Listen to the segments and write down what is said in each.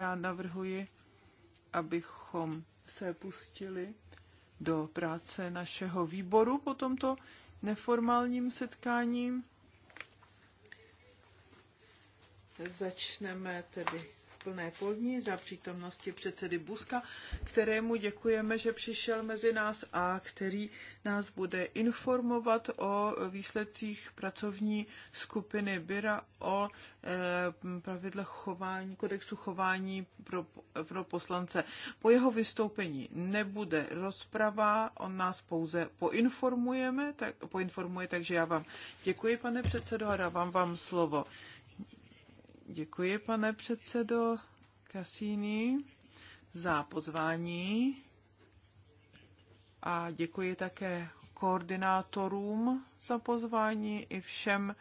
Já navrhuji, abychom se pustili do práce našeho výboru po tomto neformálním setkáním. Začneme tedy plné plodní za přítomnosti předsedy Buska, kterému děkujeme, že přišel mezi nás a který nás bude informovat o výsledcích pracovní skupiny Byra o eh, pravidlech chování, kodexu chování pro, pro poslance. Po jeho vystoupení nebude rozprava, on nás pouze poinformujeme, tak, poinformuje, takže já vám děkuji, pane předsedo, a dávám vám slovo. Děkuji, pane předsedo Cassini, za pozvání a děkuji také koordinátorům za pozvání i všem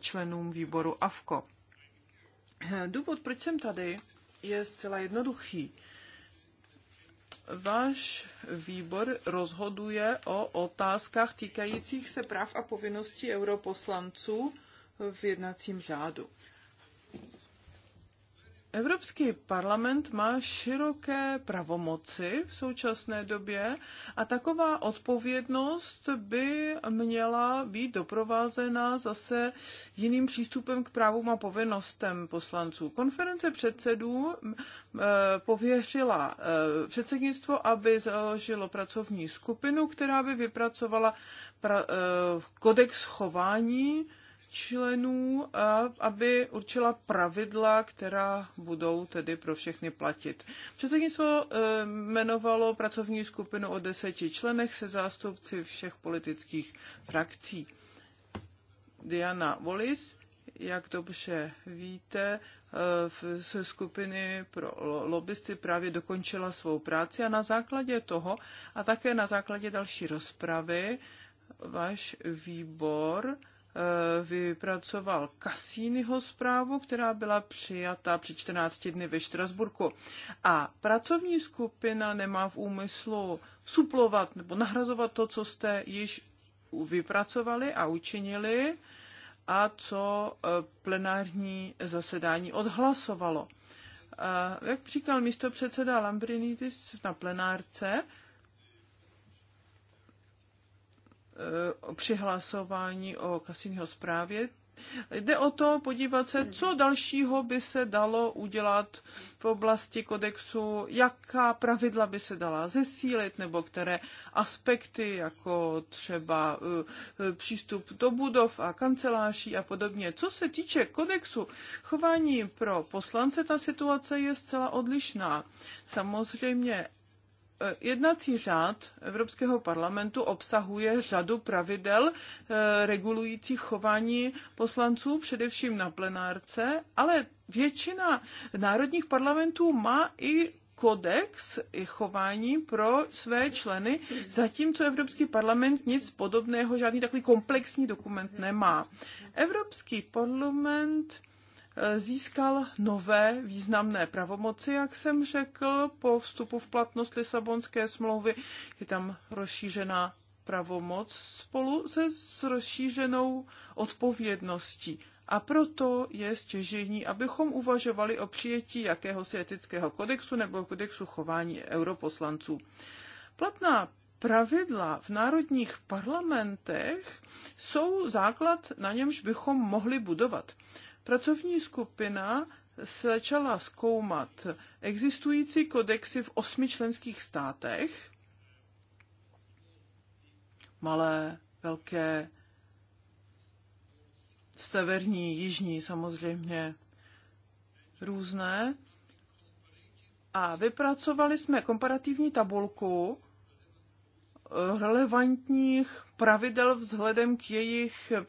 členům výboru AFKO. Důvod, proč jsem tady, je zcela jednoduchý. Váš výbor rozhoduje o otázkách týkajících se práv a povinností europoslanců v jednacím řádu. Evropský parlament má široké pravomoci v současné době a taková odpovědnost by měla být doprovázena zase jiným přístupem k právům a povinnostem poslanců. Konference předsedů pověřila e, předsednictvo, aby založilo pracovní skupinu, která by vypracovala e, kodex chování členů, aby určila pravidla, která budou tedy pro všechny platit. Předsednictvo eh, jmenovalo pracovní skupinu o deseti členech se zástupci všech politických frakcí. Diana Wallis, jak dobře víte, eh, se skupiny pro lobbysty právě dokončila svou práci a na základě toho a také na základě další rozpravy váš výbor Eh, vypracoval Cassiniho zprávu, která byla přijata při 14 dny ve Štrasburku. A pracovní skupina nemá v úmyslu suplovat nebo nahrazovat to, co jste již vypracovali a učinili a co eh, plenární zasedání odhlasovalo. Eh, jak říkal místo předseda Lambrinidis na plenárce, Eh, při hlasování o kasinního zprávě. Jde o to podívat se, co dalšího by se dalo udělat v oblasti kodexu, jaká pravidla by se dala zesílit, nebo které aspekty, jako třeba eh, přístup do budov a kanceláří a podobně. Co se týče kodexu chování pro poslance, ta situace je zcela odlišná. Samozřejmě Eh, jednací řád Evropského parlamentu obsahuje řadu pravidel eh, regulujících chování poslanců, především na plenárce, ale většina národních parlamentů má i kodex i chování pro své členy, zatímco Evropský parlament nic podobného, žádný takový komplexní dokument nemá. Evropský parlament Eh, získal nové významné pravomoci, jak jsem řekl, po vstupu v platnost Lisabonské smlouvy. Je tam rozšířená pravomoc spolu se s rozšířenou odpovědností. A proto je stěžení, abychom uvažovali o přijetí jakéhosi etického kodexu nebo kodexu chování europoslanců. Platná pravidla v národních parlamentech jsou základ, na němž bychom mohli budovat. Pracovní skupina se začala zkoumat existující kodexy v osmi členských státech, malé, velké, severní, jižní samozřejmě, různé. A vypracovali jsme komparativní tabulku eh, relevantních pravidel vzhledem k jejich eh,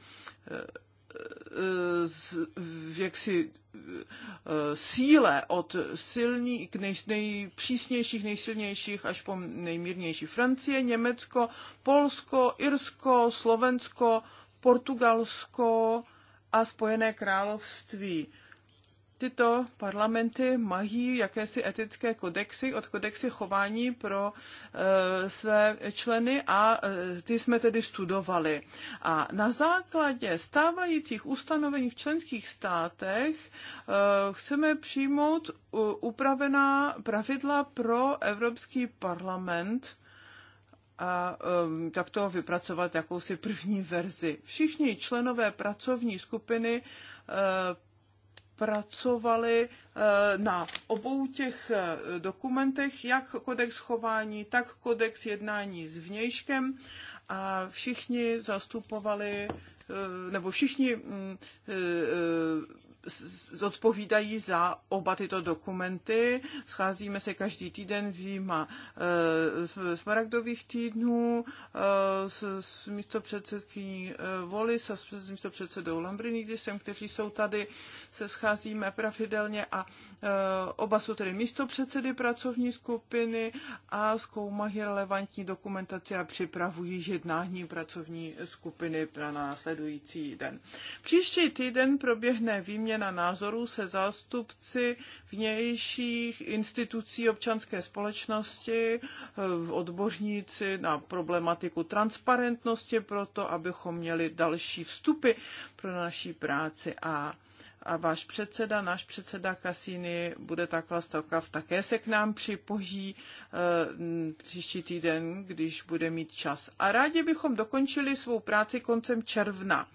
z, jaksi eh, síle od silní k nej, nejpřísnějších, nejsilnějších až po nejmírnější. Francie, Německo, Polsko, Irsko, Slovensko, Portugalsko a Spojené království tyto parlamenty mají jakési etické kodexy, od kodexy chování pro e, své členy a e, ty jsme tedy studovali. A na základě stávajících ustanovení v členských státech e, chceme přijmout upravená pravidla pro Evropský parlament a um, to vypracovat jakousi první verzi. Všichni členové pracovní skupiny uh, pracovali eh, na obou těch eh, dokumentech, jak kodex chování, tak kodex jednání s vnějškem a všichni zastupovali, eh, nebo všichni mm, zodpovídají za oba tyto dokumenty. Scházíme se každý týden výjima eh, maragdových týdnů eh, s, s místopředsedkyní předsedkyní eh, Voli, s místopředsedou Lambrinidisem, kteří jsou tady, se scházíme pravidelně a oba jsou tedy místopředsedy pracovní skupiny a zkoumají relevantní dokumentaci a připravují jednání pracovní skupiny pro následující den. Příští týden proběhne výměna výměna názorů se zástupci vnějších institucí občanské společnosti, eh, odborníci na problematiku transparentnosti, proto abychom měli další vstupy pro naší práci a a váš předseda, náš předseda Kasíny bude takhle Stokav, také se k nám připoží eh, příští týden, když bude mít čas. A rádi bychom dokončili svou práci koncem června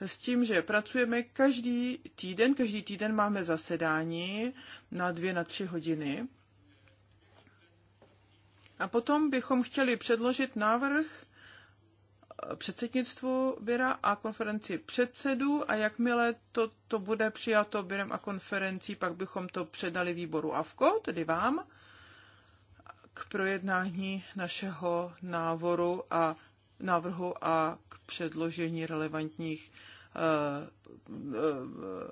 s tím, že pracujeme každý týden, každý týden máme zasedání na dvě, na tři hodiny. A potom bychom chtěli předložit návrh předsednictvu Bira a konferenci předsedů a jakmile to, to bude přijato Birem a konferencí, pak bychom to předali výboru AVKO, tedy vám, k projednání našeho návoru a návrhu a k předložení relevantních uh, uh, uh,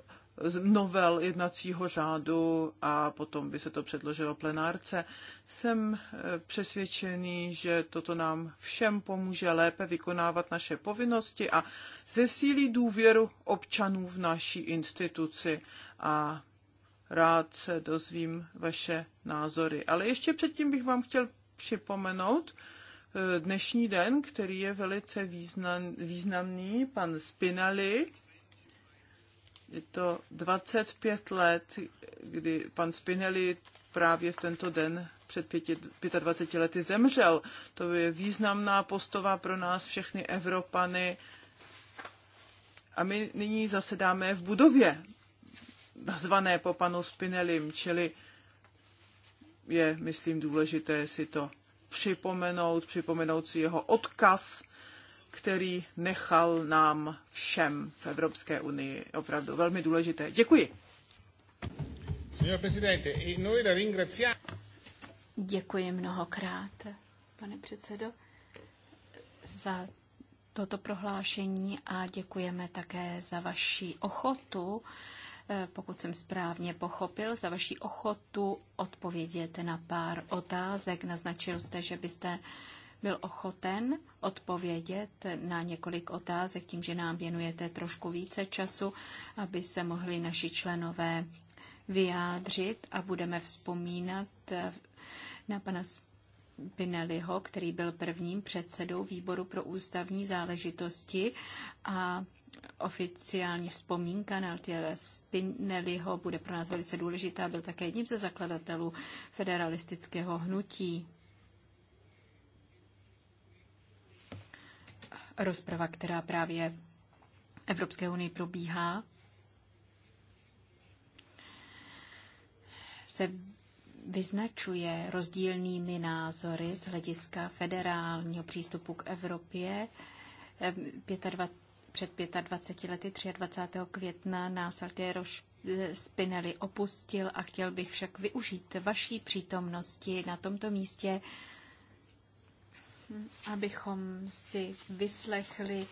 novel jednacího řádu a potom by se to předložilo plenárce. Jsem eh, přesvědčený, že toto nám všem pomůže lépe vykonávat naše povinnosti a zesílí důvěru občanů v naší instituci a rád se dozvím vaše názory. Ale ještě předtím bych vám chtěl připomenout eh, dnešní den, který je velice význam, významný. Pan Spinali, je to 25 let, kdy pan Spinelli právě v tento den před 25 lety zemřel. To je významná postava pro nás všechny Evropany. A my nyní zasedáme v budově, nazvané po panu Spinelim, čili je, myslím, důležité si to připomenout, připomenout si jeho odkaz který nechal nám všem v Evropské unii opravdu velmi důležité. Děkuji. E Děkuji mnohokrát, pane předsedo, za toto prohlášení a děkujeme také za vaši ochotu, eh, pokud jsem správně pochopil, za vaši ochotu odpovědět na pár otázek. Naznačil jste, že byste byl ochoten odpovědět na několik otázek tím, že nám věnujete trošku více času, aby se mohli naši členové vyjádřit a budeme vzpomínat eh, na pana Spinelliho, který byl prvním předsedou výboru pro ústavní záležitosti a oficiální vzpomínka na Altiera Spinelliho bude pro nás velice důležitá. Byl také jedním ze zakladatelů federalistického hnutí. rozprava, která právě Evropské unii probíhá, se vyznačuje rozdílnými názory z hlediska federálního přístupu k Evropě. před 25 lety 23. května nás Altiero Spinelli opustil a chtěl bych však využít vaší přítomnosti na tomto místě abychom si vyslechli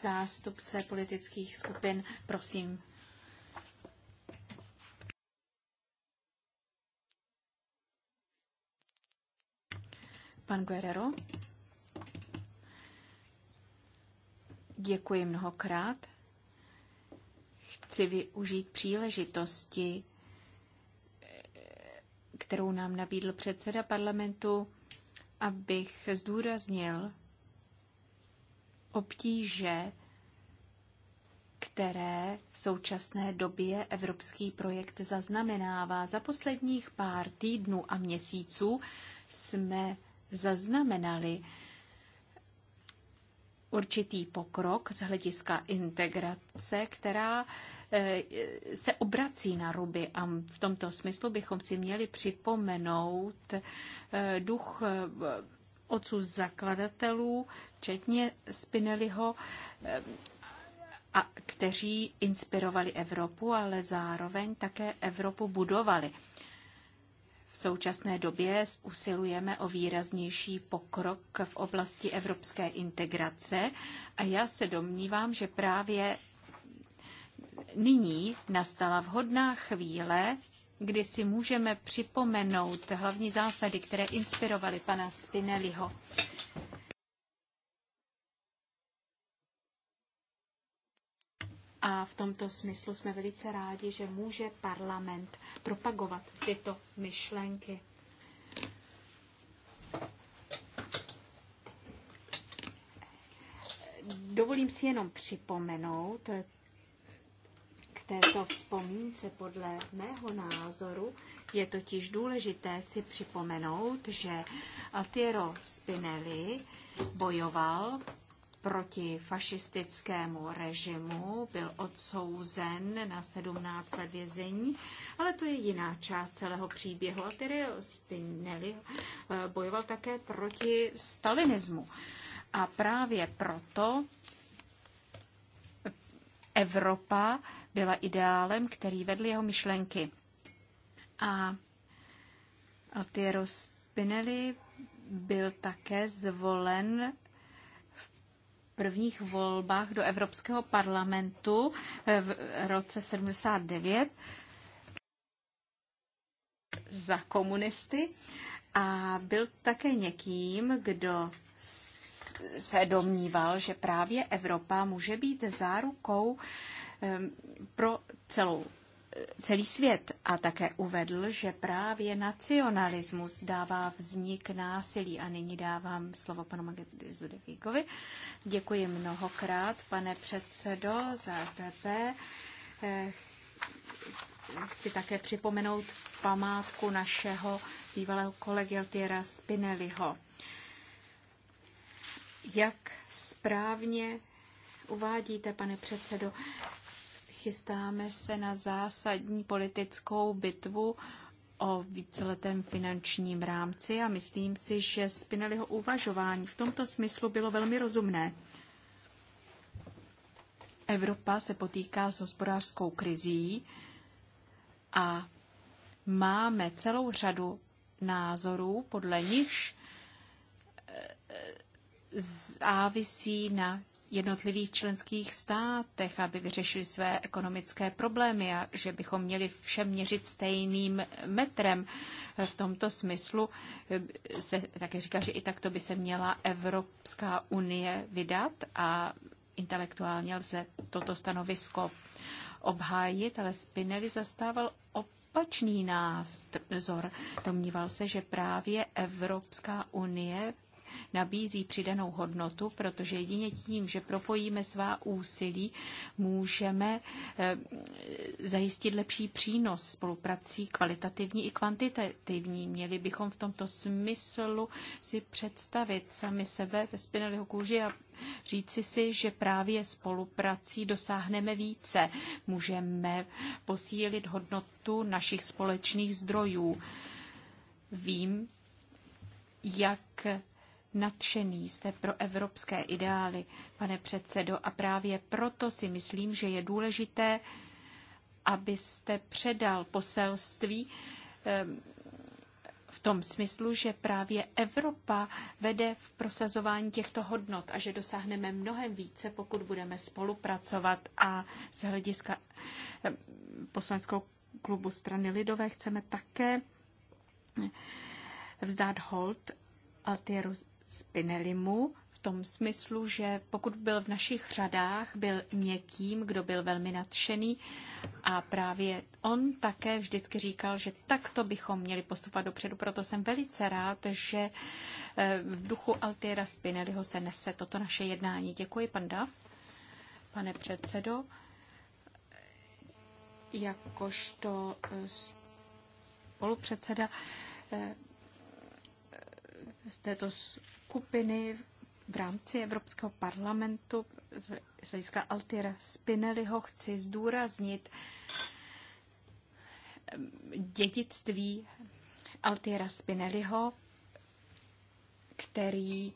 zástupce politických skupin. Prosím. Pan Guerrero. Děkuji mnohokrát. Chci využít příležitosti, kterou nám nabídl předseda parlamentu, abych zdůraznil obtíže, které v současné době evropský projekt zaznamenává. Za posledních pár týdnů a měsíců jsme zaznamenali určitý pokrok z hlediska integrace, která Eh, se obrací na ruby a v tomto smyslu bychom si měli připomenout eh, duch eh, otců zakladatelů, včetně Spinelliho, a kteří inspirovali Evropu, ale zároveň také Evropu budovali. V současné době usilujeme o výraznější pokrok v oblasti evropské integrace a já se domnívám, že právě nyní nastala vhodná chvíle, kdy si můžeme připomenout hlavní zásady, které inspirovaly pana Spinelliho. A v tomto smyslu jsme velice rádi, že může parlament propagovat tyto myšlenky. Dovolím si jenom připomenout této vzpomínce podle mého názoru je totiž důležité si připomenout, že Altiero Spinelli bojoval proti fašistickému režimu, byl odsouzen na 17 let vězení, ale to je jiná část celého příběhu. Altiero Spinelli eh, bojoval také proti stalinismu. A právě proto Evropa byla ideálem, který vedl jeho myšlenky. A Altiero Spinelli byl také zvolen v prvních volbách do Evropského parlamentu v roce 79 za komunisty a byl také někým, kdo se domníval, že právě Evropa může být zárukou pro celou celý svět a také uvedl, že právě nacionalismus dává vznik násilí. A nyní dávám slovo panu Magedy Zudevíkovi. Děkuji mnohokrát, pane předsedo, za PP. Eh, chci také připomenout památku našeho bývalého kolegy Altiera Spinelliho. Jak správně uvádíte, pane předsedo, chystáme se na zásadní politickou bitvu o víceletém finančním rámci a myslím si, že Spinelliho uvažování v tomto smyslu bylo velmi rozumné. Evropa se potýká s hospodářskou krizí a máme celou řadu názorů, podle nichž závisí na jednotlivých členských státech, aby vyřešili své ekonomické problémy a že bychom měli všem měřit stejným metrem. V tomto smyslu se také říká, že i takto by se měla Evropská unie vydat a intelektuálně lze toto stanovisko obhájit, ale Spinelli zastával opačný názor. Domníval se, že právě Evropská unie nabízí přidanou hodnotu, protože jedině tím, že propojíme svá úsilí, můžeme eh, zajistit lepší přínos spoluprací kvalitativní i kvantitativní. Měli bychom v tomto smyslu si představit sami sebe ve spinelého kůži a říci si, že právě spoluprací dosáhneme více. Můžeme posílit hodnotu našich společných zdrojů. Vím, jak nadšený, jste pro evropské ideály, pane předsedo, a právě proto si myslím, že je důležité, abyste předal poselství ehm, v tom smyslu, že právě Evropa vede v prosazování těchto hodnot a že dosáhneme mnohem více, pokud budeme spolupracovat a z hlediska ehm, poslaneckou klubu strany Lidové chceme také ehm, vzdát hold Altieru mu v tom smyslu, že pokud byl v našich řadách, byl někým, kdo byl velmi nadšený a právě on také vždycky říkal, že takto bychom měli postupovat dopředu, proto jsem velice rád, že eh, v duchu Altiera Spinelliho se nese toto naše jednání. Děkuji, pan Dav, pane předsedo, jakožto eh, spolupředseda eh, z této skupiny v rámci Evropského parlamentu z hlediska Altira Spinelliho chci zdůraznit ehm, dědictví Altiera Spinelliho, který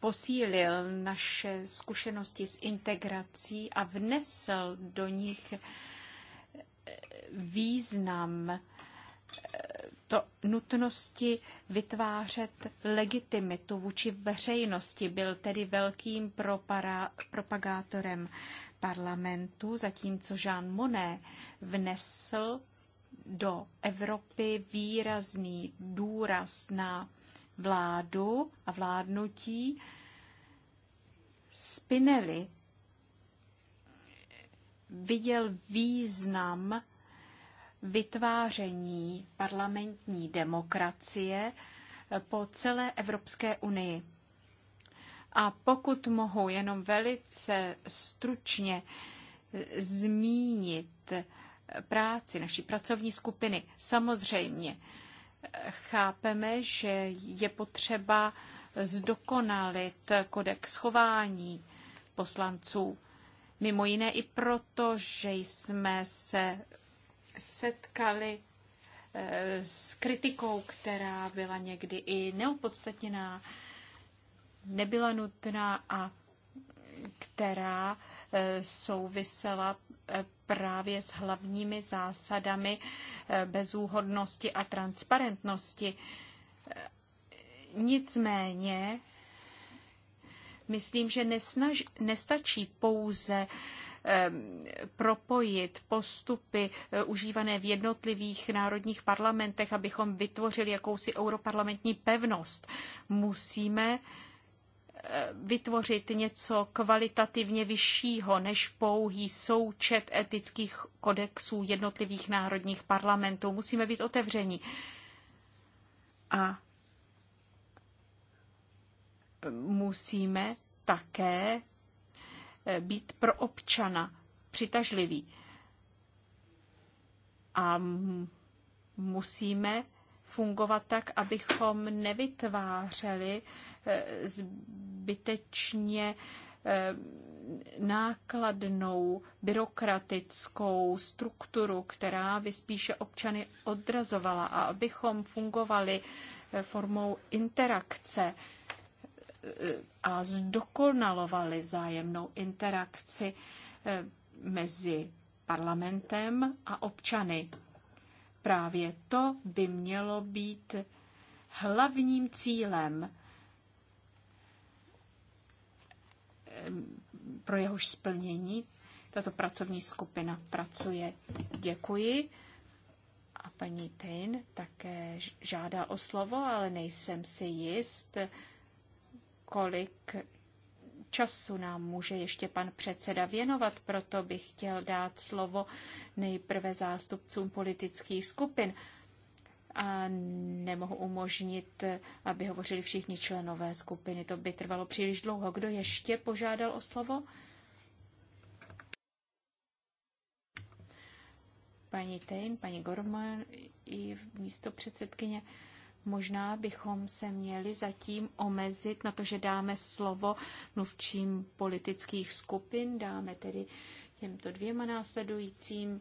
posílil naše zkušenosti s integrací a vnesl do nich ehm, význam to nutnosti vytvářet legitimitu vůči veřejnosti. Byl tedy velkým propara, propagátorem parlamentu, zatímco Jean Monnet vnesl do Evropy výrazný důraz na vládu a vládnutí. Spinelli viděl význam vytváření parlamentní demokracie po celé Evropské unii. A pokud mohu jenom velice stručně zmínit práci naší pracovní skupiny, samozřejmě chápeme, že je potřeba zdokonalit kodex chování poslanců. Mimo jiné i proto, že jsme se setkali eh, s kritikou, která byla někdy i neopodstatněná, nebyla nutná a která eh, souvisela eh, právě s hlavními zásadami bezúhodnosti a transparentnosti. Nicméně, myslím, že nesnaž, nestačí pouze uh, Ehm, propojit postupy eh, užívané v jednotlivých národních parlamentech, abychom vytvořili jakousi europarlamentní pevnost. Musíme eh, vytvořit něco kvalitativně vyššího než pouhý součet etických kodexů jednotlivých národních parlamentů. Musíme být otevření. A musíme také Eh, být pro občana přitažlivý. A musíme fungovat tak, abychom nevytvářeli eh, zbytečně eh, nákladnou byrokratickou strukturu, která by spíše občany odrazovala a abychom fungovali formou interakce a zdokonalovali zájemnou interakci eh, mezi parlamentem a občany. Právě to by mělo být hlavním cílem, eh, pro jehož splnění tato pracovní skupina pracuje. Děkuji. A paní Tejn také žádá o slovo, ale nejsem si jist, kolik času nám může ještě pan předseda věnovat, proto bych chtěl dát slovo nejprve zástupcům politických skupin a nemohu umožnit, aby hovořili všichni členové skupiny. To by trvalo příliš dlouho. Kdo ještě požádal o slovo? Paní Tejn, paní Gorman i místo předsedkyně. Možná bychom se měli zatím omezit na to, že dáme slovo mluvčím politických skupin, dáme tedy těmto dvěma následujícím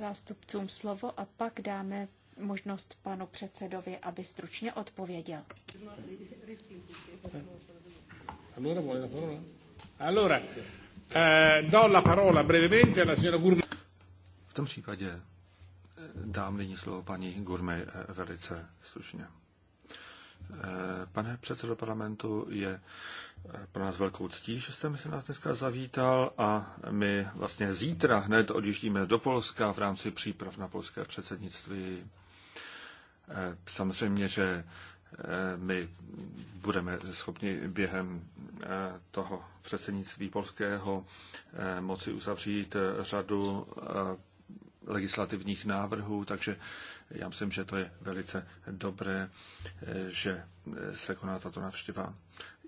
zástupcům slovo a pak dáme možnost panu předsedovi, aby stručně odpověděl. Eh, v tom případě Dám nyní slovo paní Gurmy eh, velice stručně. Eh, pane předsedo parlamentu, je eh, pro nás velkou ctí, že jste se nás dneska zavítal a my vlastně zítra hned odjíždíme do Polska v rámci příprav na polské předsednictví. Samozřejmě, že my budeme schopni během toho předsednictví polského moci uzavřít řadu legislativních návrhů, takže já myslím, že to je velice dobré, eh, že eh, se koná tato návštěva.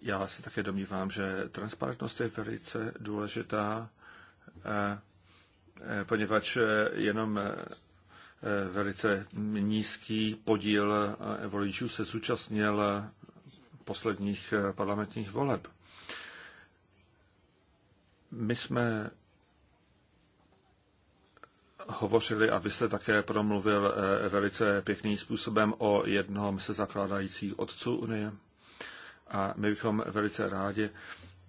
Já se také domnívám, že transparentnost je velice důležitá, eh, poněvadž jenom velice nízký podíl voličů se zúčastnil posledních parlamentních voleb. My jsme hovořili a vy jste také promluvil eh, velice pěkným způsobem o jednom se zakládajících otců Unie. A my bychom velice rádi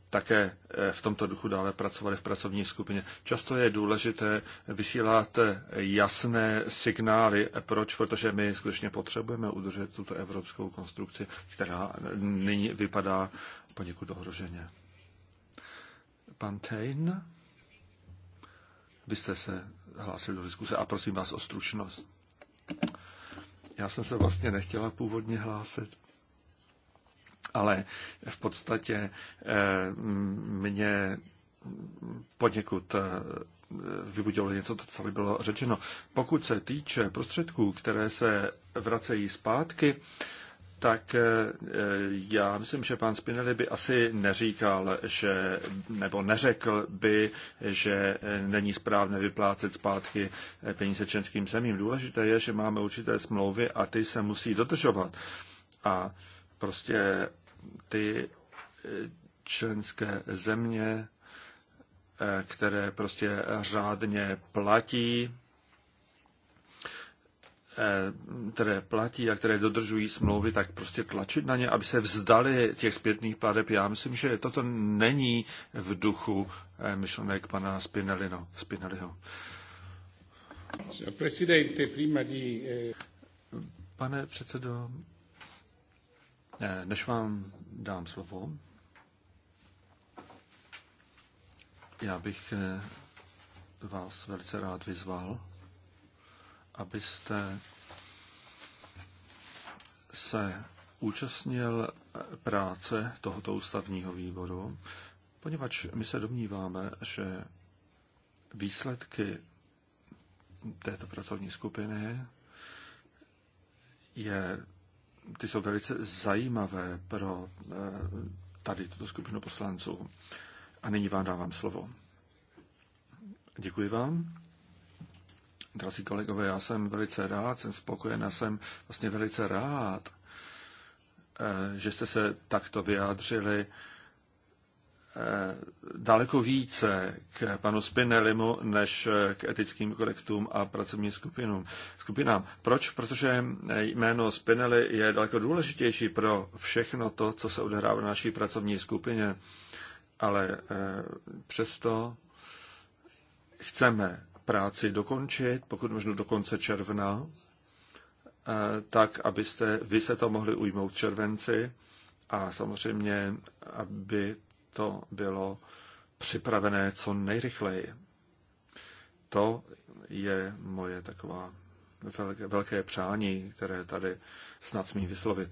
také eh, v tomto duchu dále pracovali v pracovní skupině. Často je důležité vysílat eh, jasné signály. Proč? Protože my skutečně potřebujeme udržet tuto evropskou konstrukci, která nyní vypadá poněkud ohroženě. Pan Tejn? Vy jste se hlásili do diskuse a prosím vás o stručnost. Já jsem se vlastně nechtěla původně hlásit, ale v podstatě eh, mě poněkud eh, vybudilo něco, co by bylo řečeno. Pokud se týče prostředků, které se vracejí zpátky, tak eh, já myslím, že pan Spinelli by asi neříkal, že, nebo neřekl by, že eh, není správné vyplácet zpátky eh, peníze českým zemím. Důležité je, že máme určité smlouvy a ty se musí dodržovat. A prostě ty členské země, které prostě řádně platí, Eh, které platí a které dodržují smlouvy, tak prostě tlačit na ně, aby se vzdali těch zpětných pladeb. Já myslím, že toto není v duchu eh, myšlenek pana Spinellino, Spinelliho. Eh, Pane předsedo, než vám dám slovo, já bych vás velice rád vyzval, abyste se účastnil práce tohoto ústavního výboru, poněvadž my se domníváme, že výsledky této pracovní skupiny je, ty jsou velice zajímavé pro eh, tady tuto skupinu poslanců. A nyní vám dávám slovo. Děkuji vám. Drazí kolegové, já jsem velice rád, jsem spokojen a jsem vlastně velice rád, eh, že jste se takto vyjádřili eh, daleko více k panu Spinelimu, než eh, k etickým korektům a pracovním skupinům. skupinám. Proč? Protože jméno Spinelli je daleko důležitější pro všechno to, co se odehrává na naší pracovní skupině, ale přesto chceme práci dokončit, pokud možno do konce června, eh, tak, abyste vy se to mohli ujmout v červenci a samozřejmě, aby to bylo připravené co nejrychleji. To je moje taková velké přání, které tady snad smím vyslovit.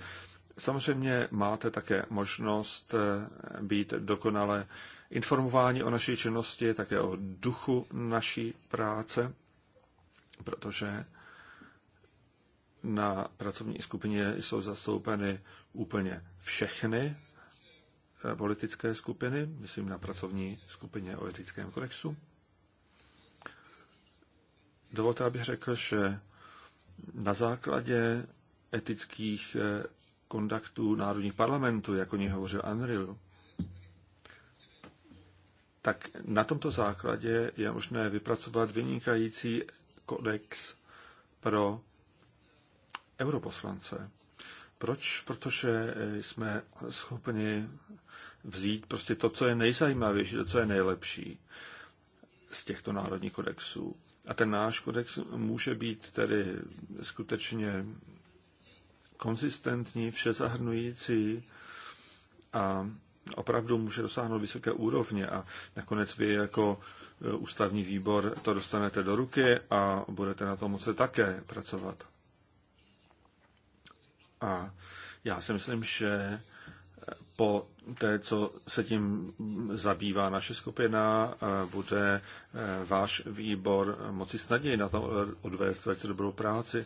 Samozřejmě máte také možnost eh, být dokonale Informování o naší činnosti, také o duchu naší práce, protože na pracovní skupině jsou zastoupeny úplně všechny eh, politické skupiny, myslím na pracovní skupině o etickém kodexu. Dovolte, abych řekl, že na základě etických eh, kontaktů národních parlamentů, jak o nich hovořil Andrew, tak na tomto základě je možné vypracovat vynikající kodex pro europoslance. Proč? Protože jsme schopni vzít prostě to, co je nejzajímavější, to, co je nejlepší z těchto národních kodexů. A ten náš kodex může být tedy skutečně konzistentní, všezahrnující a opravdu může dosáhnout vysoké úrovně a nakonec vy jako e, ústavní výbor to dostanete do ruky a budete na tom moci také pracovat. A já si myslím, že e, po té, co se tím zabývá naše skupina, e, bude váš výbor moci snadněji na tom odvést velice dobrou práci.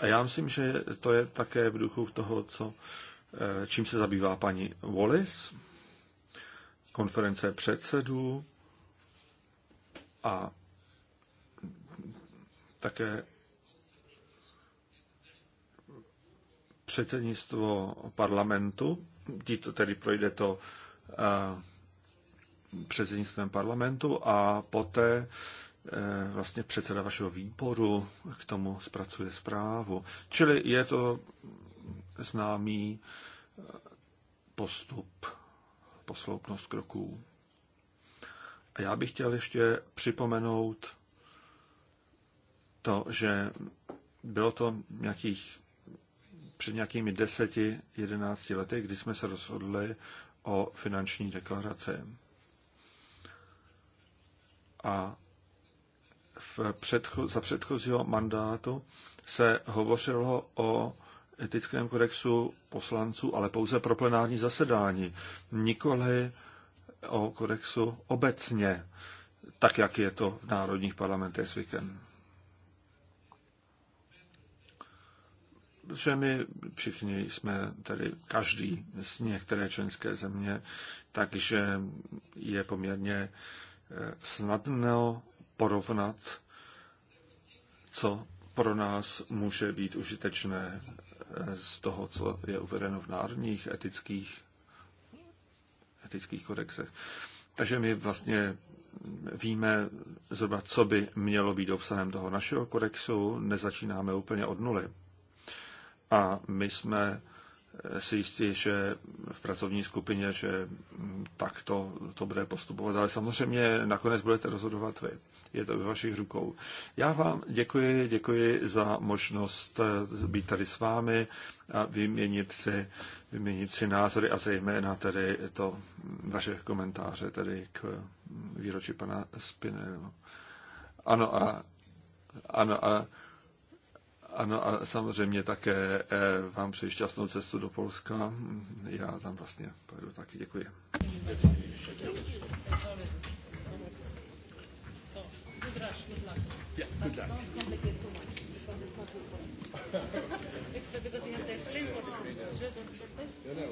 A já myslím, že to je také v duchu toho, co, čím se zabývá paní Wallis konference předsedů a také předsednictvo parlamentu, to tedy projde to eh, předsednictvem parlamentu a poté eh, vlastně předseda vašeho výboru k tomu zpracuje zprávu. Čili je to známý eh, postup posloupnost kroků. A já bych chtěl ještě připomenout to, že bylo to nějakých před nějakými deseti, jedenácti lety, kdy jsme se rozhodli o finanční deklaraci. A v předcho- za předchozího mandátu se hovořilo o etickém kodexu poslanců, ale pouze pro plenární zasedání, nikoli o kodexu obecně, tak jak je to v národních parlamentech zvykem. Protože my všichni jsme tady každý z některé členské země, takže je poměrně eh, snadno porovnat, co pro nás může být užitečné z toho, co je uvedeno v národních etických, etických kodexech. Takže my vlastně víme zhruba, co by mělo být obsahem toho našeho kodexu, nezačínáme úplně od nuly. A my jsme Eh, si jistý, že v pracovní skupině, že mm, tak to to bude postupovat. Ale samozřejmě nakonec budete rozhodovat vy. Je to ve vašich rukou. Já vám děkuji, děkuji za možnost eh, být tady s vámi a vyměnit si, vyměnit si názory a zejména tedy to mm, vaše komentáře tedy k mm, výročí pana Spinelu. Ano a, ano a ano a samozřejmě také eh, vám přeji šťastnou cestu do Polska. Já tam vlastně pojedu taky. Děkuji. Yeah, good luck. No, no.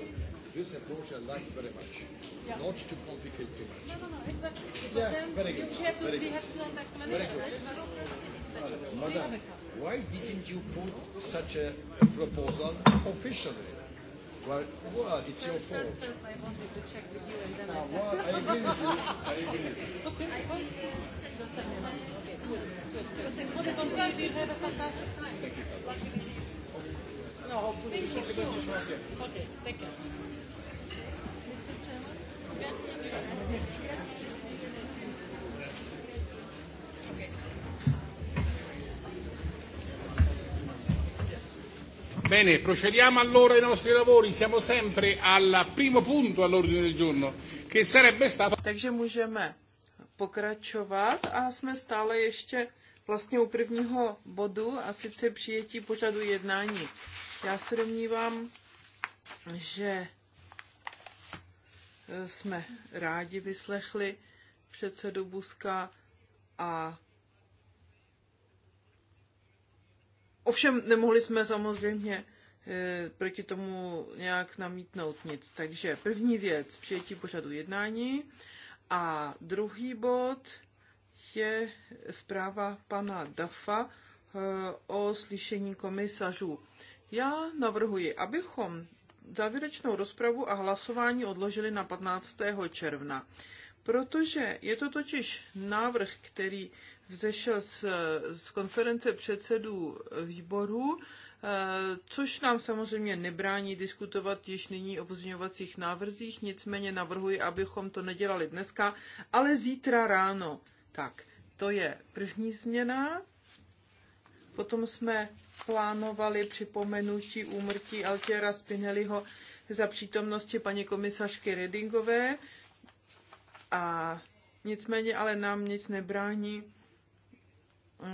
This approach I like very much. Yeah. Not to complicate too much. No, no, no. but, yeah, then We have to, very have to have explanation. Very good. Madam, why didn't you put such a proposal officially? Well, what? It's your fault. First, first I wanted to check with you and then ah, I... What? I agree with you. I agree with you. I agree with you. Just Okay, good. Good, good. Because on Friday you have a fantastic time. Thank you. No, hopefully you should be sure. Okay, thank you. Mr. Chairman? Grazie. Bene, procediamo allora ai nostri lavori. Siamo sempre al primo punto all'ordine del giorno, che sarebbe stato... Takže můžeme pokračovat a jsme stále ještě vlastně u prvního bodu a sice přijetí pořadu jednání. Já se domnívám, že e, jsme rádi vyslechli předsedu Buska a Ovšem nemohli jsme samozřejmě eh, proti tomu nějak namítnout nic. Takže první věc, přijetí pořadu jednání. A druhý bod je zpráva pana Dafa eh, o slyšení komisařů. Já navrhuji, abychom závěrečnou rozpravu a hlasování odložili na 15. června protože je to totiž návrh, který vzešel z, z konference předsedů výborů, eh, což nám samozřejmě nebrání diskutovat již nyní o pozměňovacích návrzích, nicméně navrhuji, abychom to nedělali dneska, ale zítra ráno. Tak, to je první změna. Potom jsme plánovali připomenutí úmrtí Altěra Spinelliho za přítomnosti paní komisařky Redingové. A nicméně ale nám nic nebrání eh,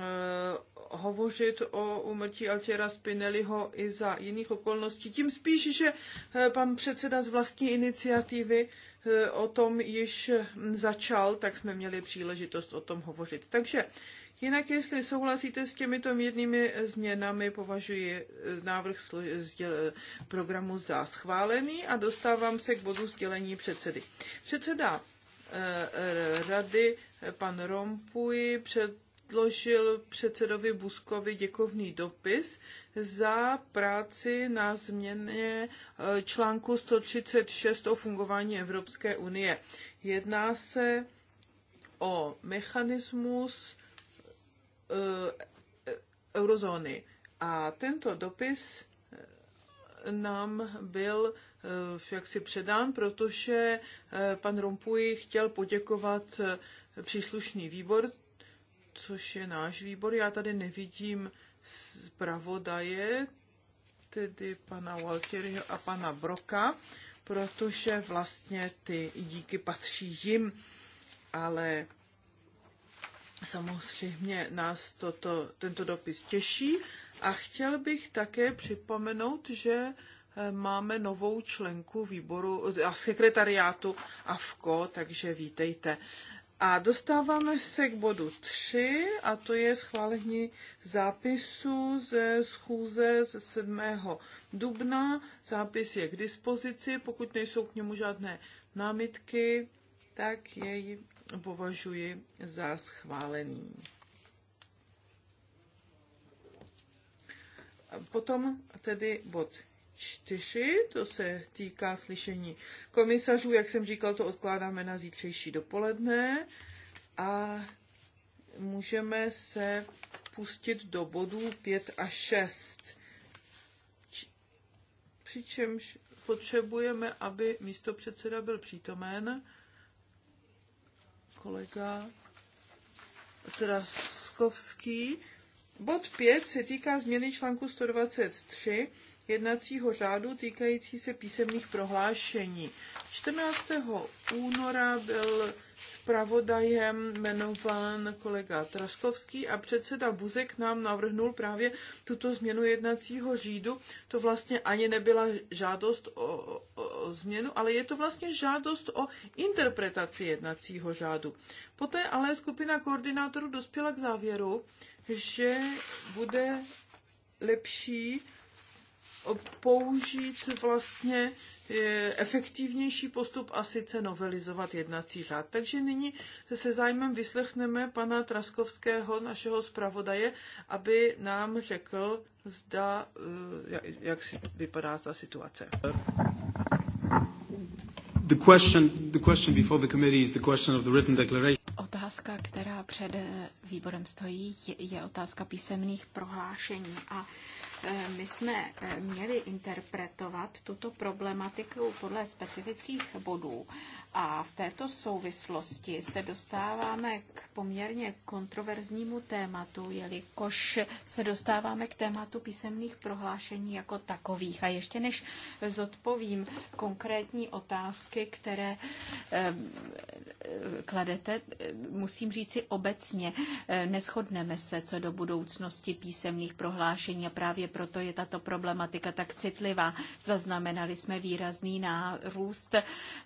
hovořit o umrtí Altěra Spinelliho i za jiných okolností. Tím spíš, že eh, pan předseda z vlastní iniciativy eh, o tom již začal, tak jsme měli příležitost o tom hovořit. Takže jinak, jestli souhlasíte s těmito mírnými změnami, považuji návrh programu za schválený a dostávám se k bodu sdělení předsedy. Předseda rady pan Rompuy předložil předsedovi Buskovi děkovný dopis za práci na změně eh, článku 136 o fungování Evropské unie. Jedná se o mechanismus eh, eurozóny. A tento dopis eh, nám byl Eh, jaksi předán, protože eh, pan Rompuy chtěl poděkovat eh, příslušný výbor, což je náš výbor. Já tady nevidím zpravodaje, tedy pana Walteryho a pana Broka, protože vlastně ty díky patří jim, ale samozřejmě nás toto, tento dopis těší. A chtěl bych také připomenout, že máme novou členku výboru eh, a sekretariátu AFKO, takže vítejte. A dostáváme se k bodu 3, a to je schválení zápisu ze schůze ze 7. dubna. Zápis je k dispozici, pokud nejsou k němu žádné námitky, tak jej považuji za schválený. Potom tedy bod čtyři, to se týká slyšení komisařů, jak jsem říkal, to odkládáme na zítřejší dopoledne a můžeme se pustit do bodů 5 a 6. Přičemž potřebujeme, aby místo předseda byl přítomen. Kolega Traskovský. Bod 5 se týká změny článku 123 jednacího řádu týkající se písemných prohlášení. 14. února byl zpravodajem jmenován kolega Traskovský a předseda Buzek nám navrhnul právě tuto změnu jednacího řídu. To vlastně ani nebyla žádost o, o, o změnu, ale je to vlastně žádost o interpretaci jednacího řádu. Poté ale skupina koordinátorů dospěla k závěru, že bude lepší použít vlastně eh, efektivnější postup a sice novelizovat jednací řád. Takže nyní se zájmem vyslechneme pana Traskovského, našeho zpravodaje, aby nám řekl, zda, eh, jak si vypadá ta situace. The question, the question before the committee is the question of the written declaration. Otázka, která před eh, výborem stojí, je otázka písemných prohlášení a Eh, my jsme eh, měli interpretovat tuto problematiku podle specifických bodů a v této souvislosti se dostáváme k poměrně kontroverznímu tématu, jelikož se dostáváme k tématu písemných prohlášení jako takových. A ještě než zodpovím konkrétní otázky, které kladete, musím říci obecně, neschodneme se co do budoucnosti písemných prohlášení a právě proto je tato problematika tak citlivá. Zaznamenali jsme výrazný nárůst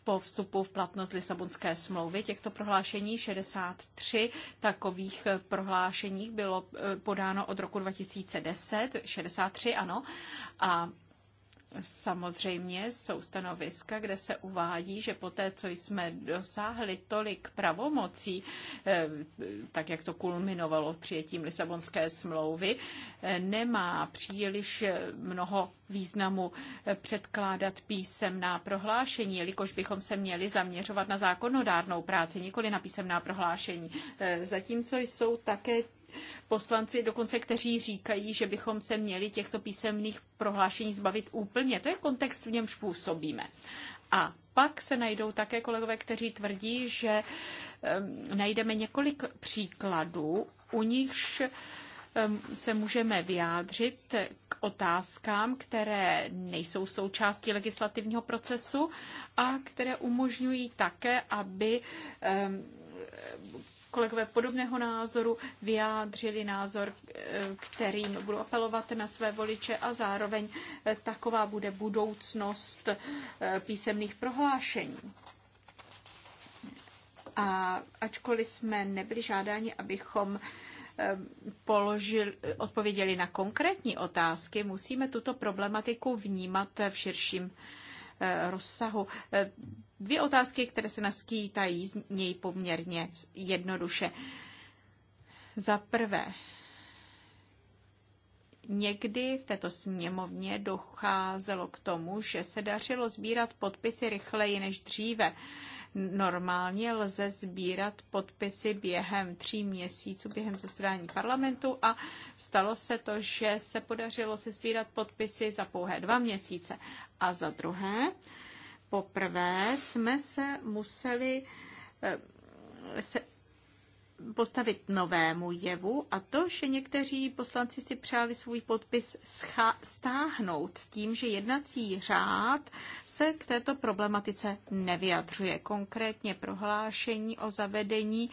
po vstupu v platnost Lisabonské smlouvy těchto prohlášení. 63 takových prohlášeních bylo eh, podáno od roku 2010, 63 ano, a Samozřejmě jsou stanoviska, kde se uvádí, že poté, co jsme dosáhli tolik pravomocí, eh, tak jak to kulminovalo přijetím Lisabonské smlouvy, eh, nemá příliš eh, mnoho významu předkládat písemná prohlášení, jelikož bychom se měli zaměřovat na zákonodárnou práci, nikoli na písemná prohlášení. Zatímco jsou také poslanci, dokonce kteří říkají, že bychom se měli těchto písemných prohlášení zbavit úplně. To je kontext, v němž působíme. A pak se najdou také kolegové, kteří tvrdí, že najdeme několik příkladů, u nichž se můžeme vyjádřit k otázkám, které nejsou součástí legislativního procesu a které umožňují také, aby kolegové podobného názoru vyjádřili názor, eh, kterým budou apelovat na své voliče a zároveň eh, taková bude budoucnost eh, písemných prohlášení. A ačkoliv jsme nebyli žádáni, abychom položil, odpověděli na konkrétní otázky, musíme tuto problematiku vnímat v širším rozsahu dvě otázky, které se naskýtají z něj poměrně jednoduše. Za prvé, Někdy v této sněmovně docházelo k tomu, že se dařilo sbírat podpisy rychleji než dříve. Normálně lze sbírat podpisy během tří měsíců, během zasedání parlamentu a stalo se to, že se podařilo se sbírat podpisy za pouhé dva měsíce. A za druhé, poprvé jsme se museli eh, se postavit novému jevu a to, že někteří poslanci si přáli svůj podpis stáhnout s tím, že jednací řád se k této problematice nevyjadřuje. Konkrétně prohlášení o zavedení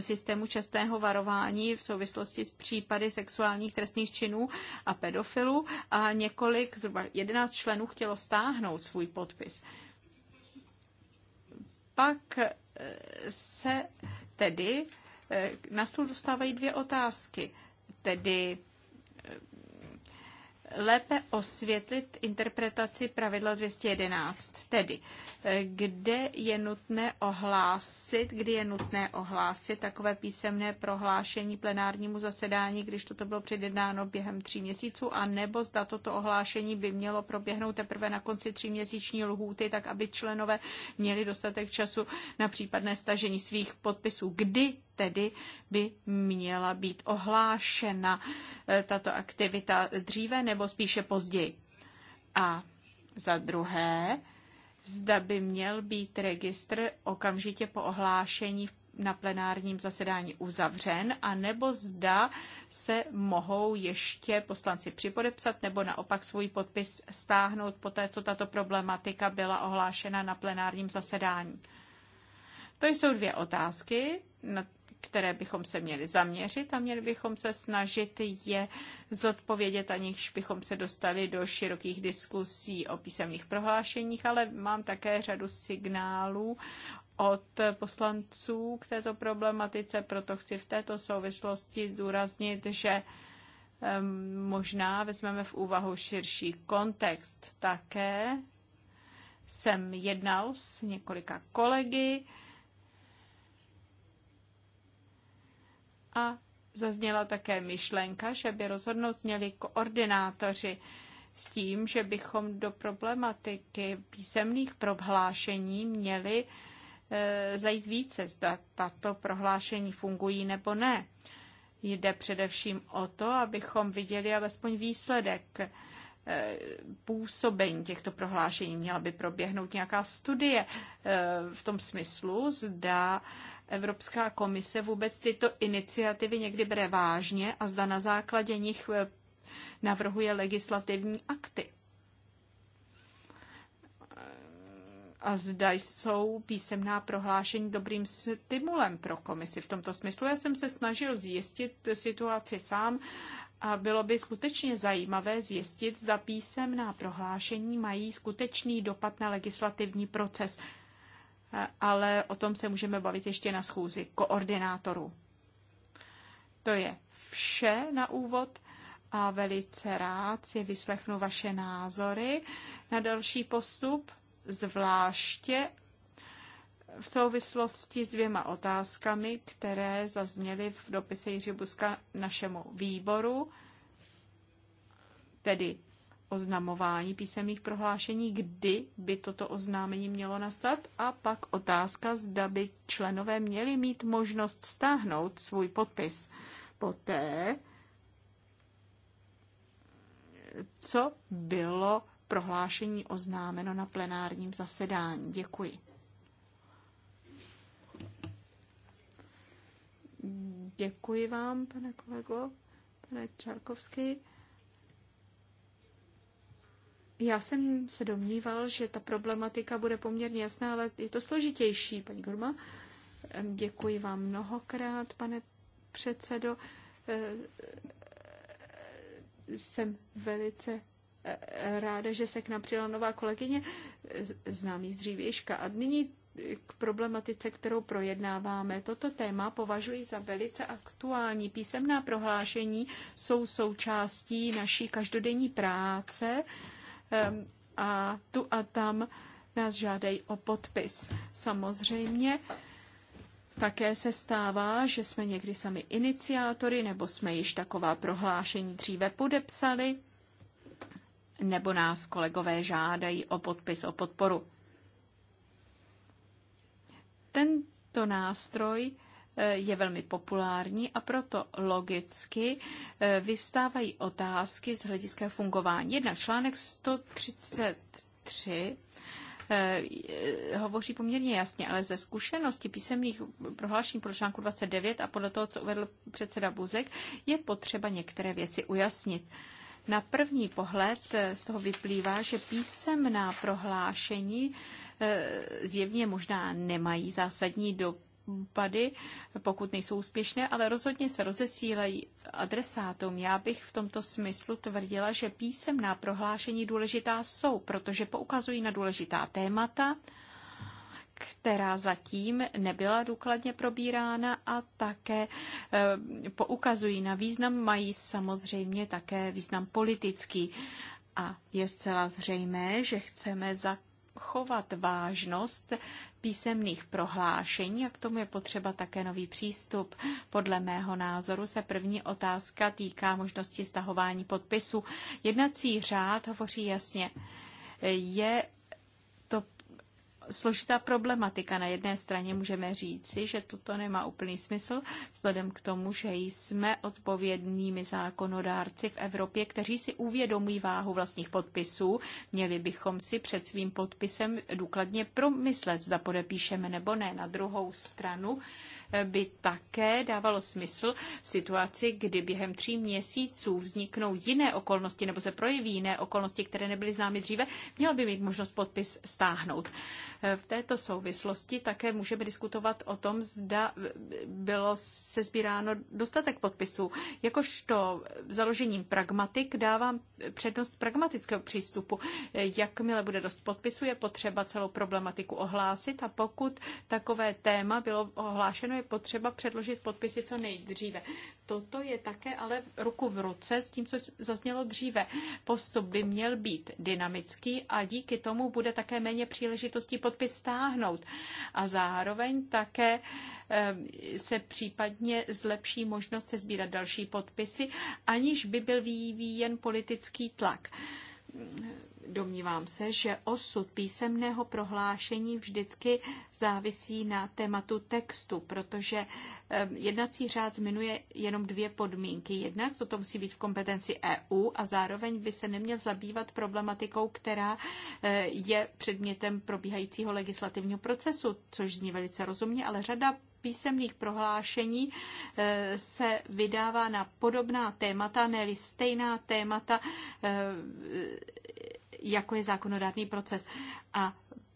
systému čestného varování v souvislosti s případy sexuálních trestných činů a pedofilů a několik, zhruba 11 členů chtělo stáhnout svůj podpis. Pak e, se Tedy eh, na stůl dostávají dvě otázky. Tedy lépe osvětlit interpretaci pravidla 211, tedy eh, kde je nutné ohlásit, kdy je nutné ohlásit takové písemné prohlášení plenárnímu zasedání, když toto bylo předjednáno během tří měsíců, a nebo zda toto ohlášení by mělo proběhnout teprve na konci tříměsíční lhůty, tak aby členové měli dostatek času na případné stažení svých podpisů. Kdy tedy by měla být ohlášena eh, tato aktivita dříve nebo spíše později. A za druhé, zda by měl být registr okamžitě po ohlášení na plenárním zasedání uzavřen, a nebo zda se mohou ještě poslanci připodepsat nebo naopak svůj podpis stáhnout po té, co tato problematika byla ohlášena na plenárním zasedání. To jsou dvě otázky, které bychom se měli zaměřit a měli bychom se snažit je zodpovědět, aniž bychom se dostali do širokých diskusí o písemných prohlášeních, ale mám také řadu signálů od poslanců k této problematice, proto chci v této souvislosti zdůraznit, že možná vezmeme v úvahu širší kontext také. Jsem jednal s několika kolegy, A zazněla také myšlenka, že by rozhodnout měli koordinátoři s tím, že bychom do problematiky písemných prohlášení měli e, zajít více, zda tato prohlášení fungují nebo ne. Jde především o to, abychom viděli alespoň výsledek e, působení těchto prohlášení. Měla by proběhnout nějaká studie e, v tom smyslu, zda Evropská komise vůbec tyto iniciativy někdy bere vážně a zda na základě nich eh, navrhuje legislativní akty. a zda jsou písemná prohlášení dobrým stimulem pro komisi. V tomto smyslu já jsem se snažil zjistit situaci sám a bylo by skutečně zajímavé zjistit, zda písemná prohlášení mají skutečný dopad na legislativní proces ale o tom se můžeme bavit ještě na schůzi koordinátorů. To je vše na úvod a velice rád si vyslechnu vaše názory na další postup, zvláště v souvislosti s dvěma otázkami, které zazněly v dopise Jiří Buska našemu výboru, tedy oznamování písemných prohlášení, kdy by toto oznámení mělo nastat a pak otázka, zda by členové měli mít možnost stáhnout svůj podpis. Poté, co bylo prohlášení oznámeno na plenárním zasedání. Děkuji. Děkuji vám, pane kolego, pane Čarkovský. Já jsem se domníval, že ta problematika bude poměrně jasná, ale je to složitější, paní Gurma. Děkuji vám mnohokrát, pane předsedo. E, jsem velice e, ráda, že se k nám přijela nová kolegyně, e, známý z dřívějška. A nyní k problematice, kterou projednáváme. Toto téma považuji za velice aktuální. Písemná prohlášení jsou součástí naší každodenní práce a tu a tam nás žádají o podpis. Samozřejmě také se stává, že jsme někdy sami iniciátory, nebo jsme již taková prohlášení dříve podepsali, nebo nás kolegové žádají o podpis, o podporu. Tento nástroj je velmi populární a proto logicky eh, vyvstávají otázky z hlediska fungování. Jednak článek 133 eh, hovoří poměrně jasně, ale ze zkušenosti písemných prohlášení pro článku 29 a podle toho, co uvedl předseda Buzek, je potřeba některé věci ujasnit. Na první pohled eh, z toho vyplývá, že písemná prohlášení zjevně možná nemají zásadní dopad pady, pokud nejsou úspěšné, ale rozhodně se rozesílají adresátům. Já bych v tomto smyslu tvrdila, že písemná prohlášení důležitá jsou, protože poukazují na důležitá témata, která zatím nebyla důkladně probírána a také eh, poukazují na význam, mají samozřejmě také význam politický. A je zcela zřejmé, že chceme za chovat vážnost písemných prohlášení a k tomu je potřeba také nový přístup. Podle mého názoru se první otázka týká možnosti stahování podpisu. Jednací řád hovoří jasně, je složitá problematika. Na jedné straně můžeme říci, že toto nemá úplný smysl, vzhledem k tomu, že jsme odpovědnými zákonodárci v Evropě, kteří si uvědomují váhu vlastních podpisů. Měli bychom si před svým podpisem důkladně promyslet, zda podepíšeme nebo ne. Na druhou stranu by také dávalo smysl v situaci, kdy během tří měsíců vzniknou jiné okolnosti nebo se projeví jiné okolnosti, které nebyly známy dříve, měl by mít možnost podpis stáhnout. V této souvislosti také můžeme diskutovat o tom, zda bylo se dostatek podpisů. Jakožto založením pragmatik dávám přednost pragmatického přístupu. Jakmile bude dost podpisů, je potřeba celou problematiku ohlásit a pokud takové téma bylo ohlášeno, je potřeba předložit podpisy co nejdříve. Toto je také ale ruku v ruce s tím, co zaznělo dříve. Postup by měl být dynamický a díky tomu bude také méně příležitostí podpis stáhnout. A zároveň také eh, se případně zlepší možnost se sbírat další podpisy, aniž by byl vyvíjen politický tlak Domnívám se, že osud písemného prohlášení vždycky závisí na tématu textu, protože jednací řád zminuje jenom dvě podmínky. Jednak toto musí být v kompetenci EU a zároveň by se neměl zabývat problematikou, která e, je předmětem probíhajícího legislativního procesu, což zní velice rozumně, ale řada písemných prohlášení e, se vydává na podobná témata, ne stejná témata e, jako je zákonodárný proces. A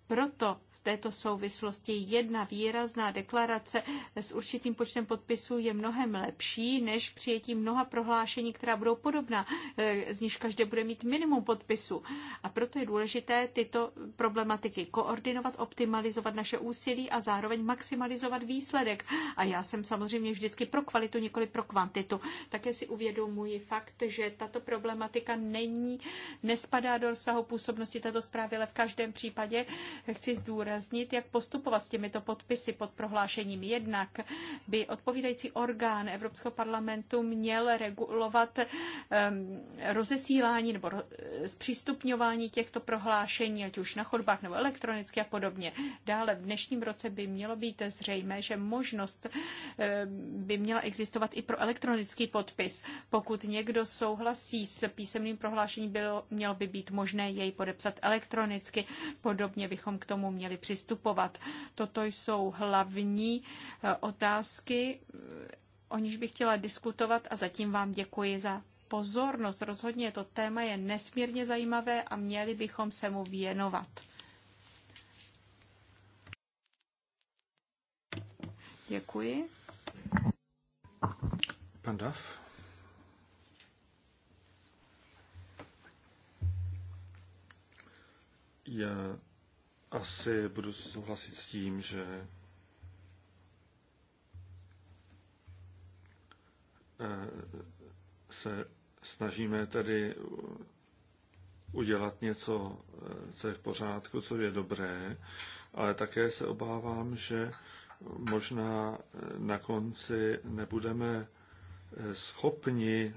proto této souvislosti. Jedna výrazná deklarace s určitým počtem podpisů je mnohem lepší než přijetí mnoha prohlášení, která budou podobná, eh, z níž každé bude mít minimum podpisů. A proto je důležité tyto problematiky koordinovat, optimalizovat naše úsilí a zároveň maximalizovat výsledek. A já jsem samozřejmě vždycky pro kvalitu, nikoli pro kvantitu. Také si uvědomuji fakt, že tato problematika není, nespadá do rozsahu působnosti této zprávy, ale v každém případě chci zdůraznit, zdůraznit, jak postupovat s těmito podpisy pod prohlášením. Jednak by odpovídající orgán Evropského parlamentu měl regulovat um, rozesílání nebo zpřístupňování těchto prohlášení, ať už na chodbách nebo elektronicky a podobně. Dále v dnešním roce by mělo být zřejmé, že možnost ehm, by měla existovat i pro elektronický podpis. Pokud někdo souhlasí s písemným prohlášením, bylo, mělo by být možné jej podepsat elektronicky. Podobně bychom k tomu měli přistupovat. Toto jsou hlavní eh, otázky, o níž bych chtěla diskutovat a zatím vám děkuji za pozornost. Rozhodně to téma je nesmírně zajímavé a měli bychom se mu věnovat. Děkuji. Pan Dav. Já asi budu souhlasit s tím, že eh, se snažíme tedy udělat něco, eh, co je v pořádku, co je dobré, ale také se obávám, že možná eh, na konci nebudeme schopni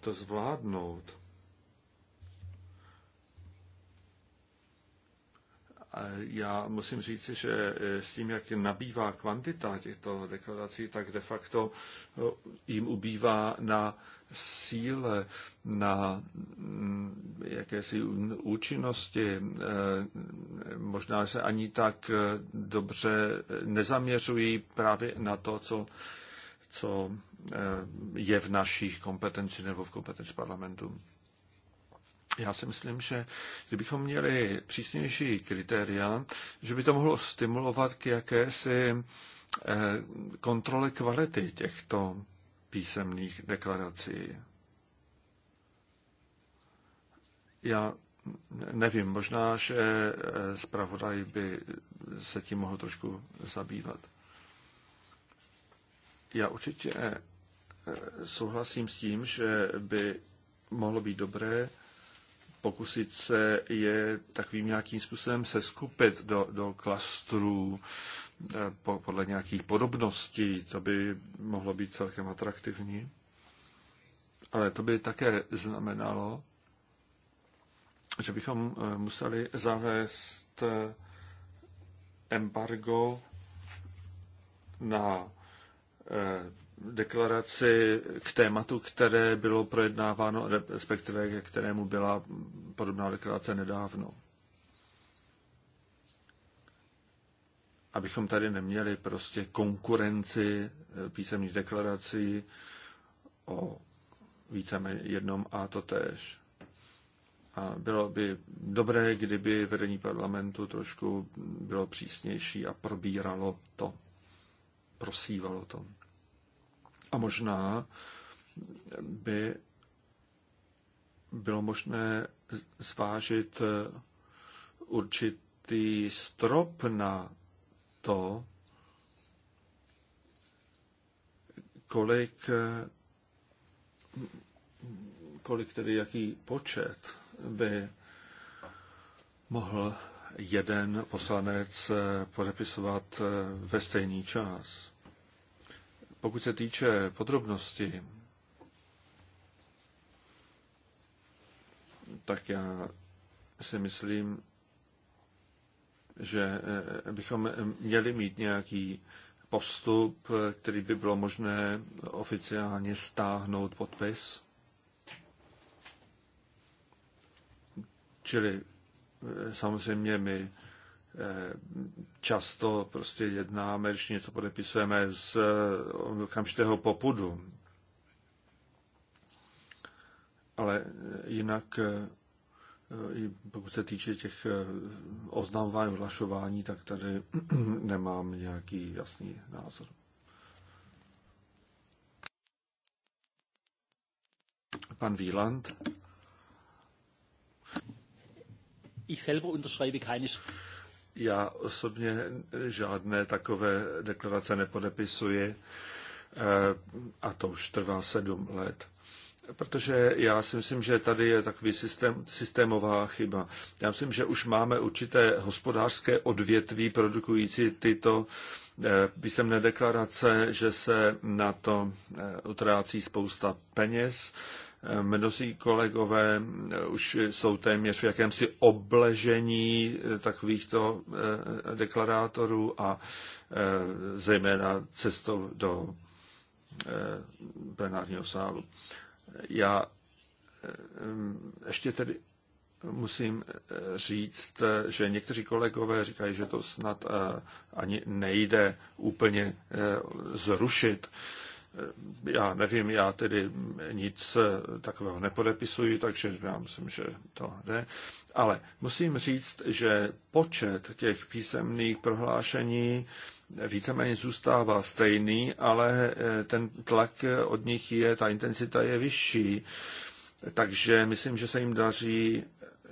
to zvládnout. Já musím říci, že eh, s tím, jak nabývá kvantita těchto deklarací, tak de facto eh, jim ubývá na síle, na mm, jakési účinnosti. Eh, možná se ani tak dobře nezaměřují právě na to, co, co je v našich kompetenci nebo v kompetenci parlamentu. Já si myslím, že kdybychom měli přísnější kritéria, že by to mohlo stimulovat k jakési eh, kontrole kvality těchto písemných deklarací. Já nevím, možná, že eh, zpravodaj by se tím mohl trošku zabývat. Já určitě eh, souhlasím s tím, že by mohlo být dobré pokusit se je takovým nějakým způsobem seskupit do, do klastrů eh, po, podle nějakých podobností. To by mohlo být celkem atraktivní. Ale to by také znamenalo, že bychom eh, museli zavést eh, embargo na Eh, deklaraci k tématu, které bylo projednáváno, respektive ke kterému byla podobná deklarace nedávno. Abychom tady neměli prostě konkurenci eh, písemných deklarací o víceméně jednom a to tež. A bylo by dobré, kdyby vedení parlamentu trošku bylo přísnější a probíralo to, prosívalo to. A možná by bylo možné zvážit eh, určitý strop na to, kolik, eh, kolik tedy jaký počet by mohl jeden poslanec eh, podepisovat ve stejný čas. Pokud se týče podrobnosti, tak já si myslím, že eh, bychom měli mít nějaký postup, který by bylo možné oficiálně stáhnout podpis. Čili eh, samozřejmě my Eh, často prostě jednáme, když něco podepisujeme z eh, okamžitého popudu. Ale eh, jinak, pokud se týče těch oznamování, hlašování, tak tady nemám nějaký jasný názor. Pan Wieland. Ich selber unterschreibe keine já osobně žádné takové deklarace nepodepisuji eh, a to už trvá sedm let. Protože já si myslím, že tady je takový systém, systémová chyba. Já myslím, že už máme určité hospodářské odvětví produkující tyto eh, písemné deklarace, že se na to eh, utrácí spousta peněz Mnozí kolegové už jsou téměř v jakémsi obležení takovýchto eh, deklarátorů a eh, zejména cestou do eh, plenárního sálu. Já ještě tedy musím říct, že někteří kolegové říkají, že to snad ani nejde úplně zrušit. Eh, já nevím, já tedy nic eh, takového nepodepisuji, takže já myslím, že to jde. Ale musím říct, že počet těch písemných prohlášení víceméně zůstává stejný, ale eh, ten tlak od nich je, ta intenzita je vyšší. Takže myslím, že se jim daří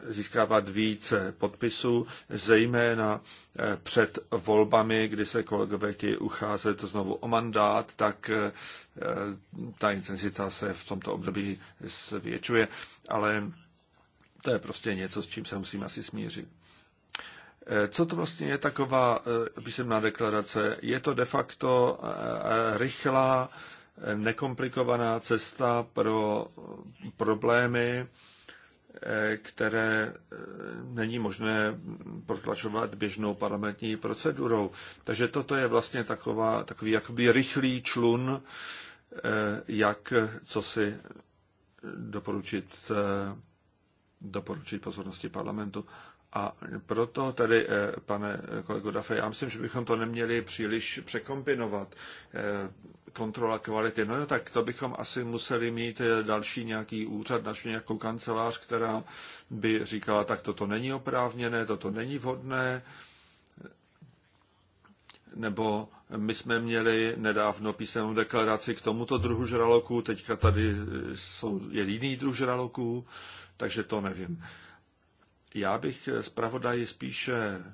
získávat více podpisů, zejména eh, před volbami, kdy se kolegové chtějí ucházet znovu o mandát, tak eh, ta intenzita se v tomto období zvětšuje, ale to je prostě něco, s čím se musím asi smířit. Eh, co to vlastně je taková písemná deklarace? Je to de facto rychlá, nekomplikovaná cesta pro problémy, které eh, není možné protlačovat běžnou parlamentní procedurou. Takže toto je vlastně taková, takový jakoby rychlý člun, eh, jak co si doporučit, eh, doporučit pozornosti parlamentu. A proto tedy, eh, pane eh, kolego Dafe, já myslím, že bychom to neměli příliš překombinovat. Eh, kontrola kvality, no jo, tak to bychom asi museli mít další nějaký úřad, další nějakou kancelář, která by říkala, tak toto není oprávněné, toto není vhodné, nebo my jsme měli nedávno písemnou deklaraci k tomuto druhu žraloků, teďka tady jsou, je jiný druh žraloků, takže to nevím. Já bych eh, zpravodaji spíše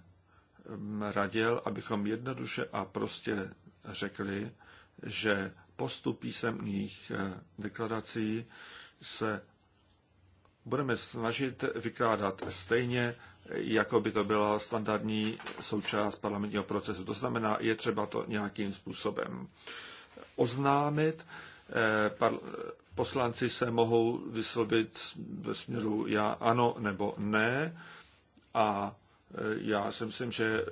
mm, radil, abychom jednoduše a prostě řekli, že postup písemných eh, deklarací se budeme snažit vykládat stejně, jako by to byla standardní součást parlamentního procesu. To znamená, je třeba to nějakým způsobem oznámit eh, poslanci se mohou vyslovit ve směru já ano nebo ne a e, já si myslím, že e,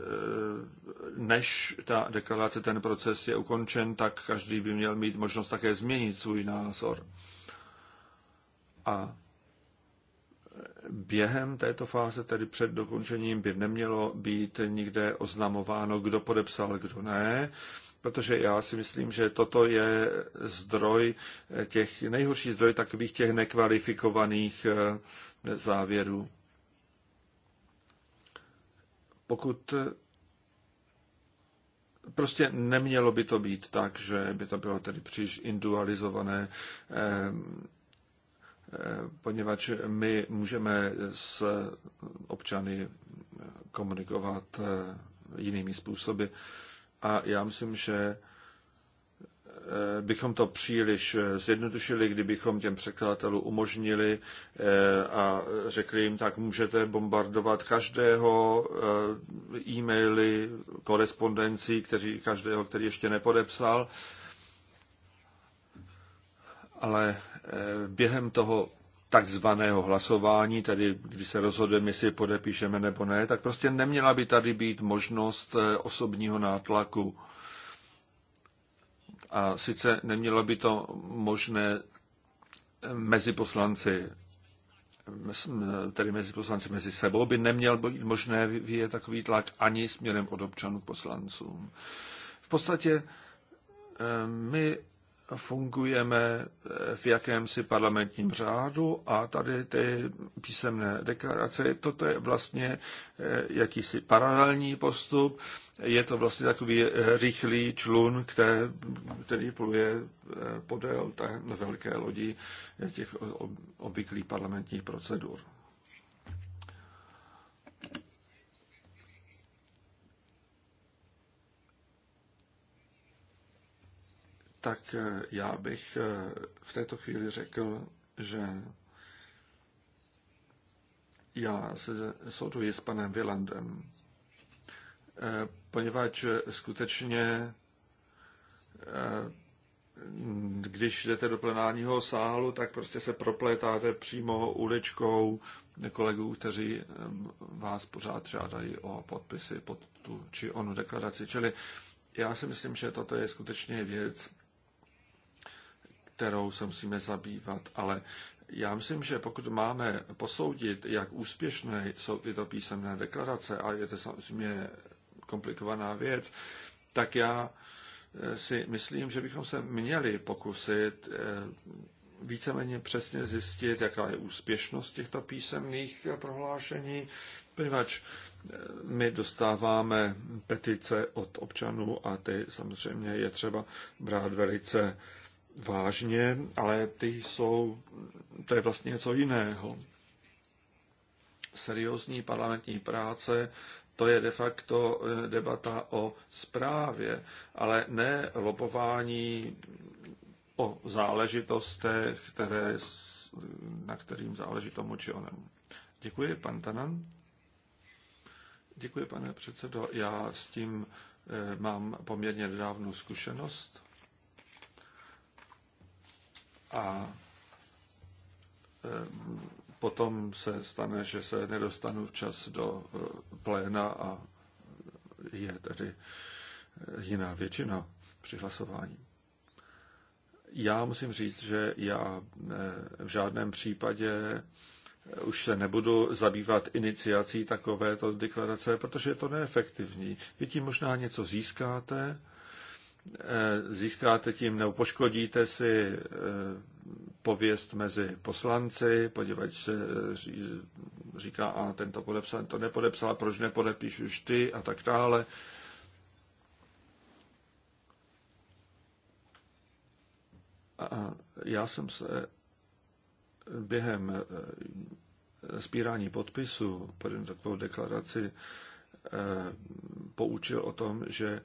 než ta deklarace, ten proces je ukončen, tak každý by měl mít možnost také změnit svůj názor. A e, během této fáze, tedy před dokončením, by nemělo být nikde oznamováno, kdo podepsal, kdo ne protože já si myslím, že toto je zdroj eh, těch, nejhorší zdroj takových těch nekvalifikovaných eh, závěrů. Pokud eh, prostě nemělo by to být tak, že by to bylo tedy příliš individualizované, poněvadž my můžeme s občany komunikovat jinými způsoby. A já myslím, že eh, bychom to příliš eh, zjednodušili, kdybychom těm překladatelům umožnili eh, a řekli jim, tak můžete bombardovat každého e-maily, korespondencí, kteří, každého, který ještě nepodepsal, ale během toho takzvaného hlasování, tedy kdy se rozhodneme, jestli podepíšeme nebo ne, tak prostě neměla by tady být možnost eh, osobního nátlaku. A sice nemělo by to možné eh, mezi poslanci, tedy mezi poslanci mezi sebou, by neměl být možné vyjet takový tlak ani směrem od občanů k poslancům. V podstatě eh, my fungujeme eh, v jakémsi parlamentním řádu a tady ty písemné deklarace, toto je vlastně eh, jakýsi paralelní postup, je to vlastně takový eh, rychlý člun, který, který pluje podél té velké lodi těch obvyklých parlamentních procedur. tak eh, já bych eh, v této chvíli řekl, že já se shoduji s panem Vilandem, eh, poněvadž skutečně, když jdete do plenárního sálu, tak prostě se proplétáte přímo uličkou kolegů, kteří vás pořád žádají o podpisy pod tu či onu deklaraci. Čili já si myslím, že toto je skutečně věc, kterou se musíme zabývat, ale já myslím, že pokud máme posoudit, jak úspěšné jsou tyto písemné deklarace, a je to samozřejmě komplikovaná věc, tak já eh, si myslím, že bychom se měli pokusit eh, víceméně přesně zjistit, jaká je úspěšnost těchto písemných prohlášení, poněvadž eh, my dostáváme petice od občanů a ty samozřejmě je třeba brát velice vážně, ale ty jsou, to je vlastně něco jiného. Seriózní parlamentní práce, to je de facto eh, debata o zprávě, ale ne lobování o záležitostech, které, na kterým záleží tomu či onem. Děkuji, pan Tanan. Děkuji, pane předsedo. Já s tím eh, mám poměrně nedávnou zkušenost a e, potom se stane, že se nedostanu včas do e, pléna a je tedy e, jiná většina při hlasování. Já musím říct, že já v žádném případě už se nebudu zabývat iniciací takovéto deklarace, protože je to neefektivní. Vy tím možná něco získáte, Eh, získáte tím nebo poškodíte si eh, pověst mezi poslanci, podívat se eh, říká, a tento podepsal, to nepodepsal, proč nepodepíš už ty a tak dále. A já jsem se během spírání podpisu pod takovou deklaraci poučil o tom, že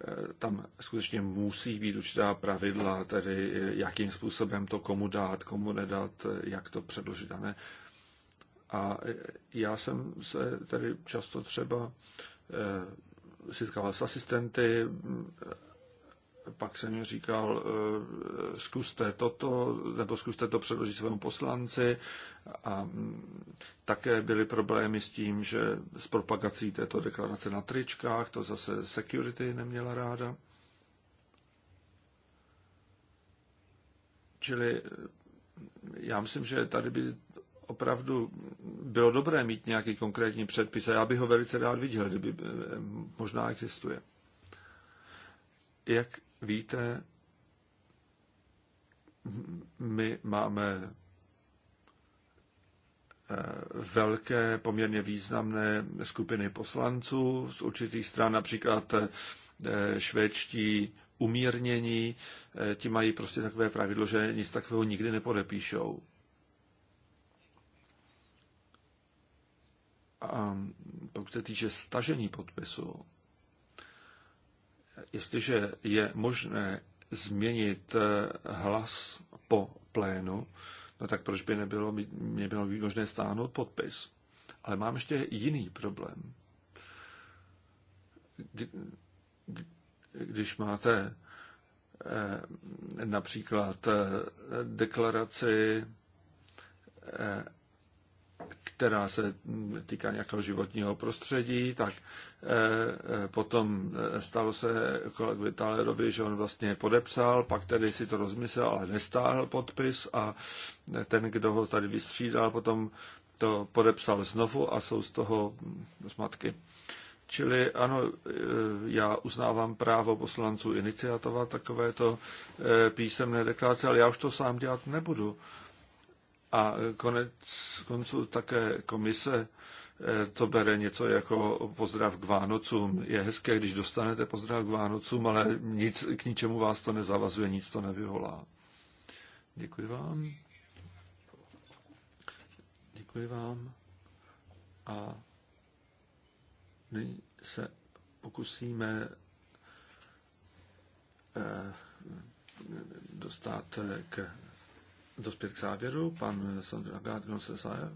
Eh, tam skutečně musí být určitá pravidla, tedy eh, jakým způsobem to komu dát, komu nedat, eh, jak to předložit a ne. A já jsem se tedy často třeba setkával s asistenty, pak jsem říkal, e, zkuste toto, nebo zkuste to předložit svému poslanci. A mm, také byly problémy s tím, že s propagací této deklarace na tričkách, to zase security neměla ráda. Čili mm, já myslím, že tady by opravdu bylo dobré mít nějaký konkrétní předpis a já bych ho velice rád viděl, kdyby e, možná existuje. Jak Víte, my máme eh, velké, poměrně významné skupiny poslanců z určitých stran, například eh, švédští umírnění, eh, ti mají prostě takové pravidlo, že nic takového nikdy nepodepíšou. A pokud se týče stažení podpisu, jestliže je možné změnit eh, hlas po plénu, no tak proč by nebylo, mě bylo by možné stáhnout podpis. Ale mám ještě jiný problém. Když máte eh, například eh, deklaraci která se týká nějakého životního prostředí, tak eh, eh, potom eh, stalo se kolegovi Talerovi, že on vlastně podepsal, pak tedy si to rozmyslel, ale nestáhl podpis a ten, kdo ho tady vystřídal, potom to podepsal znovu a jsou z toho zmatky. Čili ano, já uznávám právo poslanců iniciatovat takovéto písemné deklarace, ale já už to sám dělat nebudu. A konec konců také komise eh, to bere něco jako pozdrav k Vánocům. Je hezké, když dostanete pozdrav k Vánocům, ale nic, k ničemu vás to nezavazuje, nic to nevyvolá. Děkuji vám. Děkuji vám. A nyní se pokusíme eh, dostat k dospět k závěru. Pan Sandra Gardner se záje.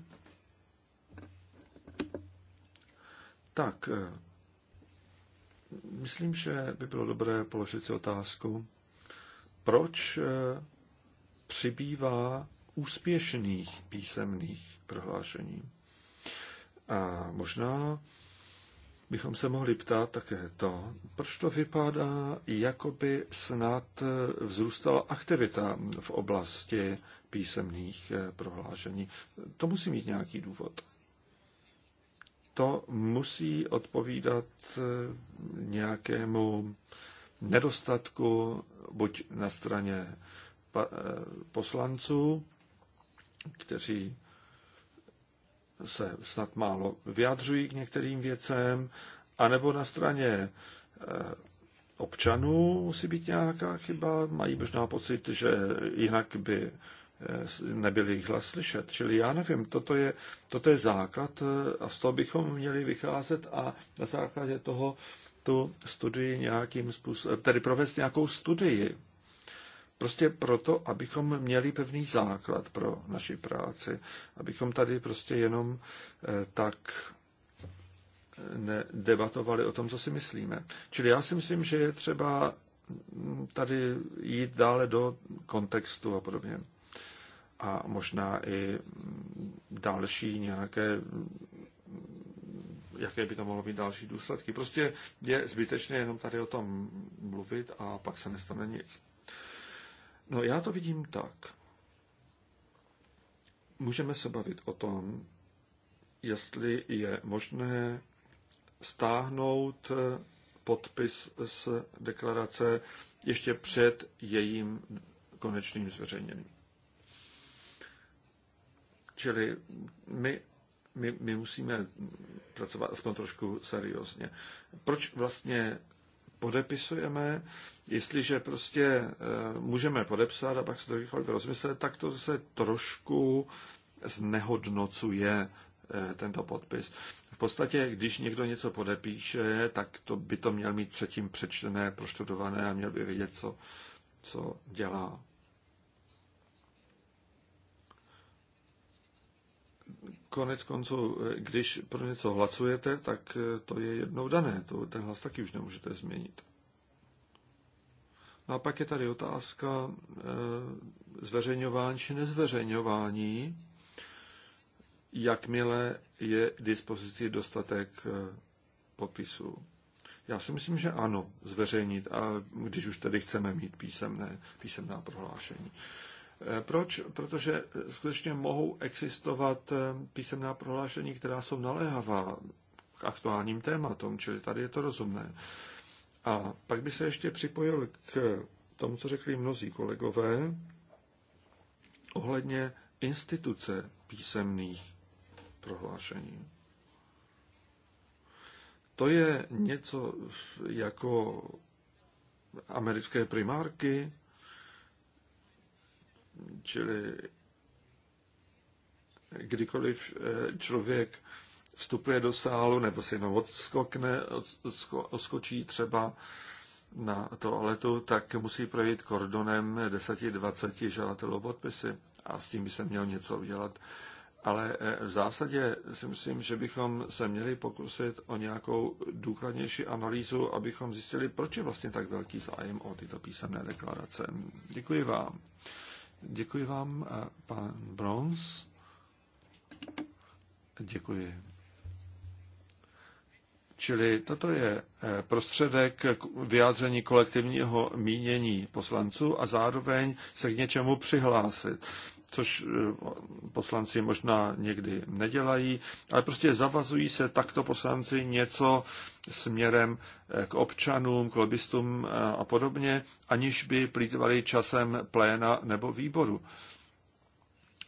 Tak, eh, myslím, že by bylo dobré položit si otázku, proč eh, přibývá úspěšných písemných prohlášení. A možná bychom se mohli ptát také to, proč to vypadá, jako by snad vzrůstala aktivita v oblasti písemných eh, prohlášení. To musí mít nějaký důvod. To musí odpovídat eh, nějakému nedostatku buď na straně eh, poslanců, kteří se snad málo vyjadřují k některým věcem, anebo na straně eh, občanů musí být nějaká chyba, mají možná pocit, že jinak by eh, nebyl jejich hlas slyšet. Čili já nevím, toto je, toto je základ eh, a z toho bychom měli vycházet a na základě toho tu studii nějakým způsobem, tedy provést nějakou studii Prostě proto, abychom měli pevný základ pro naši práci. Abychom tady prostě jenom eh, tak eh, debatovali o tom, co si myslíme. Čili já si myslím, že je třeba mm, tady jít dále do kontextu a podobně. A možná i mm, další nějaké, mm, jaké by to mohlo být další důsledky. Prostě je zbytečné jenom tady o tom mluvit a pak se nestane nic. No já to vidím tak. Můžeme se bavit o tom, jestli je možné stáhnout eh, podpis z deklarace ještě před jejím konečným zveřejněním. Čili my, my, my musíme pracovat aspoň trošku seriózně. Proč vlastně podepisujeme, jestliže prostě eh, můžeme podepsat a pak se to chvilku rozmyslet, tak to se trošku znehodnocuje eh, tento podpis. V podstatě, když někdo něco podepíše, tak to by to měl mít předtím přečtené, proštudované a měl by vědět, co, co dělá konec konců, eh, když pro něco hlasujete, tak eh, to je jednou dané. To, ten hlas taky už nemůžete změnit. No a pak je tady otázka eh, zveřejňování či nezveřejňování, jakmile je k dispozici dostatek popisů. Já si myslím, že ano, zveřejnit, a když už tedy chceme mít písemné, písemná prohlášení. Eh, proč? Protože eh, skutečně mohou existovat eh, písemná prohlášení, která jsou naléhavá k aktuálním tématům, čili tady je to rozumné. A pak by se ještě připojil k tomu, co řekli mnozí kolegové, ohledně instituce písemných prohlášení. To je něco jako americké primárky, Čili kdykoliv eh, člověk vstupuje do sálu nebo si jenom odskokne, odskočí třeba na toaletu, tak musí projít kordonem 10-20 žadatelů podpisy a s tím by se měl něco udělat. Ale eh, v zásadě si myslím, že bychom se měli pokusit o nějakou důkladnější analýzu, abychom zjistili, proč je vlastně tak velký zájem o tyto písemné deklarace. Děkuji vám. Děkuji vám, pan Bronz. Děkuji. Čili toto je e, prostředek k vyjádření kolektivního mínění poslanců a zároveň se k něčemu přihlásit což eh, poslanci možná někdy nedělají, ale prostě zavazují se takto poslanci něco směrem eh, k občanům, k lobbystům eh, a podobně, aniž by plýtvali časem pléna nebo výboru.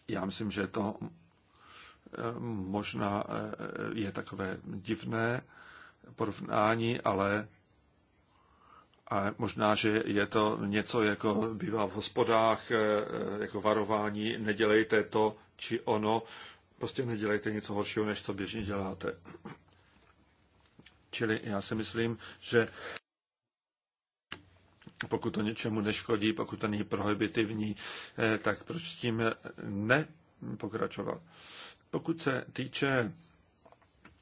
Já myslím, že to možná je takové divné porovnání, ale a možná, že je to něco, jako bývá v hospodách, eh, eh, jako varování, nedělejte to či ono, prostě nedělejte něco horšího, než co běžně děláte. Čili já si myslím, že pokud to něčemu neškodí, pokud to není prohibitivní, eh, tak proč s tím nepokračovat? Pokud se týče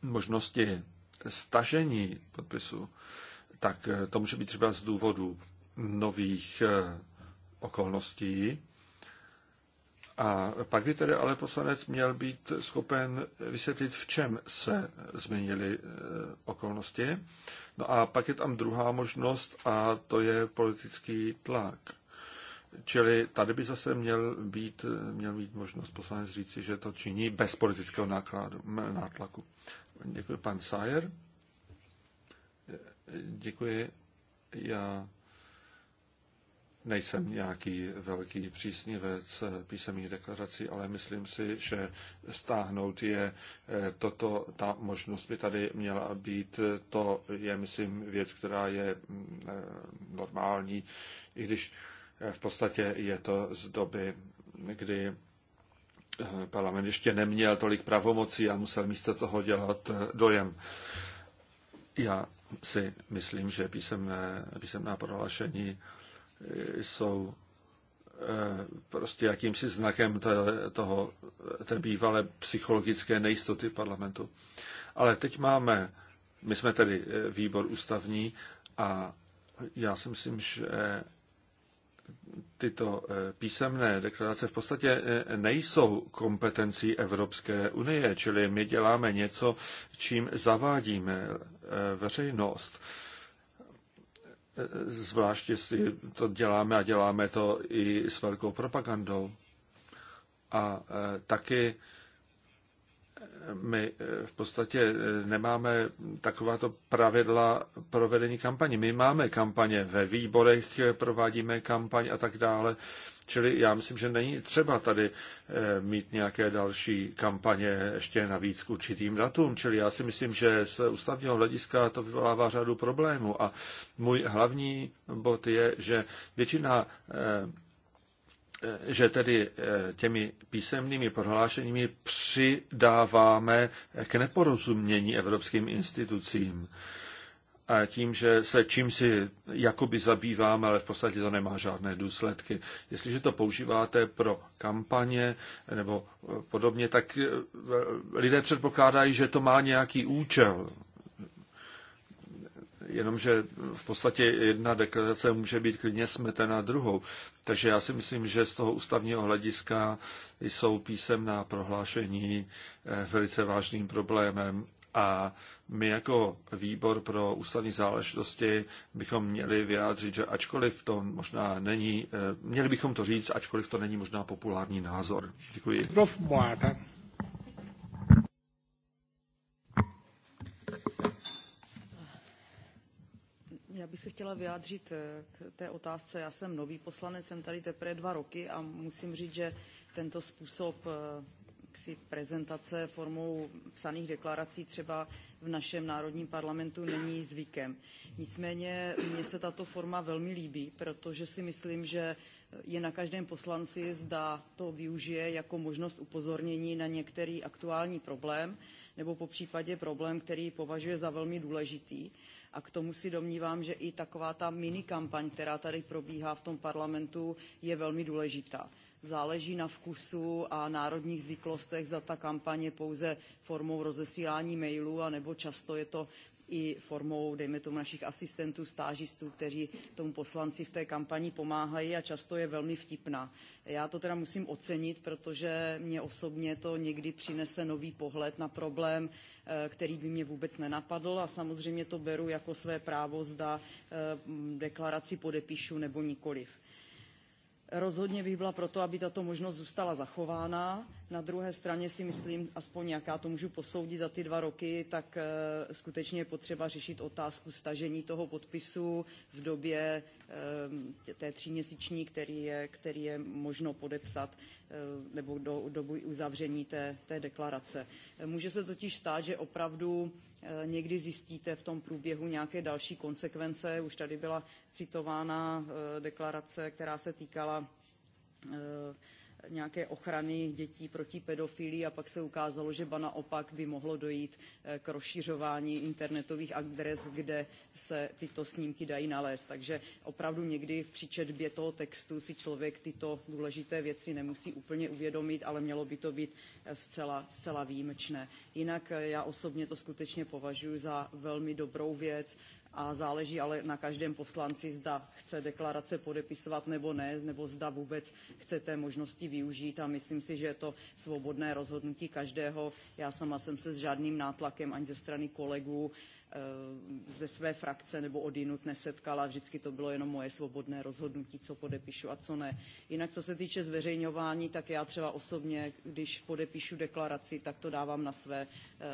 možnosti stažení podpisu, tak eh, to může být třeba z důvodu nových eh, okolností. A pak by tedy ale poslanec měl být schopen vysvětlit, v čem se změnily eh, okolnosti. No a pak je tam druhá možnost a to je politický tlak. Čili tady by zase měl být, měl být možnost poslanec říci, že to činí bez politického nákladu, nátlaku. Děkuji, pan Sajer. Děkuji. Já nejsem nějaký velký příznivec písemných deklarací, ale myslím si, že stáhnout je eh, toto, ta možnost by tady měla být. To je, myslím, věc, která je mm, eh, normální, i když eh, v podstatě je to z doby, kdy parlament ještě neměl tolik pravomocí a musel místo toho dělat dojem. Já si myslím, že písemné, písemná prohlášení jsou eh, prostě jakýmsi znakem toho, té bývalé psychologické nejistoty parlamentu. Ale teď máme, my jsme tedy eh, výbor ústavní a já si myslím, že tyto eh, písemné deklarace v podstatě nejsou kompetencí Evropské unie, čili my děláme něco, čím zavádíme veřejnost. Zvlášť, jestli to děláme a děláme to i s velkou propagandou. A e, taky my e, v podstatě e, nemáme takováto pravidla pro vedení kampaně. My máme kampaně ve výborech, provádíme kampaň a tak dále, Čili já myslím, že není třeba tady eh, mít nějaké další kampaně ještě navíc k určitým datům. Čili já si myslím, že z ústavního hlediska to vyvolává řadu problémů. A můj hlavní bod je, že většina eh, že tedy eh, těmi písemnými prohlášeními přidáváme k neporozumění evropským institucím. Hmm tím, že se čím si jakoby zabýváme, ale v podstatě to nemá žádné důsledky. Jestliže to používáte pro kampaně nebo podobně, tak eh, lidé předpokládají, že to má nějaký účel. Jenomže v podstatě jedna deklarace může být klidně smetena druhou. Takže já si myslím, že z toho ústavního hlediska jsou písemná prohlášení eh, velice vážným problémem a my jako výbor pro ústavní záležitosti bychom měli vyjádřit, že ačkoliv to možná není, eh, měli bychom to říct, ačkoliv to není možná populární názor. Děkuji. Já bych se chtěla vyjádřit eh, k té otázce. Já jsem nový poslanec, jsem tady teprve dva roky a musím říct, že tento způsob eh, jaksi prezentace formou psaných deklarací třeba v našem národním parlamentu není zvykem. Nicméně mně se tato forma velmi líbí, protože si myslím, že je na každém poslanci, zda to využije jako možnost upozornění na některý aktuální problém nebo po případě problém, který považuje za velmi důležitý. A k tomu si domnívám, že i taková ta minikampaň, která tady probíhá v tom parlamentu, je velmi důležitá záleží na vkusu a národních zvyklostech, zda ta kampaň je pouze formou rozesílání mailů, anebo často je to i formou, dejme tomu, našich asistentů, stážistů, kteří tomu poslanci v té kampani pomáhají a často je velmi vtipná. Já to teda musím ocenit, protože mě osobně to někdy přinese nový pohled na problém, eh, který by mě vůbec nenapadl a samozřejmě to beru jako své právo, zda eh, deklaraci podepíšu nebo nikoliv. Rozhodně bych byla proto, aby tato možnost zůstala zachována. Na druhé straně si myslím, aspoň jak já to můžu posoudit za ty dva roky, tak eh, skutečně je potřeba řešit otázku stažení toho podpisu v době eh, té tříměsíční, který je, který je možno podepsat eh, nebo do doby uzavření té, té deklarace. Může se totiž stát, že opravdu Eh, někdy zjistíte v tom průběhu nějaké další konsekvence. Už tady byla citována eh, deklarace, která se týkala eh, nějaké ochrany dětí proti pedofilii a pak se ukázalo, že ba naopak by mohlo dojít eh, k rozšiřování internetových adres, kde se tyto snímky dají nalézt. Takže opravdu někdy při četbě toho textu si člověk tyto důležité věci nemusí úplně uvědomit, ale mělo by to být eh, zcela, zcela výjimečné. Jinak eh, já osobně to skutečně považuji za velmi dobrou věc a záleží ale na každém poslanci, zda chce deklarace podepisovat nebo ne, nebo zda vůbec chce té možnosti využít a myslím si, že je to svobodné rozhodnutí každého. Já sama jsem se s žádným nátlakem ani ze strany kolegů eh, ze své frakce nebo odinut nesetkala. Vždycky to bylo jenom moje svobodné rozhodnutí, co podepíšu a co ne. Jinak, co se týče zveřejňování, tak já třeba osobně, když podepíšu deklaraci, tak to dávám na své eh,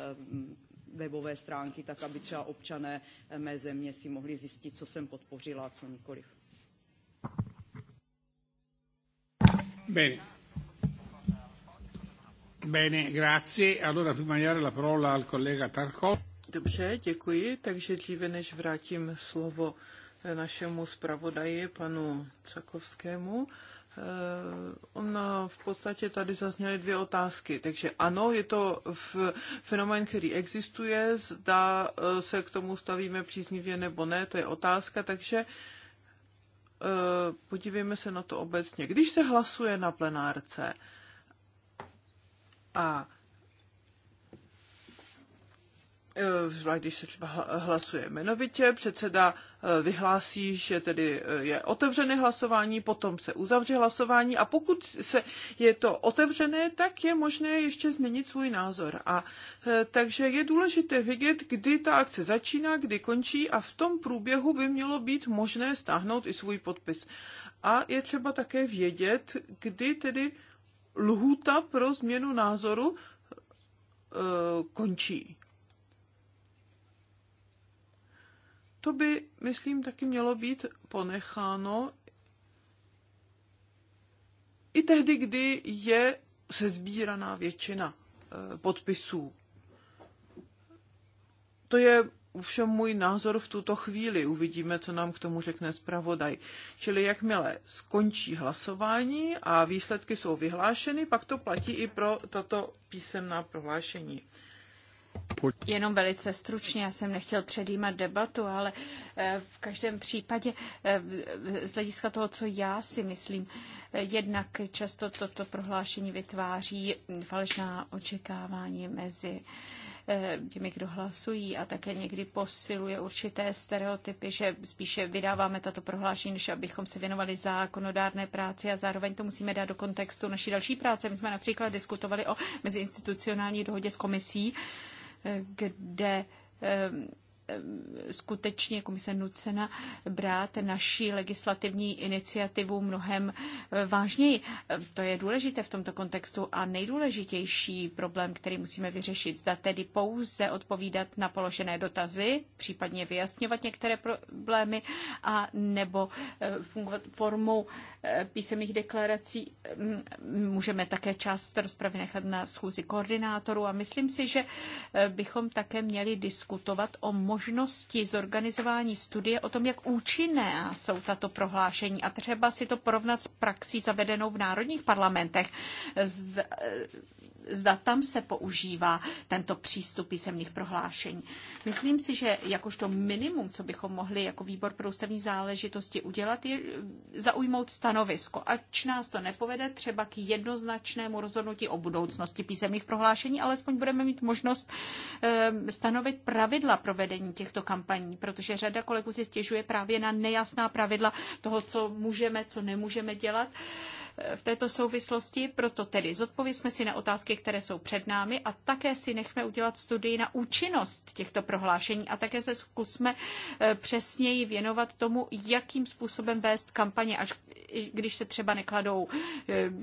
webové stránky, tak aby třeba občané eh, mé země si mohli zjistit, co jsem podpořila a co nikoliv. Bene. Bene, grazie. Allora, prima di dare la parola al collega Dobře, děkuji. Takže dříve než vrátím slovo eh, našemu zpravodaji, panu Cakovskému, Eh, On v podstatě tady zazněly dvě otázky. Takže ano, je to fenomén, který existuje, zda eh, se k tomu stavíme příznivě nebo ne, to je otázka, takže eh, podívejme se na to obecně. Když se hlasuje na plenárce a Eh, zvlášť když se třeba hlasuje jmenovitě, předseda eh, vyhlásí, že tedy eh, je otevřené hlasování, potom se uzavře hlasování a pokud se je to otevřené, tak je možné ještě změnit svůj názor. A takže je důležité vidět, kdy ta akce začíná, kdy končí a v tom průběhu by mělo být možné stáhnout i svůj podpis. A je třeba také vědět, kdy tedy lhůta pro změnu názoru končí. To by, myslím, taky mělo být ponecháno i tehdy, kdy je sezbíraná většina eh, podpisů. To je ovšem můj názor v tuto chvíli. Uvidíme, co nám k tomu řekne zpravodaj. Čili jakmile skončí hlasování a výsledky jsou vyhlášeny, pak to platí i pro tato písemná prohlášení. Jenom velice stručně, já jsem nechtěl předjímat debatu, ale eh, v každém případě eh, z hlediska toho, co já si myslím, eh, jednak často toto prohlášení vytváří falešná očekávání mezi těmi, kdo hlasují a také někdy posiluje určité stereotypy, že spíše vydáváme tato prohlášení, než abychom se věnovali zákonodárné práci a zároveň to musíme dát do kontextu naší další práce. My jsme například diskutovali o meziinstitucionální dohodě s komisí, kde eh, skutečně komise nucena brát naší legislativní iniciativu mnohem eh, vážněji. To je důležité v tomto kontextu a nejdůležitější problém, který musíme vyřešit, zda tedy pouze odpovídat na položené dotazy, případně vyjasňovat některé problémy, a nebo eh, fungovat formou Eh, písemných deklarací. Mm, můžeme také část rozpravy nechat na schůzi koordinátorů a myslím si, že eh, bychom také měli diskutovat o možnosti zorganizování studie, o tom, jak účinné jsou tato prohlášení a třeba si to porovnat s praxí zavedenou v národních parlamentech zda tam se používá tento přístup písemných prohlášení. Myslím si, že jakožto minimum, co bychom mohli jako výbor pro ústavní záležitosti udělat, je eh, zaujmout stanovisko. Ač nás to nepovede třeba k jednoznačnému rozhodnutí o budoucnosti písemných prohlášení, alespoň budeme mít možnost eh, stanovit pravidla pro vedení těchto kampaní, protože řada kolegů si stěžuje právě na nejasná pravidla toho, co můžeme, co nemůžeme dělat v této souvislosti, proto tedy zodpovězme si na otázky, které jsou před námi a také si nechme udělat studii na účinnost těchto prohlášení a také se zkusme eh, přesněji věnovat tomu, jakým způsobem vést kampaně, až když se třeba nekladou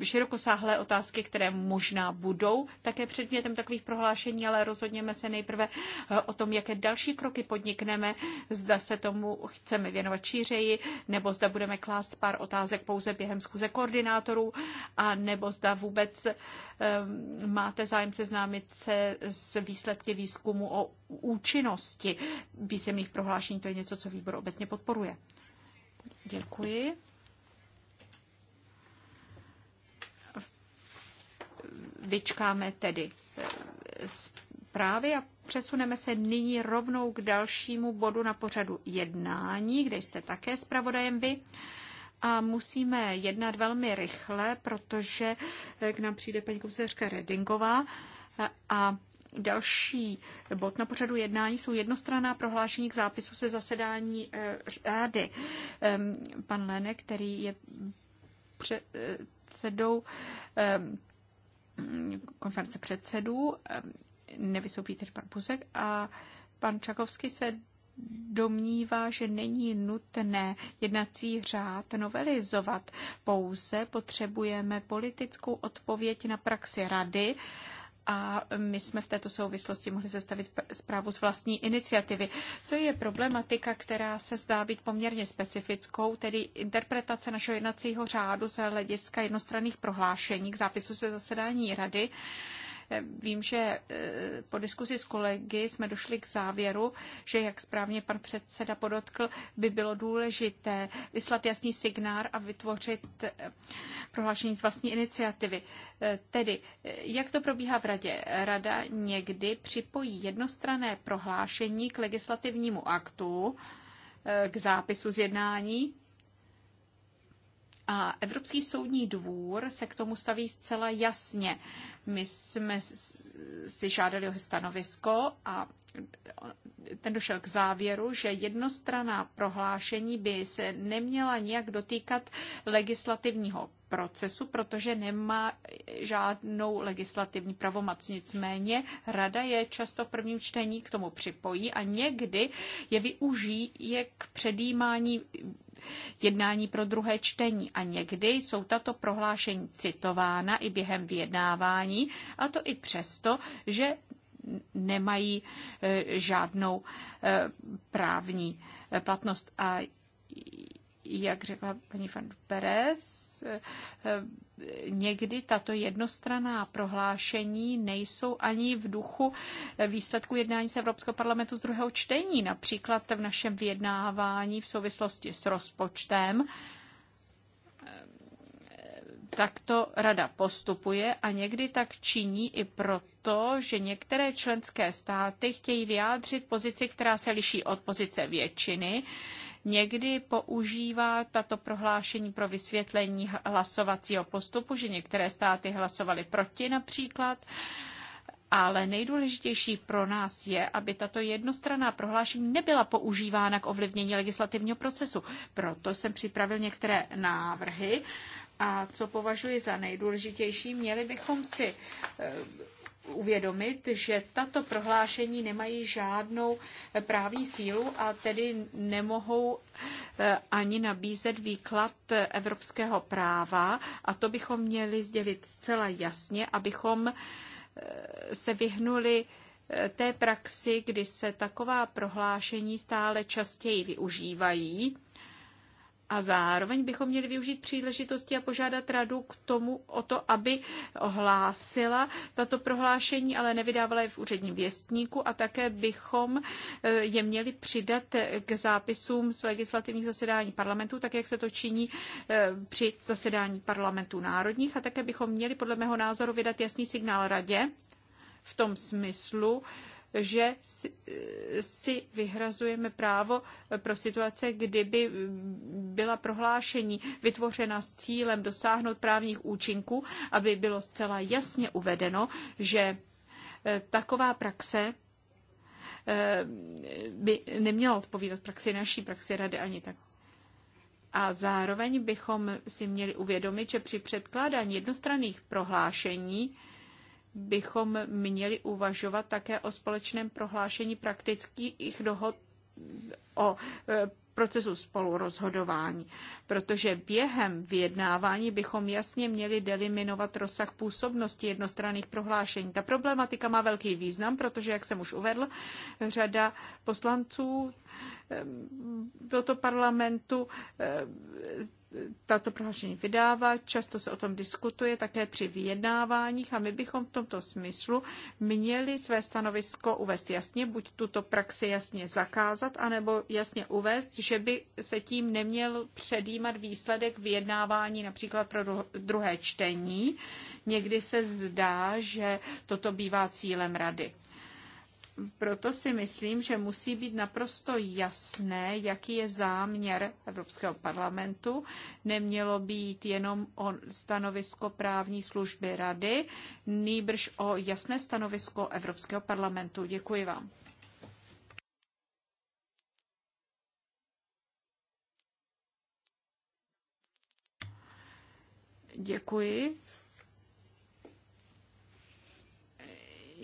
eh, širokosáhlé otázky, které možná budou také předmětem takových prohlášení, ale rozhodněme se nejprve eh, o tom, jaké další kroky podnikneme, zda se tomu chceme věnovat šířeji, nebo zda budeme klást pár otázek pouze během schůze koordinátorů regulátorů, a nebo zda vůbec eh, máte zájem seznámit se s výsledky výzkumu o účinnosti písemných prohlášení. To je něco, co výbor obecně podporuje. Děkuji. Vyčkáme tedy eh, zprávy a přesuneme se nyní rovnou k dalšímu bodu na pořadu jednání, kde jste také zpravodajem vy a musíme jednat velmi rychle, protože eh, k nám přijde paní komisařka Redingová eh, a Další bod na pořadu jednání jsou jednostranná prohlášení k zápisu se zasedání eh, rády. Ehm, pan Lene, který je předsedou ehm, konference předsedů, ehm, nevysoupí tedy pan Pusek a pan Čakovský se domnívá, že není nutné jednací řád novelizovat. Pouze potřebujeme politickou odpověď na praxi rady a my jsme v této souvislosti mohli zastavit zprávu z vlastní iniciativy. To je problematika, která se zdá být poměrně specifickou, tedy interpretace našeho jednacího řádu z hlediska jednostranných prohlášení k zápisu se zasedání rady. Vím, že e, po diskusi s kolegy jsme došli k závěru, že, jak správně pan předseda podotkl, by bylo důležité vyslat jasný signál a vytvořit e, prohlášení z vlastní iniciativy. E, tedy, jak to probíhá v radě? Rada někdy připojí jednostrané prohlášení k legislativnímu aktu, k zápisu z jednání a Evropský soudní dvůr se k tomu staví zcela jasně. My jsme si žádali o stanovisko a ten došel k závěru, že jednostraná prohlášení by se neměla nijak dotýkat legislativního procesu, protože nemá žádnou legislativní pravomoc. Nicméně rada je často v prvním čtení k tomu připojí a někdy je využije k předjímání jednání pro druhé čtení a někdy jsou tato prohlášení citována i během vyjednávání a to i přesto, že nemají e, žádnou e, právní e, platnost. A jak řekla paní van Perez, někdy tato jednostraná prohlášení nejsou ani v duchu výsledku jednání z Evropského parlamentu z druhého čtení, například v našem vyjednávání v souvislosti s rozpočtem. Takto rada postupuje a někdy tak činí i proto, že některé členské státy chtějí vyjádřit pozici, která se liší od pozice většiny někdy používá tato prohlášení pro vysvětlení hlasovacího postupu, že některé státy hlasovaly proti například. Ale nejdůležitější pro nás je, aby tato jednostranná prohlášení nebyla používána k ovlivnění legislativního procesu. Proto jsem připravil některé návrhy. A co považuji za nejdůležitější, měli bychom si eh, uvědomit, že tato prohlášení nemají žádnou právní sílu a tedy nemohou eh, ani nabízet výklad evropského práva. A to bychom měli sdělit zcela jasně, abychom eh, se vyhnuli eh, té praxi, kdy se taková prohlášení stále častěji využívají a zároveň bychom měli využít příležitosti a požádat radu k tomu o to, aby ohlásila tato prohlášení, ale nevydávala je v úředním věstníku a také bychom eh, je měli přidat k zápisům z legislativních zasedání parlamentu, tak jak se to činí eh, při zasedání parlamentů národních a také bychom měli podle mého názoru vydat jasný signál radě v tom smyslu, že si vyhrazujeme právo pro situace, kdyby byla prohlášení vytvořena s cílem dosáhnout právních účinků, aby bylo zcela jasně uvedeno, že eh, taková praxe eh, by neměla odpovídat praxi naší praxi rady ani tak. A zároveň bychom si měli uvědomit, že při předkládání jednostranných prohlášení bychom měli uvažovat také o společném prohlášení praktických dohod o e, procesu spolurozhodování, protože během vyjednávání bychom jasně měli deliminovat rozsah působnosti jednostranných prohlášení. Ta problematika má velký význam, protože, jak jsem už uvedl, řada poslanců e, tohoto parlamentu e, tato prohlášení vydává. Často se o tom diskutuje také při vyjednáváních a my bychom v tomto smyslu měli své stanovisko uvést jasně, buď tuto praxi jasně zakázat, anebo jasně uvést, že by se tím neměl předjímat výsledek vyjednávání například pro druhé čtení. Někdy se zdá, že toto bývá cílem rady. Proto si myslím, že musí být naprosto jasné, jaký je záměr Evropského parlamentu. Nemělo být jenom o stanovisko právní služby rady, nýbrž o jasné stanovisko Evropského parlamentu. Děkuji vám. Děkuji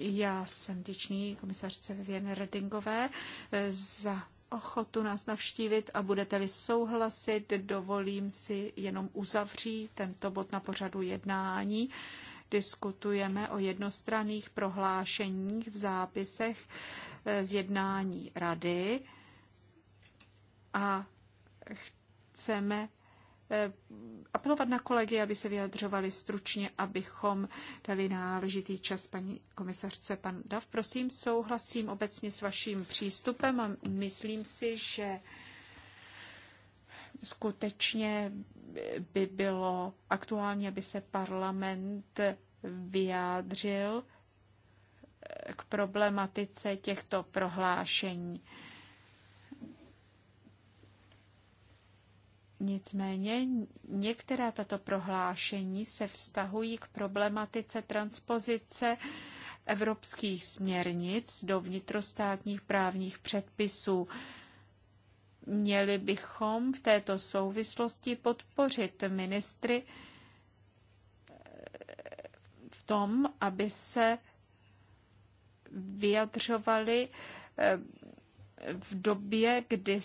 Já jsem vděčný komisařce Vivienne Redingové eh, za ochotu nás navštívit a budete-li souhlasit, dovolím si jenom uzavřít tento bod na pořadu jednání. Diskutujeme o jednostranných prohlášeních v zápisech eh, z jednání rady a chceme Eh, apelovat na kolegy, aby se vyjadřovali stručně, abychom dali náležitý čas paní komisařce. Pan Dav, prosím, souhlasím obecně s vaším přístupem a myslím si, že skutečně by bylo aktuálně, aby se parlament vyjádřil k problematice těchto prohlášení. Nicméně některá tato prohlášení se vztahují k problematice transpozice evropských směrnic do vnitrostátních právních předpisů. Měli bychom v této souvislosti podpořit ministry eh, v tom, aby se vyjadřovali eh, v době, kdy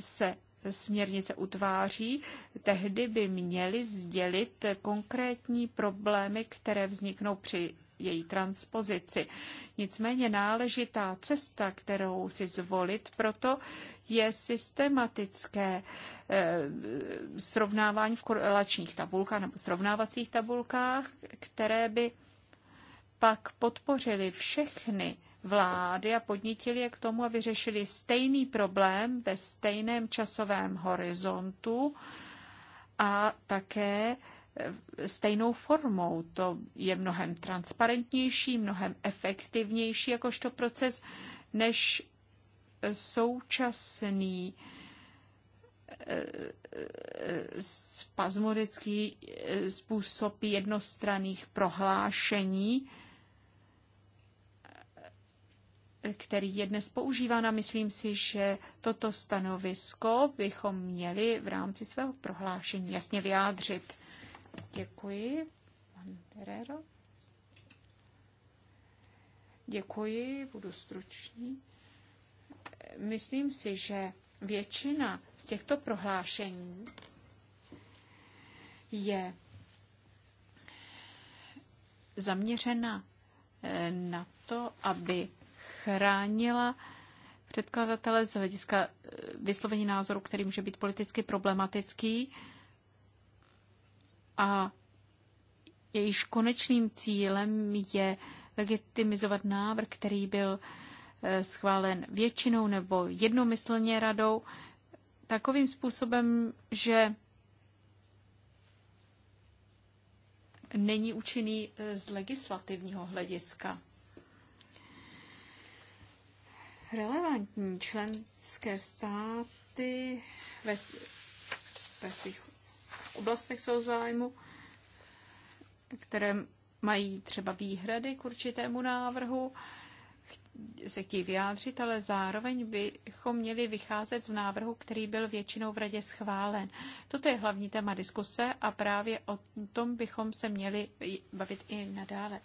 se směrnice utváří, tehdy by měly sdělit konkrétní problémy, které vzniknou při její transpozici. Nicméně náležitá cesta, kterou si zvolit, proto je systematické eh, srovnávání v korelačních tabulkách nebo srovnávacích tabulkách, které by pak podpořily všechny vlády a podnítili je k tomu, aby řešili stejný problém ve stejném časovém horizontu a také eh, stejnou formou. To je mnohem transparentnější, mnohem efektivnější jakožto proces než eh, současný eh, spazmodický způsob jednostranných prohlášení, který je dnes používán a myslím si, že toto stanovisko bychom měli v rámci svého prohlášení jasně vyjádřit. Děkuji. Mandrero. Děkuji, budu stručný. Myslím si, že většina z těchto prohlášení je zaměřena eh, na to, aby chránila předkladatele z hlediska eh, vyslovení názoru, který může být politicky problematický a jejíž konečným cílem je legitimizovat návrh, který byl eh, schválen většinou nebo jednomyslně radou, takovým způsobem, že není účinný eh, z legislativního hlediska relevantní členské státy ve, ve svých oblastech svého zájmu, které mají třeba výhrady k určitému návrhu, se chtějí vyjádřit, ale zároveň bychom měli vycházet z návrhu, který byl většinou v radě schválen. Toto je hlavní téma diskuse a právě o tom bychom se měli bavit i nadále.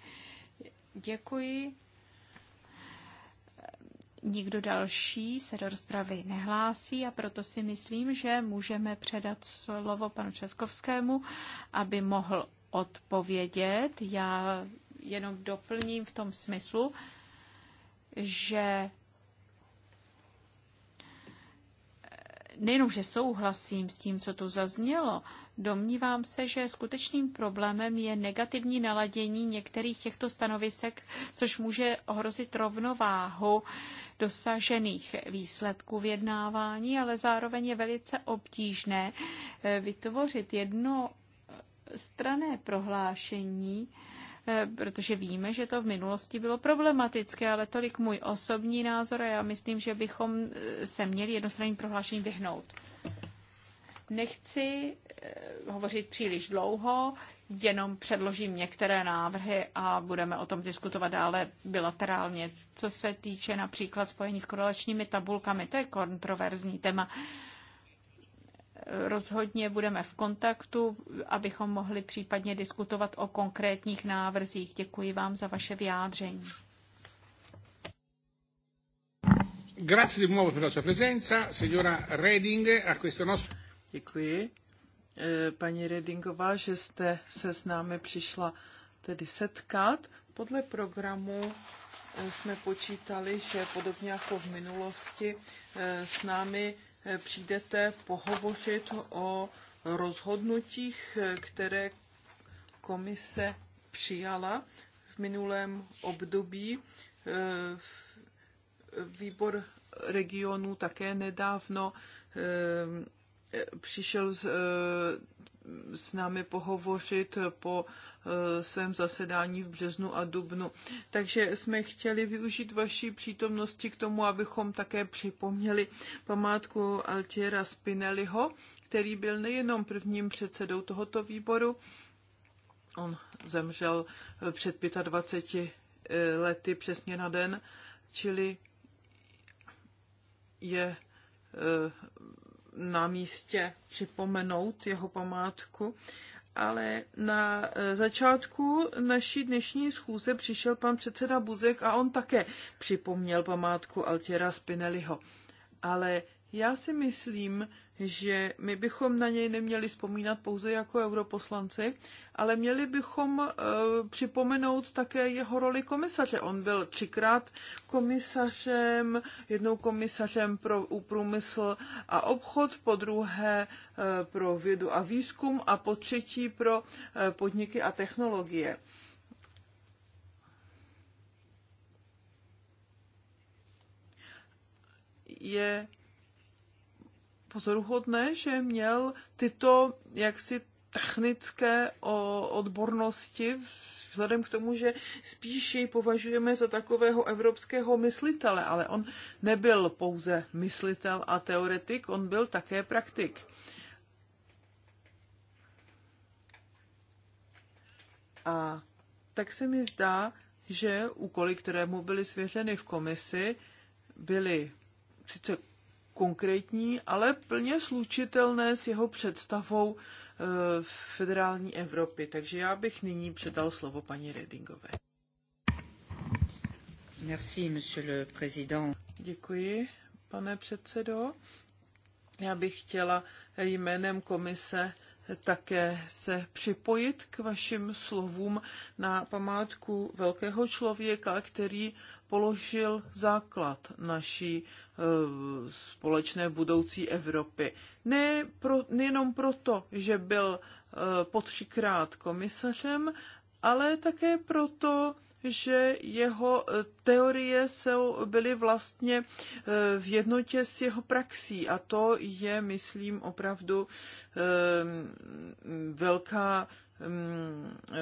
Děkuji Nikdo další se do rozpravy nehlásí a proto si myslím, že můžeme předat slovo panu Českovskému, aby mohl odpovědět. Já jenom doplním v tom smyslu, že nejenom, že souhlasím s tím, co tu zaznělo, Domnívám se, že skutečným problémem je negativní naladění některých těchto stanovisek, což může ohrozit rovnováhu dosažených výsledků vyjednávání, ale zároveň je velice obtížné eh, vytvořit jedno strané prohlášení, eh, protože víme, že to v minulosti bylo problematické, ale tolik můj osobní názor a já myslím, že bychom eh, se měli jednostranným prohlášení vyhnout. Nechci eh, hovořit příliš dlouho, jenom předložím některé návrhy a budeme o tom diskutovat dále bilaterálně. Co se týče například spojení s korelačními tabulkami, to je kontroverzní téma. Rozhodně budeme v kontaktu, abychom mohli případně diskutovat o konkrétních návrzích. Děkuji vám za vaše vyjádření. Grazie di nuovo per la sua presenza, signora Reding, a questo nostro... Děkuji, e, paní Redingová, že jste se s námi přišla tedy setkat. Podle programu e, jsme počítali, že podobně jako v minulosti e, s námi přijdete pohovořit o rozhodnutích, které komise přijala v minulém období. Výbor regionů také nedávno přišel s, eh, s námi pohovořit po eh, svém zasedání v březnu a dubnu. Takže jsme chtěli využít vaší přítomnosti k tomu, abychom také připomněli památku Altiera Spinelliho, který byl nejenom prvním předsedou tohoto výboru, on zemřel eh, před 25 lety přesně na den, čili je na místě připomenout jeho památku. Ale na e, začátku naší dnešní schůze přišel pan předseda Buzek a on také připomněl památku Altěra Spinelliho. Ale já si myslím, že my bychom na něj neměli vzpomínat pouze jako europoslanci, ale měli bychom uh, připomenout také jeho roli komisaře. On byl třikrát komisařem, jednou komisařem pro průmysl a obchod, po druhé uh, pro vědu a výzkum a po třetí pro uh, podniky a technologie. Je pozoruhodné, že měl tyto jaksi technické odbornosti vzhledem k tomu, že spíš jej považujeme za takového evropského myslitele, ale on nebyl pouze myslitel a teoretik, on byl také praktik. A tak se mi zdá, že úkoly, které mu byly svěřeny v komisi, byly sice konkrétní, ale plně slučitelné s jeho představou eh, federální Evropy. Takže já bych nyní předal slovo paní Redingové. Merci, monsieur le président. Děkuji, pane předsedo. Já bych chtěla jménem komise také se připojit k vašim slovům na památku velkého člověka, který položil základ naší eh, společné budoucí Evropy. Ne pro, nejenom proto, že byl eh, po třikrát komisařem, ale také proto, že jeho eh, teorie jsou, byly vlastně eh, v jednotě s jeho praxí a to je, myslím, opravdu ehm, velká mm, eh,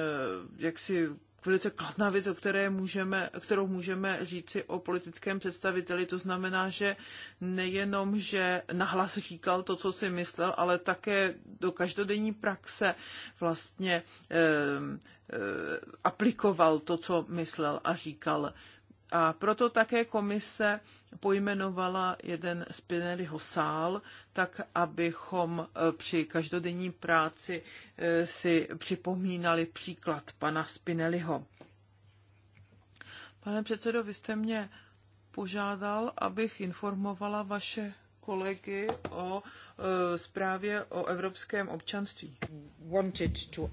jaksi velice kladná věc, o které můžeme, kterou můžeme říci o politickém představiteli. To znamená, že nejenom, že nahlas říkal to, co si myslel, ale také do každodenní praxe vlastně ehm, Eh, aplikoval to, co myslel a říkal. A proto také komise pojmenovala jeden Spinelliho sál, tak abychom eh, při každodenní práci eh, si připomínali příklad pana Spinelliho. Pane předsedo, vy jste mě požádal, abych informovala vaše kolegy o zprávě o evropském občanství. Wanted to...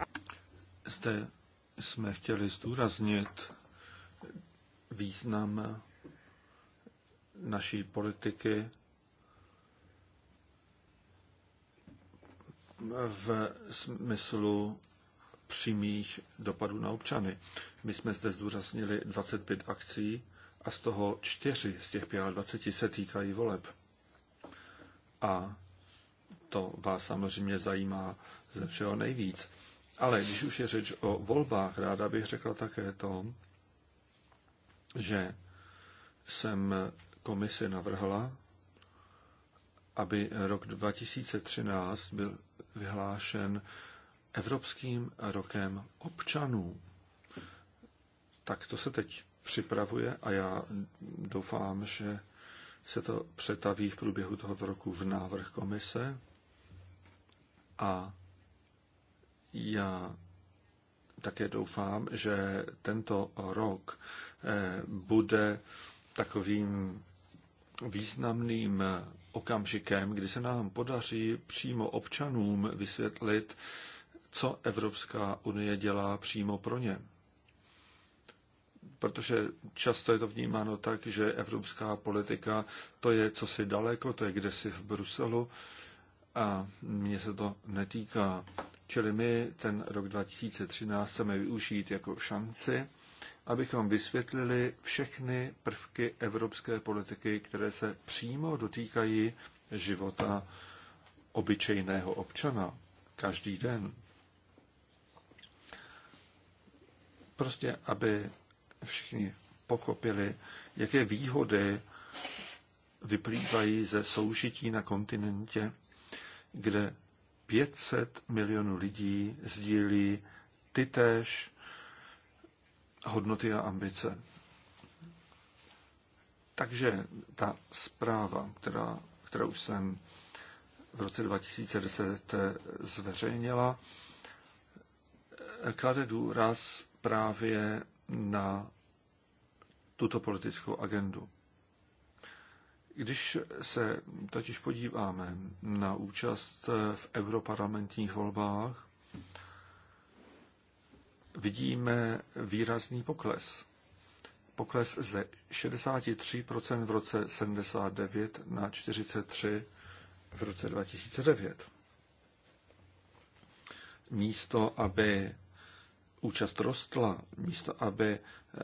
Jste jsme chtěli zdůraznit význam naší politiky v smyslu přímých dopadů na občany. My jsme zde zdůraznili 25 akcí a z toho 4 z těch 25 se týkají voleb. A to vás samozřejmě zajímá ze všeho nejvíc. Ale když už je řeč o volbách, ráda bych řekla také to, že jsem komisi navrhla, aby rok 2013 byl vyhlášen Evropským rokem občanů. Tak to se teď připravuje a já doufám, že se to přetaví v průběhu tohoto roku v návrh komise a já také doufám, že tento rok eh, bude takovým významným okamžikem, kdy se nám podaří přímo občanům vysvětlit, co Evropská unie dělá přímo pro ně. Protože často je to vnímáno tak, že evropská politika to je co si daleko, to je kdesi v Bruselu a mě se to netýká. Čili my ten rok 2013 chceme využít jako šanci, abychom vysvětlili všechny prvky evropské politiky, které se přímo dotýkají života obyčejného občana každý den. Prostě, aby všichni pochopili, jaké výhody vyplývají ze soužití na kontinentě, kde 500 milionů lidí sdílí tytéž hodnoty a ambice. Takže ta zpráva, která, kterou jsem v roce 2010 zveřejnila, klade důraz právě na tuto politickou agendu. Když se totiž podíváme na účast v europarlamentních volbách, vidíme výrazný pokles. Pokles ze 63% v roce 79 na 43 v roce 2009. Místo, aby účast rostla, místo aby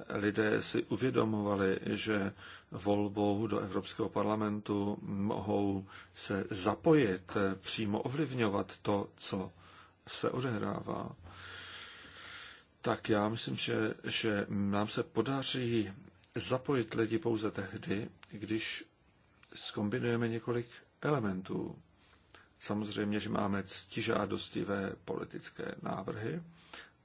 lidé si uvědomovali, že volbou do Evropského parlamentu mohou se zapojit, přímo ovlivňovat to, co se odehrává. Tak já myslím, že, že nám se podaří zapojit lidi pouze tehdy, když skombinujeme několik elementů. Samozřejmě, že máme ctižádostivé politické návrhy,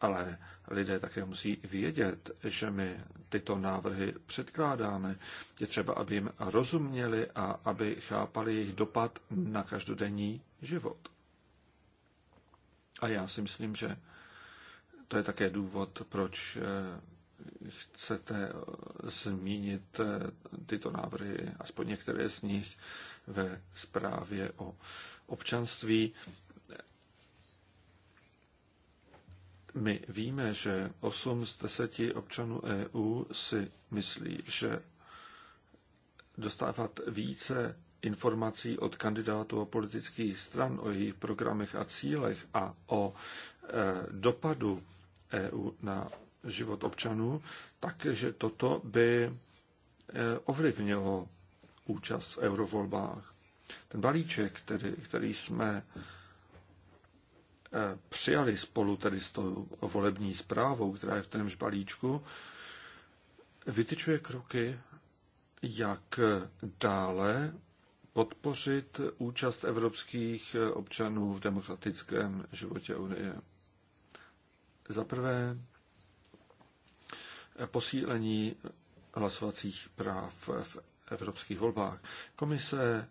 ale lidé také musí vědět, že my tyto návrhy předkládáme. Je třeba, aby jim rozuměli a aby chápali jejich dopad na každodenní život. A já si myslím, že to je také důvod, proč eh, chcete eh, zmínit eh, tyto návrhy, aspoň některé z nich, ve zprávě o občanství. My víme, že 8 z 10 občanů EU si myslí, že dostávat více informací od kandidátů a politických stran o jejich programech a cílech a o e, dopadu EU na život občanů, takže toto by e, ovlivnilo účast v eurovolbách. Ten balíček, který, který jsme Eh, přijali spolu tedy s tou volební zprávou, která je v témž balíčku, vytyčuje kroky, jak dále podpořit účast evropských občanů v demokratickém životě Unie. Za prvé, posílení hlasovacích práv v evropských volbách. Komise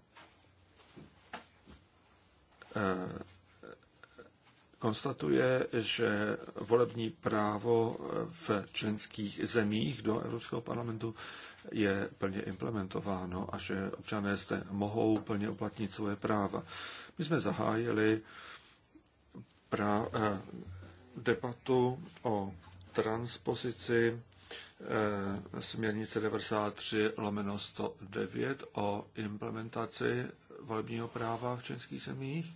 eh, konstatuje, že volební právo v členských zemích do Evropského parlamentu je plně implementováno a že občané zde mohou plně uplatnit svoje práva. My jsme zahájili pra, eh, debatu o transpozici eh, směrnice 93 lomeno 109 o implementaci volebního práva v českých zemích.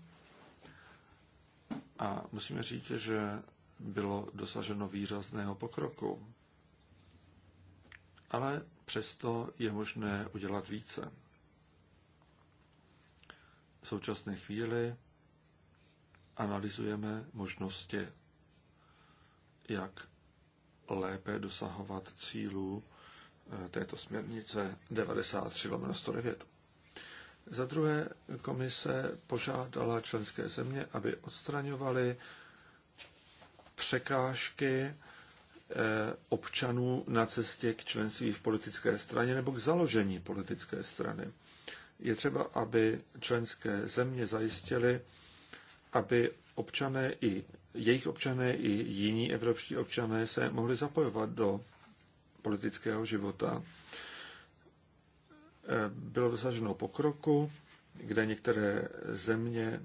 A musíme říct, že bylo dosaženo výrazného pokroku. Ale přesto je možné udělat více. V současné chvíli analyzujeme možnosti, jak lépe dosahovat cílů eh, této směrnice 93 109. Za druhé, komise požádala členské země, aby odstraňovaly překážky eh, občanů na cestě k členství v politické straně nebo k založení politické strany. Je třeba, aby členské země zajistily, aby občané i jejich občané i jiní evropští občané se mohli zapojovat do politického života. Eh, bylo dosaženo pokroku, kde některé země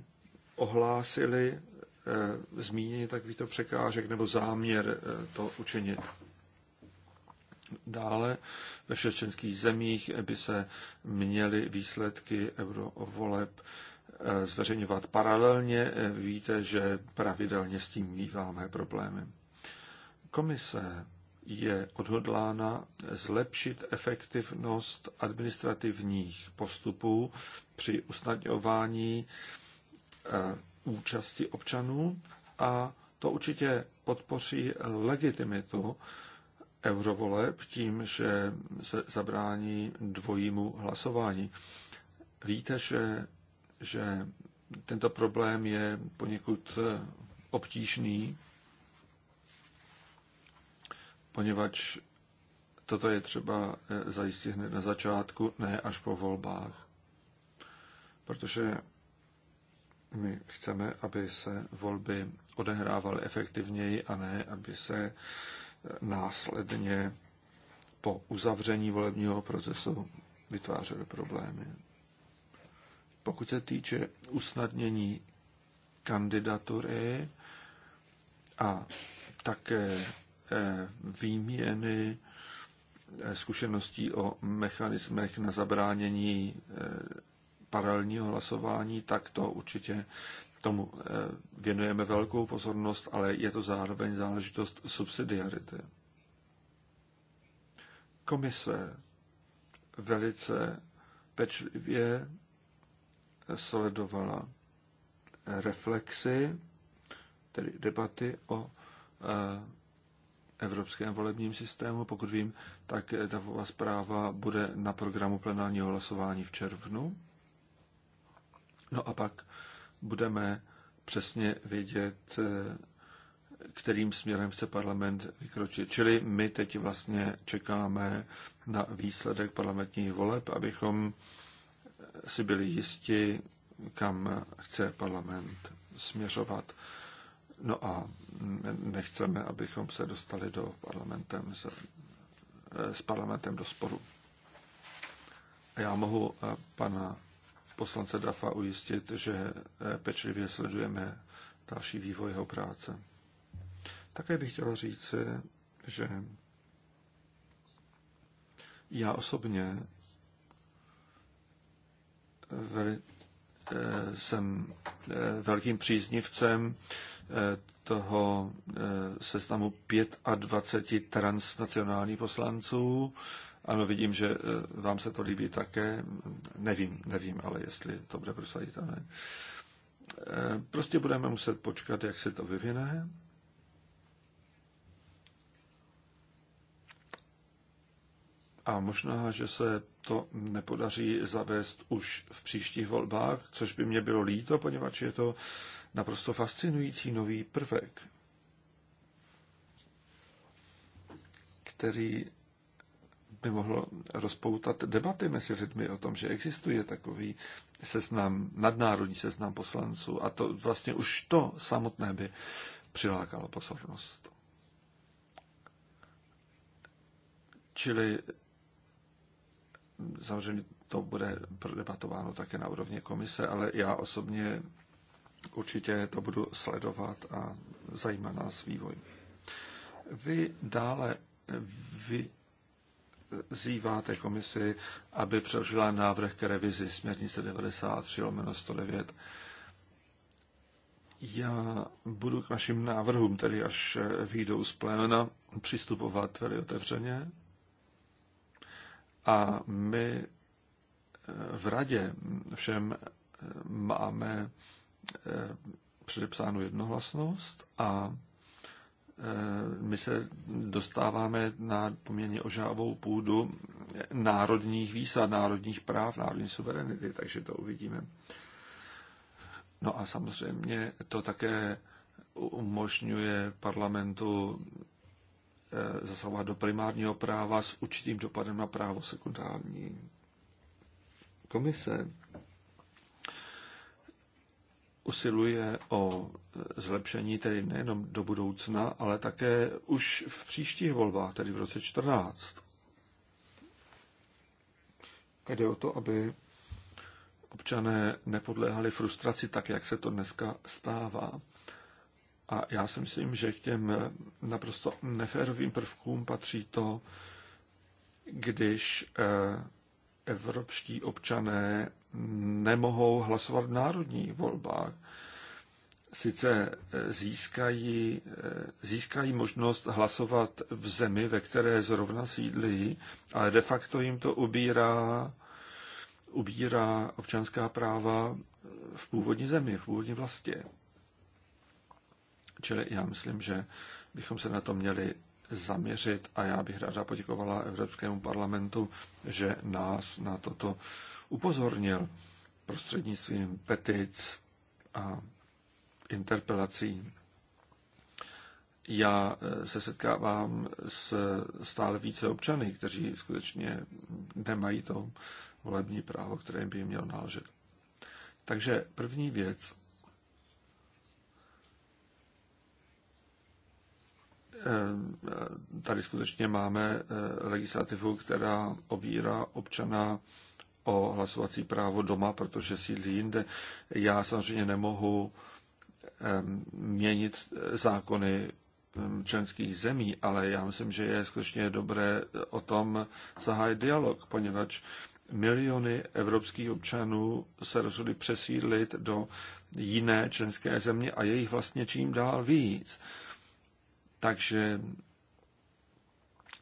ohlásily eh, zmínění takovýchto překážek nebo záměr eh, to učinit. Dále ve všech členských zemích by se měly výsledky eurovoleb zveřejňovat paralelně. Víte, že pravidelně s tím míváme problémy. Komise je odhodlána zlepšit efektivnost administrativních postupů při usnadňování eh, účasti občanů a to určitě podpoří legitimitu eurovoleb tím, že se zabrání dvojímu hlasování. Víte, že, že tento problém je poněkud eh, obtížný poněvadž toto je třeba eh, zajistit hned na začátku, ne až po volbách. Protože my chceme, aby se volby odehrávaly efektivněji a ne, aby se eh, následně po uzavření volebního procesu vytvářely problémy. Pokud se týče usnadnění kandidatury a také Eh, výměny eh, zkušeností o mechanismech na zabránění eh, paralelního hlasování, tak to určitě tomu věnujeme velkou pozornost, ale je to zároveň záležitost subsidiarity. Komise velice pečlivě sledovala reflexy, tedy debaty o evropském volebním systému. Pokud vím, tak eh, ta zpráva bude na programu plenárního hlasování v červnu. No a pak budeme přesně vědět, eh, kterým směrem chce parlament vykročit. Čili my teď vlastně čekáme na výsledek parlamentních voleb, abychom eh, si byli jisti, kam chce parlament směřovat. No a nechceme, abychom se dostali do parlamentem s, eh, s parlamentem do sporu. Já mohu eh, pana poslance Dafa ujistit, že eh, pečlivě sledujeme další vývoj jeho práce. Také bych chtěl říct, že já osobně Eh, jsem eh, velkým příznivcem eh, toho seznamu 25 transnacionálních poslanců. Ano, vidím, že vám se to líbí také. Nevím, nevím, ale jestli to bude prosaditelné. Prostě budeme muset počkat, jak se to vyvine. A možná, že se to nepodaří zavést už v příštích volbách, což by mě bylo líto, poněvadž je to naprosto fascinující nový prvek, který by mohl rozpoutat debaty mezi lidmi o tom, že existuje takový seznam, nadnárodní seznam poslanců a to vlastně už to samotné by přilákalo pozornost. Čili samozřejmě to bude debatováno také na úrovni komise, ale já osobně určitě to budu sledovat a zajímá nás vývoj. Vy dále vyzýváte komisi, aby přeložila návrh k revizi směrnice 93 109. Já budu k vašim návrhům, tedy až výjdou z pléna, přistupovat velmi otevřeně a my eh, v radě všem eh, máme eh, předepsánu jednohlasnost a my se dostáváme na poměrně ožávou půdu národních výsad, národních práv, národní suverenity, takže to uvidíme. No a samozřejmě to také umožňuje parlamentu Eh, zasahovat do primárního práva s určitým dopadem na právo sekundární. Komise usiluje o eh, zlepšení tedy nejenom do budoucna, ale také už v příštích volbách, tedy v roce 14. A jde o to, aby občané nepodléhali frustraci tak, jak se to dneska stává. A já si myslím, že k těm eh, naprosto neférovým prvkům patří to, když eh, evropští občané nemohou hlasovat v národních volbách. Sice eh, získají, získají možnost hlasovat v zemi, ve které zrovna sídlí, ale de facto jim to ubírá, ubírá občanská práva v původní zemi, v původní vlasti. Čili já myslím, že bychom se na to měli zaměřit a já bych ráda poděkovala Evropskému parlamentu, že nás na toto upozornil prostřednictvím petic a interpelací. Já eh, se setkávám s stále více občany, kteří skutečně nemají to volební právo, které by jim mělo náležet. Takže první věc, Eh, tady skutečně máme eh, legislativu, která obírá občana o hlasovací právo doma, protože sídlí jinde. Já samozřejmě nemohu eh, měnit zákony hm, členských zemí, ale já myslím, že je skutečně dobré o tom zahájit dialog, poněvadž miliony evropských občanů se rozhodly přesídlit do jiné členské země a jejich vlastně čím dál víc. Takže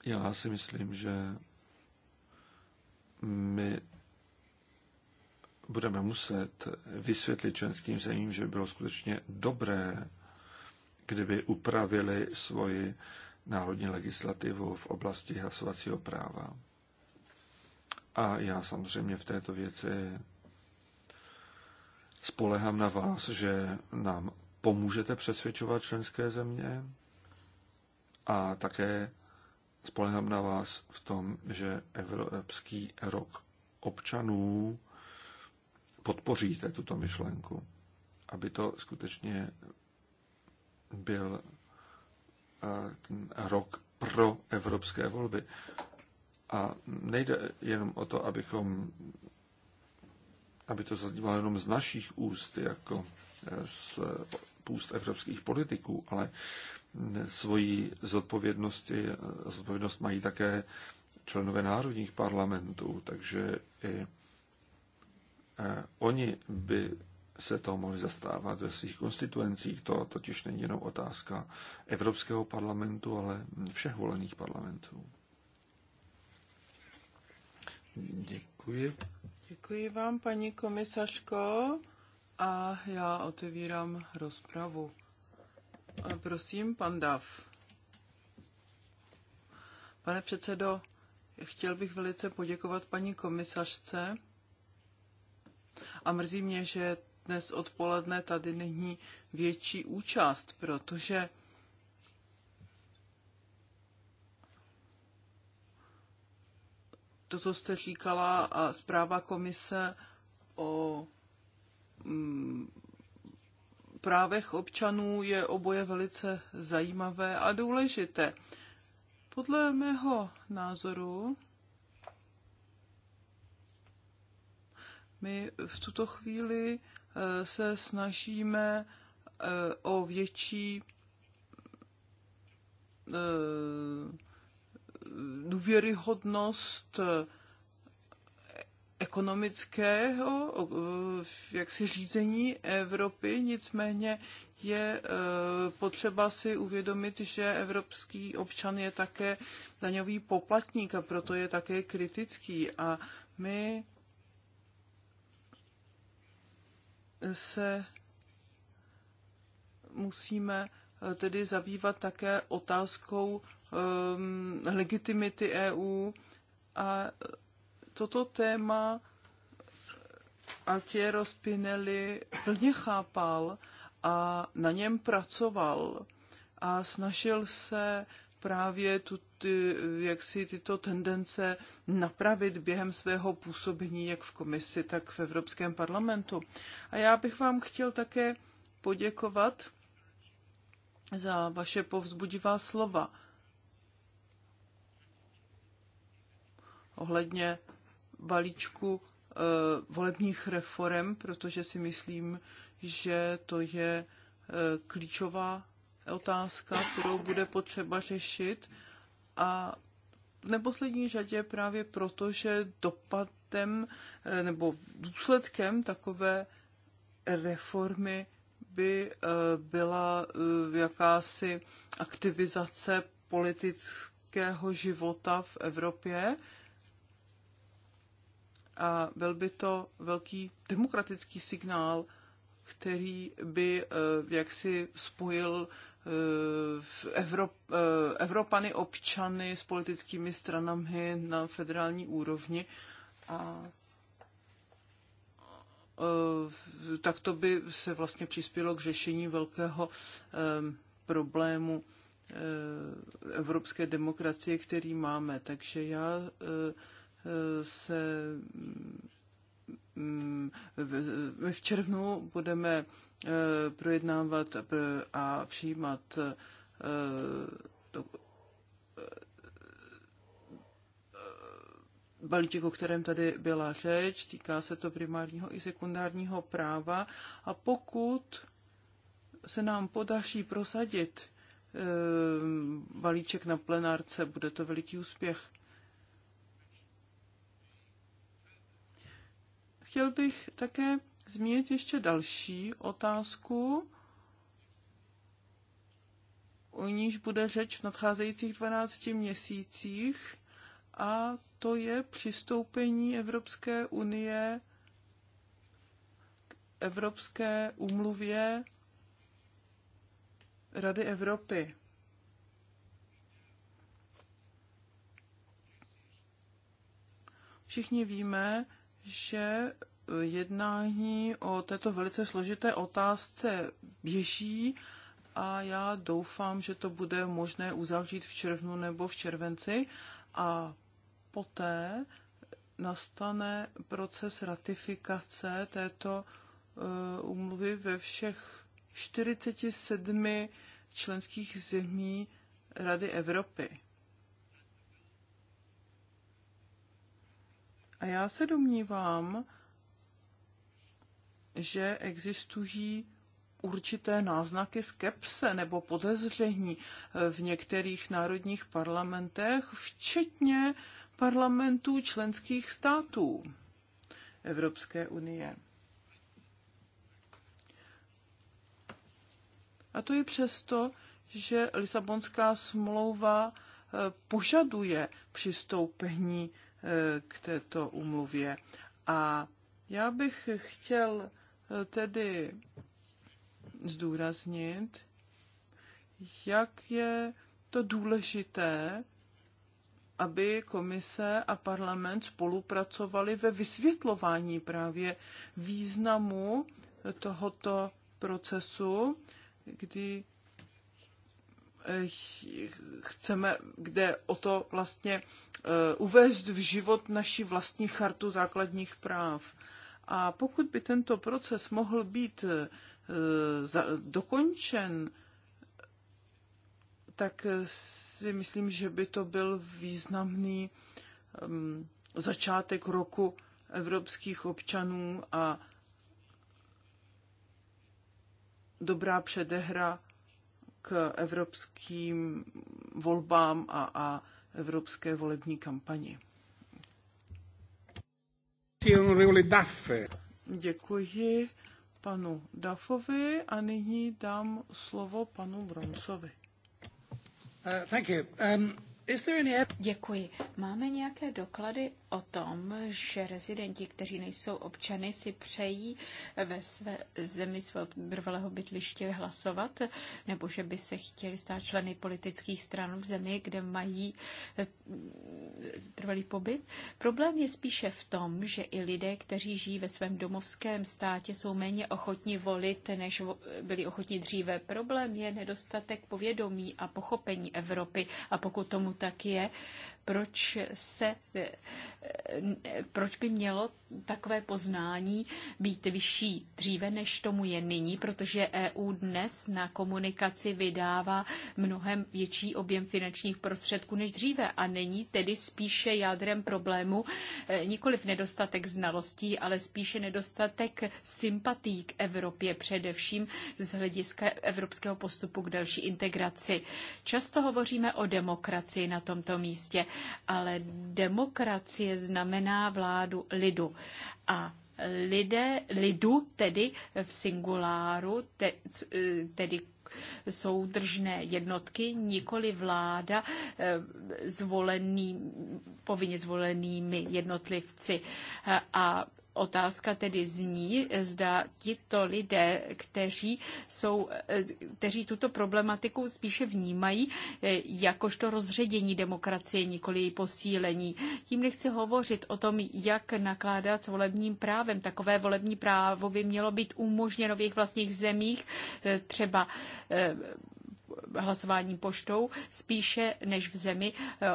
já si myslím, že my budeme muset vysvětlit členským zemím, že by bylo skutečně dobré, kdyby upravili svoji národní legislativu v oblasti hlasovacího práva. A já samozřejmě v této věci spolehám na vás, že nám pomůžete přesvědčovat členské země a také spolehám na vás v tom, že Evropský rok občanů podpoříte tuto myšlenku, aby to skutečně byl eh, ten rok pro evropské volby. A nejde jenom o to, abychom, aby to zaznívalo jenom z našich úst, jako eh, z půst evropských politiků, ale svoji zodpovědnost, zodpovědnost mají také členové národních parlamentů, takže i eh, oni by se toho mohli zastávat ve svých konstituencích. To totiž není jenom otázka Evropského parlamentu, ale všech volených parlamentů. Děkuji. Děkuji vám, paní komisařko. A já otevírám rozpravu. Prosím, pan Dav. Pane předsedo, chtěl bych velice poděkovat paní komisařce a mrzí mě, že dnes odpoledne tady není větší účast, protože to, co jste říkala, a zpráva komise o mm, právech občanů je oboje velice zajímavé a důležité. Podle mého názoru my v tuto chvíli eh, se snažíme eh, o větší eh, důvěryhodnost ekonomického jaksi řízení Evropy, nicméně je e, potřeba si uvědomit, že evropský občan je také daňový poplatník a proto je také kritický. A my se musíme e, tedy zabývat také otázkou um, legitimity EU a toto téma Altiero Spinelli plně chápal a na něm pracoval a snažil se právě tu, ty, jak si tyto tendence napravit během svého působení jak v komisi, tak v Evropském parlamentu. A já bych vám chtěl také poděkovat za vaše povzbudivá slova ohledně balíčku eh, volebních reform, protože si myslím, že to je eh, klíčová otázka, kterou bude potřeba řešit. A v neposlední řadě právě proto, že dopadem eh, nebo důsledkem takové reformy by byla jakási aktivizace politického života v Evropě a byl by to velký demokratický signál, který by eh, jaksi spojil eh, eh, Evropany, občany s politickými stranami na federální úrovni a tak to by se vlastně přispělo k řešení velkého problému evropské demokracie, který máme. Takže já se my mm, v červnu budeme eh, projednávat a přijímat eh, eh, balíček, o kterém tady byla řeč, týká se to primárního i sekundárního práva a pokud se nám podaří prosadit balíček na plenárce, bude to veliký úspěch. Chtěl bych také zmínit ještě další otázku, o níž bude řeč v nadcházejících 12 měsících, a to je přistoupení Evropské unie k Evropské úmluvě Rady Evropy. Všichni víme, že eh, jednání o této velice složité otázce běží a já doufám, že to bude možné uzavřít v červnu nebo v červenci a poté nastane proces ratifikace této eh, úmluvy ve všech 47 členských zemí Rady Evropy. A já se domnívám, že existují určité náznaky skepse nebo podezření v některých národních parlamentech, včetně parlamentů členských států Evropské unie. A to je přesto, že Lisabonská smlouva eh, požaduje přistoupení k této umluvě. A já bych chtěl eh, tedy zdůraznit, jak je to důležité, aby komise a parlament spolupracovali ve vysvětlování právě významu tohoto procesu, kdy Eh, chceme, kde o to vlastně eh, uvést v život naši vlastní chartu základních práv. A pokud by tento proces mohl být eh, dokončen, tak si myslím, že by to byl významný začátek roku evropských občanů a dobrá předehra k evropským volbám a, a evropské volební kampani. Děkuji panu Dafovi a nyní dám slovo panu Bronsovi. Uh, thank you. Um, is there any... Děkuji. Máme nějaké doklady o tom, že rezidenti, kteří nejsou občany, si přejí ve své zemi svého trvalého bytliště hlasovat, nebo že by se chtěli stát členy politických stran v zemi, kde mají eh, trvalý pobyt. Problém je spíše v tom, že i lidé, kteří žijí ve svém domovském státě, jsou méně ochotní volit, než byli ochotní dříve. Problém je nedostatek povědomí a pochopení Evropy a pokud tomu tak je, proč, se, eh, proč by mělo takové poznání být vyšší dříve, než tomu je nyní, protože EU dnes na komunikaci vydává mnohem větší objem finančních prostředků než dříve a není tedy spíše jádrem problému eh, nikoliv nedostatek znalostí, ale spíše nedostatek sympatí k Evropě, především z hlediska evropského postupu k další integraci. Často hovoříme o demokracii na tomto místě ale demokracie znamená vládu lidu. A lidé, lidu tedy v singuláru, te, e, tedy soudržné jednotky, nikoli vláda e, zvolený, povinně zvolenými jednotlivci. E, a Otázka tedy zní, zda tito lidé, kteří, jsou, kteří tuto problematiku spíše vnímají eh, jakožto rozředění demokracie, nikoli její posílení. Tím nechci hovořit o tom, jak nakládat s volebním právem. Takové volební právo by mělo být umožněno v jejich vlastních zemích, eh, třeba eh, hlasování poštou, spíše než v zemi,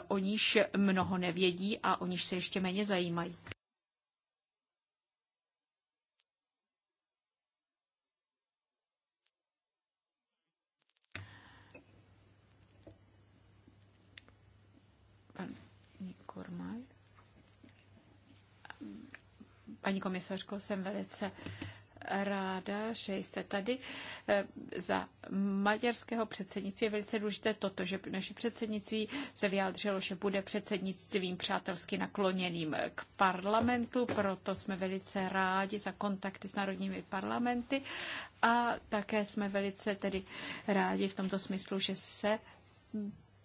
o níž mnoho nevědí a o níž se ještě méně zajímají. Paní komisařko, jsem velice ráda, že jste tady. Eh, za maďarského předsednictví je velice důležité toto, že naše předsednictví se vyjádřilo, že bude předsednictvím přátelsky nakloněným k parlamentu, proto jsme velice rádi za kontakty s národními parlamenty a také jsme velice tedy rádi v tomto smyslu, že se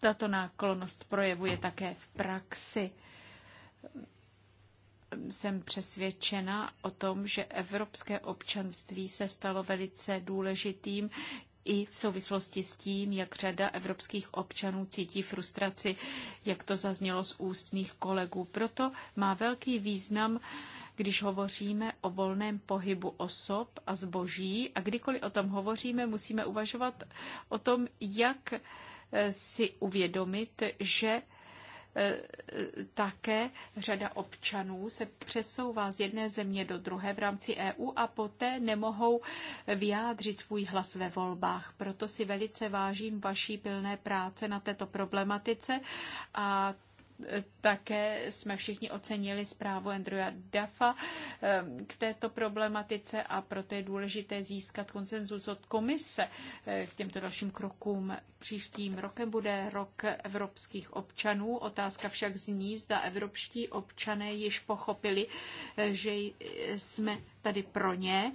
tato náklonost projevuje také v praxi jsem přesvědčena o tom, že evropské občanství se stalo velice důležitým i v souvislosti s tím, jak řada evropských občanů cítí frustraci, jak to zaznělo z úst mých kolegů. Proto má velký význam, když hovoříme o volném pohybu osob a zboží a kdykoliv o tom hovoříme, musíme uvažovat o tom, jak eh, si uvědomit, že E, také řada občanů se přesouvá z jedné země do druhé v rámci EU a poté nemohou vyjádřit svůj hlas ve volbách. Proto si velice vážím vaší pilné práce na této problematice a také jsme všichni ocenili zprávu Andrewa Dafa ehm, k této problematice a proto je důležité získat konsenzus od komise eh, k těmto dalším krokům. Příštím rokem bude rok evropských občanů. Otázka však zní, zda evropští občané již pochopili, eh, že jsme tady pro ně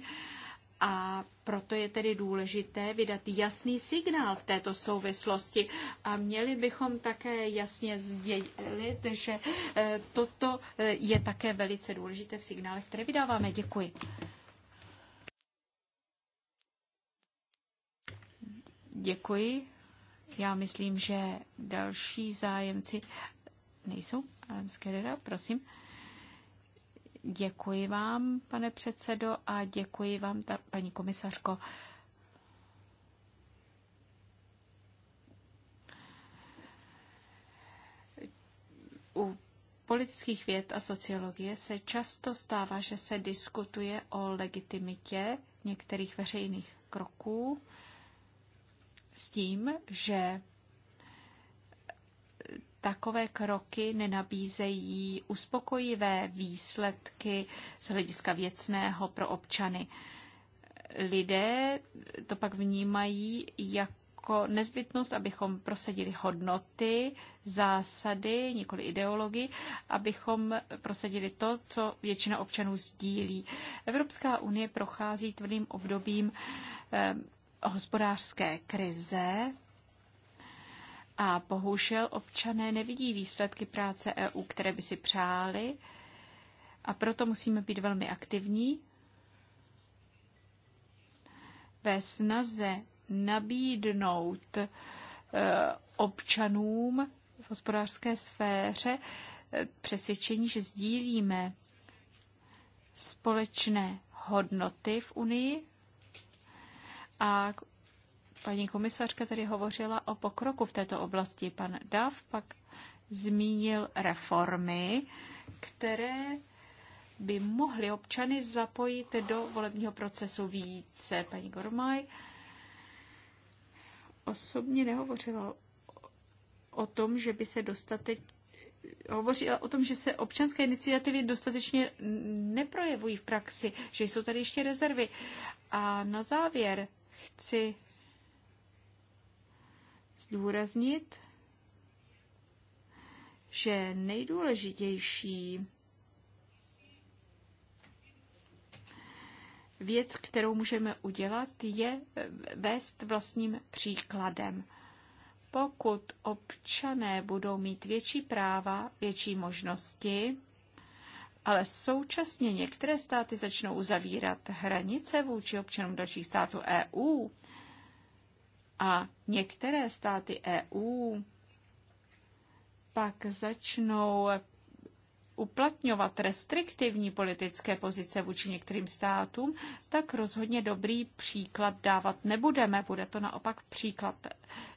a proto je tedy důležité vydat jasný signál v této souvislosti. A měli bychom také jasně sdělit, že e, toto e, je také velice důležité v signálech, které vydáváme. Děkuji. Děkuji. Já myslím, že další zájemci nejsou. Adam prosím. Děkuji vám, pane předsedo, a děkuji vám, ta, paní komisařko. U politických věd a sociologie se často stává, že se diskutuje o legitimitě některých veřejných kroků s tím, že takové kroky nenabízejí uspokojivé výsledky z hlediska věcného pro občany. Lidé to pak vnímají jako nezbytnost, abychom prosadili hodnoty, zásady, nikoli ideologii, abychom prosadili to, co většina občanů sdílí. Evropská unie prochází tvrdým obdobím eh, hospodářské krize, a bohužel občané nevidí výsledky práce EU, které by si přáli, a proto musíme být velmi aktivní ve snaze nabídnout e, občanům v hospodářské sféře e, přesvědčení, že sdílíme společné hodnoty v Unii a Paní komisařka tedy hovořila o pokroku v této oblasti. Pan Dav pak zmínil reformy, které by mohly občany zapojit do volebního procesu více. Paní Gormaj osobně nehovořila o tom, že by se dostatek hovořila o tom, že se občanské iniciativy dostatečně neprojevují v praxi, že jsou tady ještě rezervy. A na závěr chci zdůraznit, že nejdůležitější věc, kterou můžeme udělat, je vést vlastním příkladem. Pokud občané budou mít větší práva, větší možnosti, ale současně některé státy začnou uzavírat hranice vůči občanům dalších států EU, a některé státy EU pak začnou uplatňovat restriktivní politické pozice vůči některým státům, tak rozhodně dobrý příklad dávat nebudeme. Bude to naopak příklad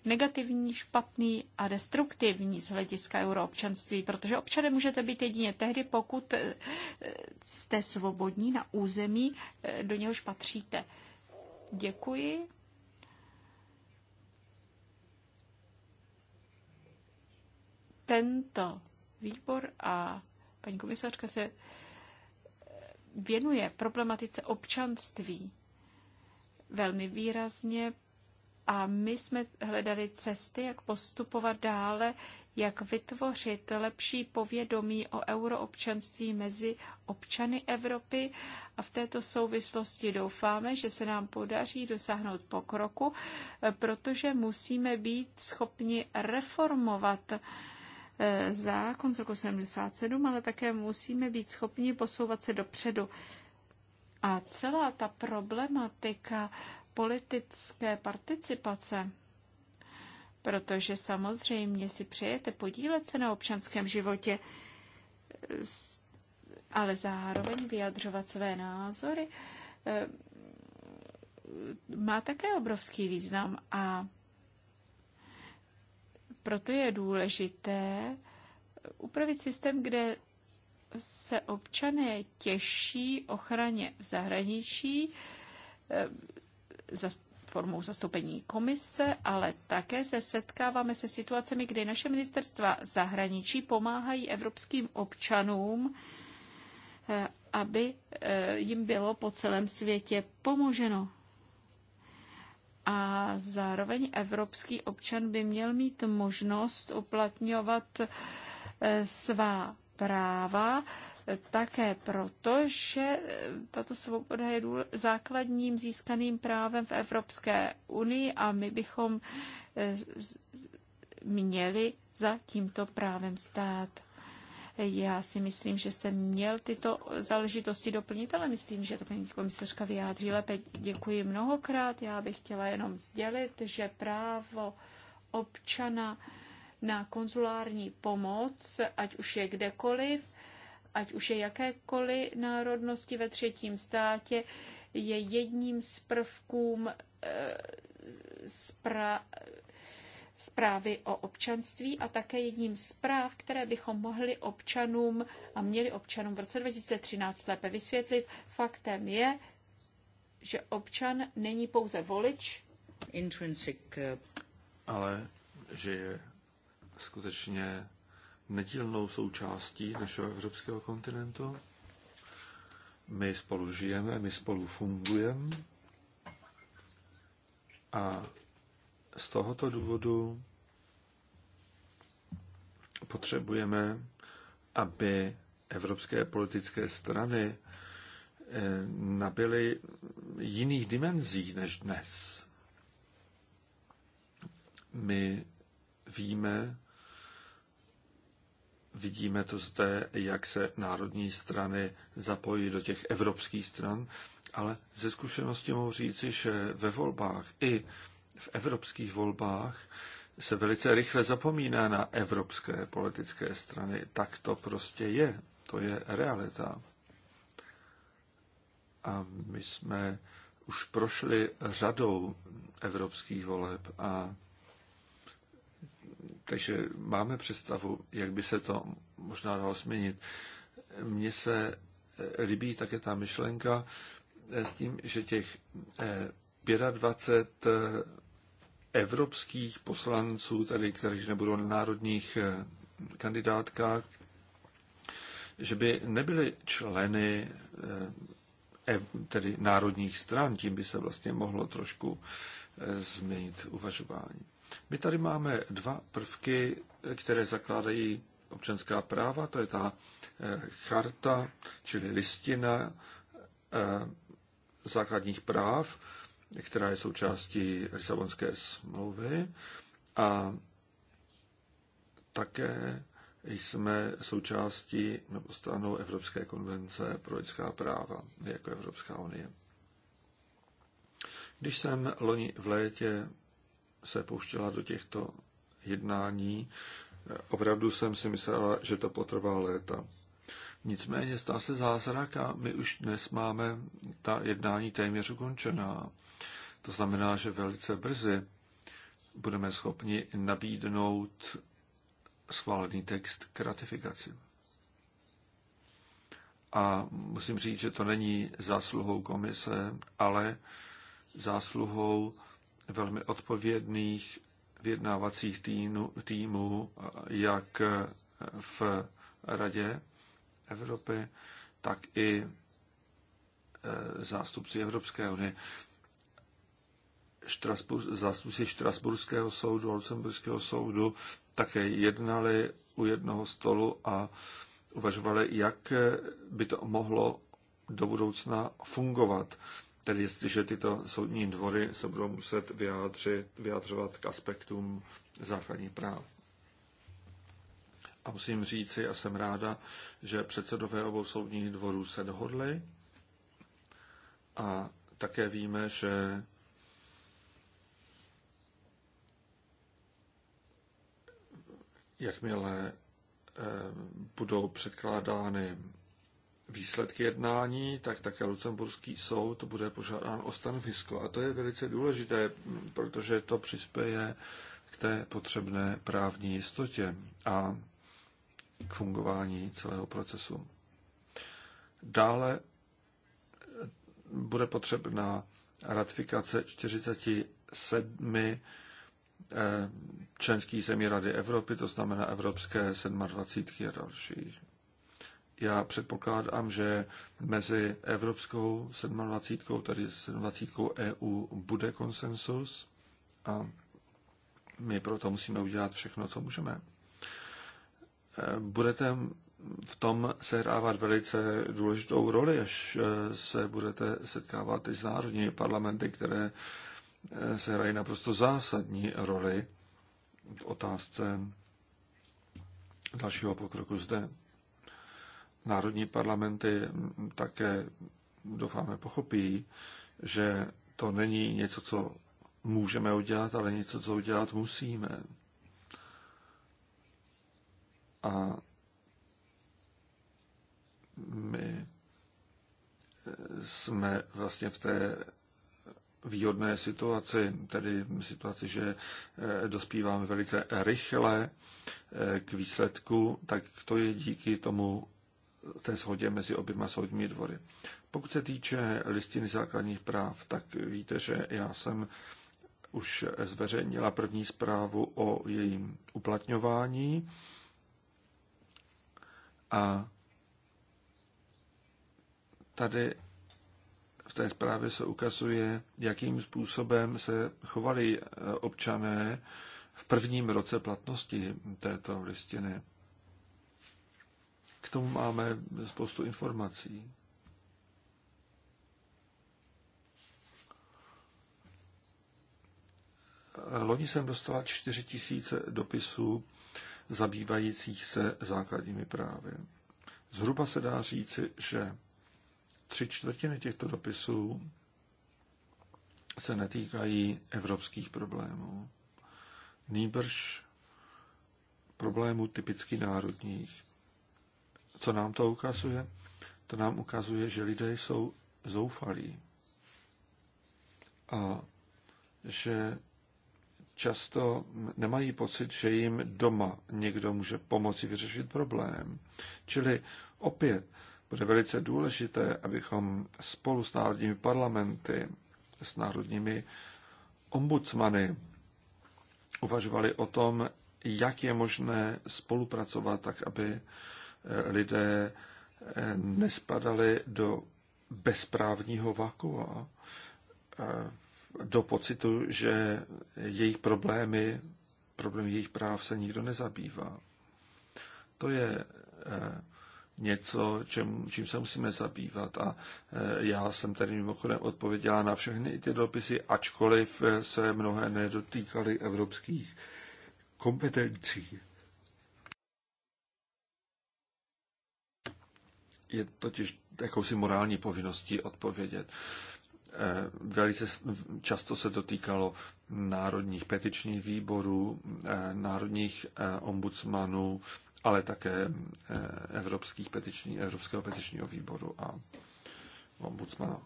negativní, špatný a destruktivní z hlediska euroobčanství, protože občany můžete být jedině tehdy, pokud eh, jste svobodní na území, eh, do něhož patříte. Děkuji. Tento výbor a paní komisařka se věnuje problematice občanství velmi výrazně a my jsme hledali cesty, jak postupovat dále, jak vytvořit lepší povědomí o euroobčanství mezi občany Evropy a v této souvislosti doufáme, že se nám podaří dosáhnout pokroku, protože musíme být schopni reformovat Eh, zákon z roku 77, ale také musíme být schopni posouvat se dopředu. A celá ta problematika politické participace, protože samozřejmě si přejete podílet se na občanském životě, eh, ale zároveň vyjadřovat své názory, eh, má také obrovský význam a proto je důležité upravit systém, kde se občané těší ochraně v zahraničí eh, za formou zastoupení komise, ale také se setkáváme se situacemi, kdy naše ministerstva zahraničí pomáhají evropským občanům, eh, aby eh, jim bylo po celém světě pomoženo a zároveň evropský občan by měl mít možnost uplatňovat eh, svá práva také proto, že eh, tato svoboda je základním získaným právem v Evropské unii a my bychom eh, měli za tímto právem stát. Já si myslím, že jsem měl tyto záležitosti doplnit, ale myslím, že to paní komisařka vyjádří lépe. Děkuji mnohokrát. Já bych chtěla jenom sdělit, že právo občana na konzulární pomoc, ať už je kdekoliv, ať už je jakékoliv národnosti ve třetím státě, je jedním z prvků e, zprávy o občanství a také jedním z práv, které bychom mohli občanům a měli občanům v roce 2013 lépe vysvětlit. Faktem je, že občan není pouze volič, intrinsic, eh, ale že je skutečně nedílnou součástí našeho evropského kontinentu. My spolu žijeme, my spolu fungujeme a z tohoto důvodu potřebujeme, aby evropské politické strany eh, nabyly jiných dimenzí než dnes. My víme, vidíme to zde, jak se národní strany zapojí do těch evropských stran, ale ze zkušenosti mohu říci, že ve volbách i v evropských volbách se velice rychle zapomíná na evropské politické strany. Tak to prostě je. To je realita. A my jsme už prošli řadou evropských voleb a takže máme představu, jak by se to možná dalo změnit. Mně se eh, líbí také ta myšlenka eh, s tím, že těch 25 eh, evropských poslanců, tedy kteří nebudou na národních eh, kandidátkách, že by nebyly členy eh, tedy národních stran, tím by se vlastně mohlo trošku eh, změnit uvažování. My tady máme dva prvky, které zakládají občanská práva, to je ta charta, čili listina základních práv která je součástí Lisabonské smlouvy a také jsme součástí nebo stranou Evropské konvence pro lidská práva jako Evropská unie. Když jsem loni v létě se pouštěla do těchto jednání, opravdu jsem si myslela, že to potrvá léta. Nicméně stá se zázrak a my už dnes máme ta jednání téměř ukončená. To znamená, že velice brzy budeme schopni nabídnout schválený text k ratifikaci. A musím říct, že to není zásluhou komise, ale zásluhou velmi odpovědných vyjednávacích týmu, týmů, jak v Radě Evropy, tak i e, zástupci Evropské unie. Štrasbur, zástupci Štrasburského soudu a Lucemburského soudu také jednali u jednoho stolu a uvažovali, jak by to mohlo do budoucna fungovat. Tedy jestliže tyto soudní dvory se budou muset vyjádřit, vyjádřovat k aspektům základních práv. A musím říci, a jsem ráda, že předsedové obou soudních dvorů se dohodli a také víme, že jakmile eh, budou předkládány výsledky jednání, tak také Lucemburský soud bude požádán o stanovisko. A to je velice důležité, protože to přispěje k té potřebné právní jistotě a k fungování celého procesu. Dále eh, bude potřebná ratifikace 47 Eh, členských zemí Rady Evropy, to znamená Evropské 27 a další. Já předpokládám, že mezi Evropskou 27, tedy 27 EU, bude konsensus a my proto musíme udělat všechno, co můžeme. Eh, budete v tom sehrávat velice důležitou roli, až eh, se budete setkávat i s národními parlamenty, které Eh, se hrají naprosto zásadní roli v otázce dalšího pokroku zde. Národní parlamenty také, doufáme, pochopí, že to není něco, co můžeme udělat, ale něco, co udělat musíme. A my eh, jsme vlastně v té výhodné situaci, tedy situaci, že eh, dospíváme velice rychle eh, k výsledku, tak to je díky tomu eh, té shodě mezi oběma soudními dvory. Pokud se týče listiny základních práv, tak víte, že já jsem už zveřejnila první zprávu o jejím uplatňování a tady v té zprávě se ukazuje, jakým způsobem se chovali eh, občané v prvním roce platnosti této listiny. K tomu máme spoustu informací. Loni jsem dostala 4 tisíce dopisů zabývajících se základními právy. Zhruba se dá říci, že Tři čtvrtiny těchto dopisů se netýkají evropských problémů. Nýbrž problémů typicky národních. Co nám to ukazuje? To nám ukazuje, že lidé jsou zoufalí a že často nemají pocit, že jim doma někdo může pomoci vyřešit problém. Čili opět bude velice důležité, abychom spolu s národními parlamenty, s národními ombudsmany uvažovali o tom, jak je možné spolupracovat tak, aby eh, lidé eh, nespadali do bezprávního vakua, eh, do pocitu, že jejich problémy, problémy jejich práv se nikdo nezabývá. To je něco, čem, čím se musíme zabývat. A eh, já jsem tady mimochodem odpověděla na všechny ty dopisy, ačkoliv eh, se mnohé nedotýkaly evropských kompetencí. Je totiž jakousi morální povinností odpovědět. Eh, velice často se dotýkalo národních petičních výborů, národních ombudsmanů, ale také eh, evropských petiční, Evropského petičního výboru a ombudsmana.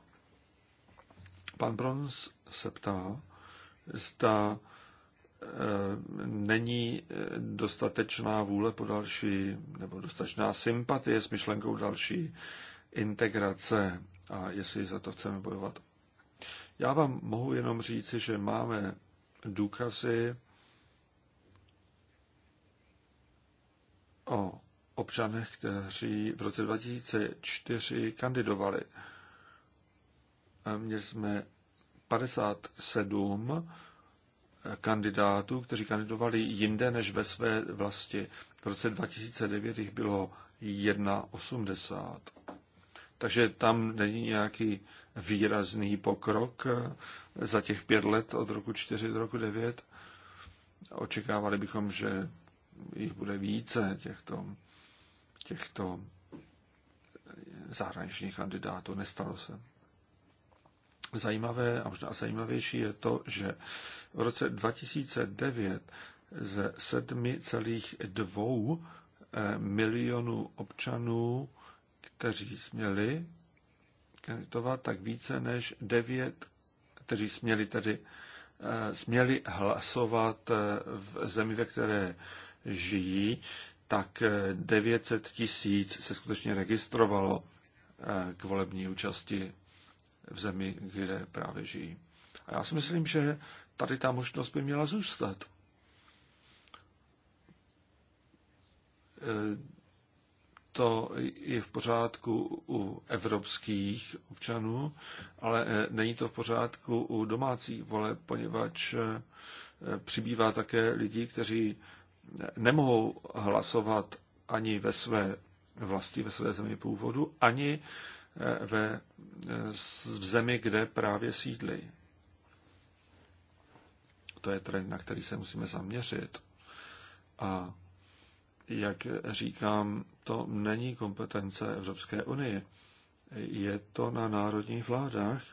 Pan Brons se ptá, zda eh, není eh, dostatečná vůle po další, nebo dostatečná sympatie s myšlenkou další integrace a jestli za to chceme bojovat. Já vám mohu jenom říci, že máme důkazy o občanech, kteří v roce 2004 kandidovali. Měli jsme 57 kandidátů, kteří kandidovali jinde než ve své vlasti. V roce 2009 jich bylo 1,80. Takže tam není nějaký výrazný pokrok za těch pět let od roku 4 do roku 9. Očekávali bychom, že jich bude více těchto, těchto zahraničních kandidátů. Nestalo se. Zajímavé a možná zajímavější je to, že v roce 2009 ze 7,2 eh, milionů občanů, kteří směli kandidovat, tak více než 9, kteří směli tedy eh, směli hlasovat eh, v zemi, ve které žijí, tak 900 eh, tisíc se skutečně registrovalo eh, k volební účasti v zemi, kde právě žijí. A já si myslím, že tady ta možnost by měla zůstat. Eh, to je v pořádku u evropských občanů, ale není to v pořádku u domácích voleb, poněvadž přibývá také lidí, kteří nemohou hlasovat ani ve své vlasti, ve své zemi původu, ani eh, ve, eh, v zemi, kde právě sídlí. To je trend, na který se musíme zaměřit. A jak říkám, to není kompetence Evropské unie. Je to na národních vládách,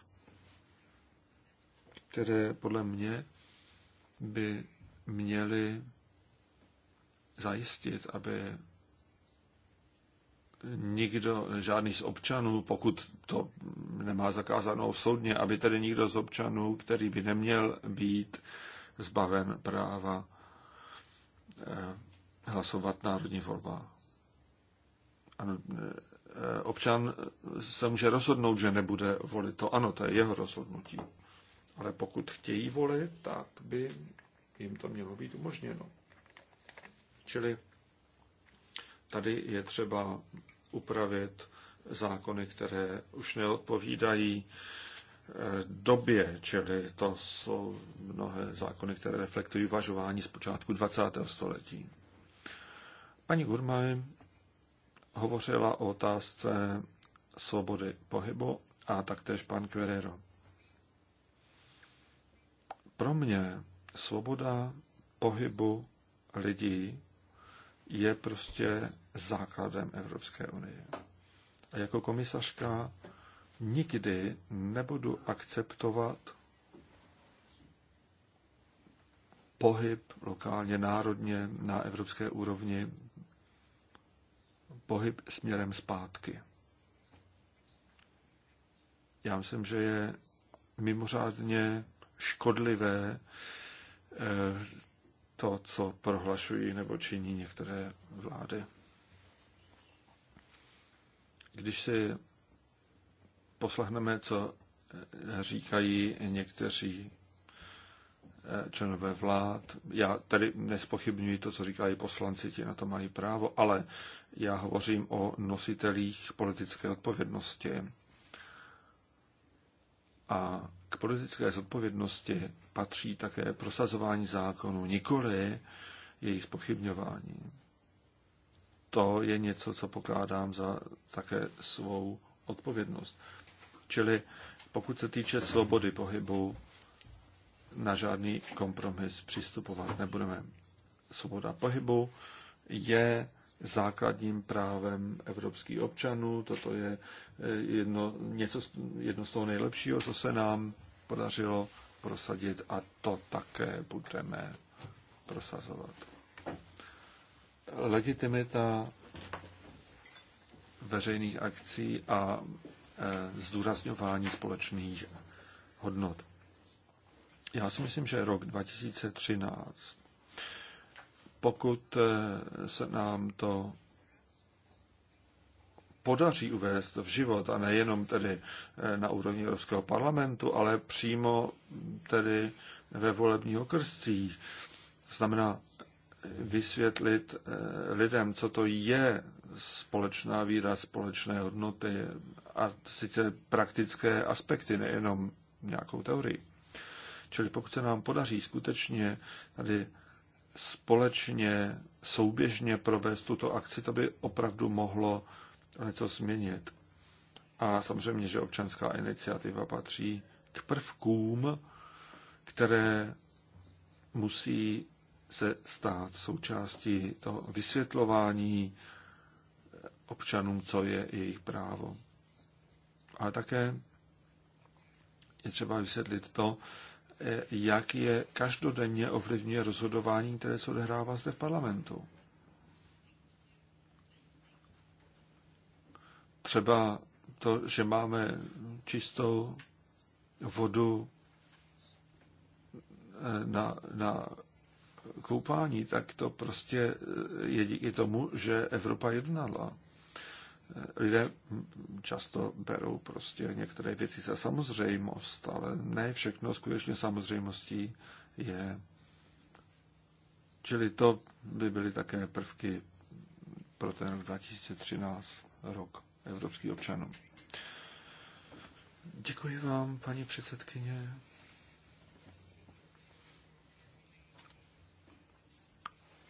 které podle mě by měly zajistit, aby nikdo, žádný z občanů, pokud to nemá zakázanou soudně, aby tedy nikdo z občanů, který by neměl být zbaven práva eh, hlasovat národní volba. Ano, eh, občan se může rozhodnout, že nebude volit. To ano, to je jeho rozhodnutí. Ale pokud chtějí volit, tak by jim to mělo být umožněno. Čili tady je třeba upravit zákony, které už neodpovídají eh, době, čili to jsou mnohé zákony, které reflektují uvažování z počátku 20. století. Paní Gurmaj hovořila o otázce svobody pohybu a taktéž pan Querero. Pro mě svoboda pohybu lidí je prostě základem Evropské unie. A jako komisařka nikdy nebudu akceptovat pohyb lokálně, národně, na evropské úrovni, pohyb směrem zpátky. Já myslím, že je mimořádně škodlivé eh, to, co prohlašují nebo činí některé vlády. Když si poslechneme, co říkají někteří eh, členové vlád. Já tady nespochybnuji to, co říkají poslanci, ti na to mají právo, ale já hovořím o nositelích politické odpovědnosti. A k politické zodpovědnosti patří také prosazování zákonu, nikoli jejich spochybňování. To je něco, co pokládám za také svou odpovědnost. Čili pokud se týče svobody pohybu, na žádný kompromis přistupovat nebudeme. Svoboda pohybu je základním právem evropských občanů. Toto je eh, jedno, něco, jedno z toho nejlepšího, co se nám podařilo prosadit a to také budeme prosazovat. Legitimita veřejných akcí a e, zdůrazňování společných hodnot. Já si myslím, že rok 2013, pokud e, se nám to podaří uvést v život, a nejenom tedy eh, na úrovni Evropského parlamentu, ale přímo tedy ve volebních okrscích. Znamená eh, vysvětlit eh, lidem, co to je společná víra, společné hodnoty a sice praktické aspekty, nejenom nějakou teorii. Čili pokud se nám podaří skutečně tady společně, souběžně provést tuto akci, to by opravdu mohlo něco změnit. A samozřejmě, že občanská iniciativa patří k prvkům, které musí se stát součástí toho vysvětlování občanům, co je jejich právo. Ale také je třeba vysvětlit to, eh, jak je každodenně ovlivňuje rozhodování, které se odehrává zde v parlamentu. třeba to, že máme čistou vodu eh, na, na koupání, tak to prostě eh, je díky tomu, že Evropa jednala. Eh, lidé často berou prostě některé věci za samozřejmost, ale ne všechno skutečně samozřejmostí je. Čili to by byly také prvky pro ten rok 2013 rok evropských občanů. Děkuji vám, paní předsedkyně.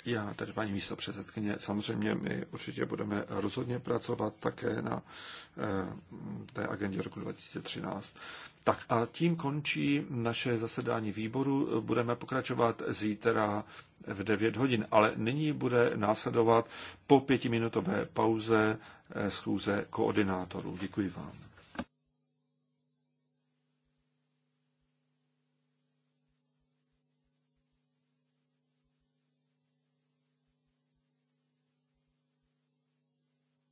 Já, tedy paní místo předsedkyně, samozřejmě my určitě budeme rozhodně pracovat také na eh, té agendě roku 2013. Tak a tím končí naše zasedání výboru. Budeme pokračovat zítra v 9 hodin, ale nyní bude následovat po pětiminutové pauze schůze koordinátorů. Děkuji vám.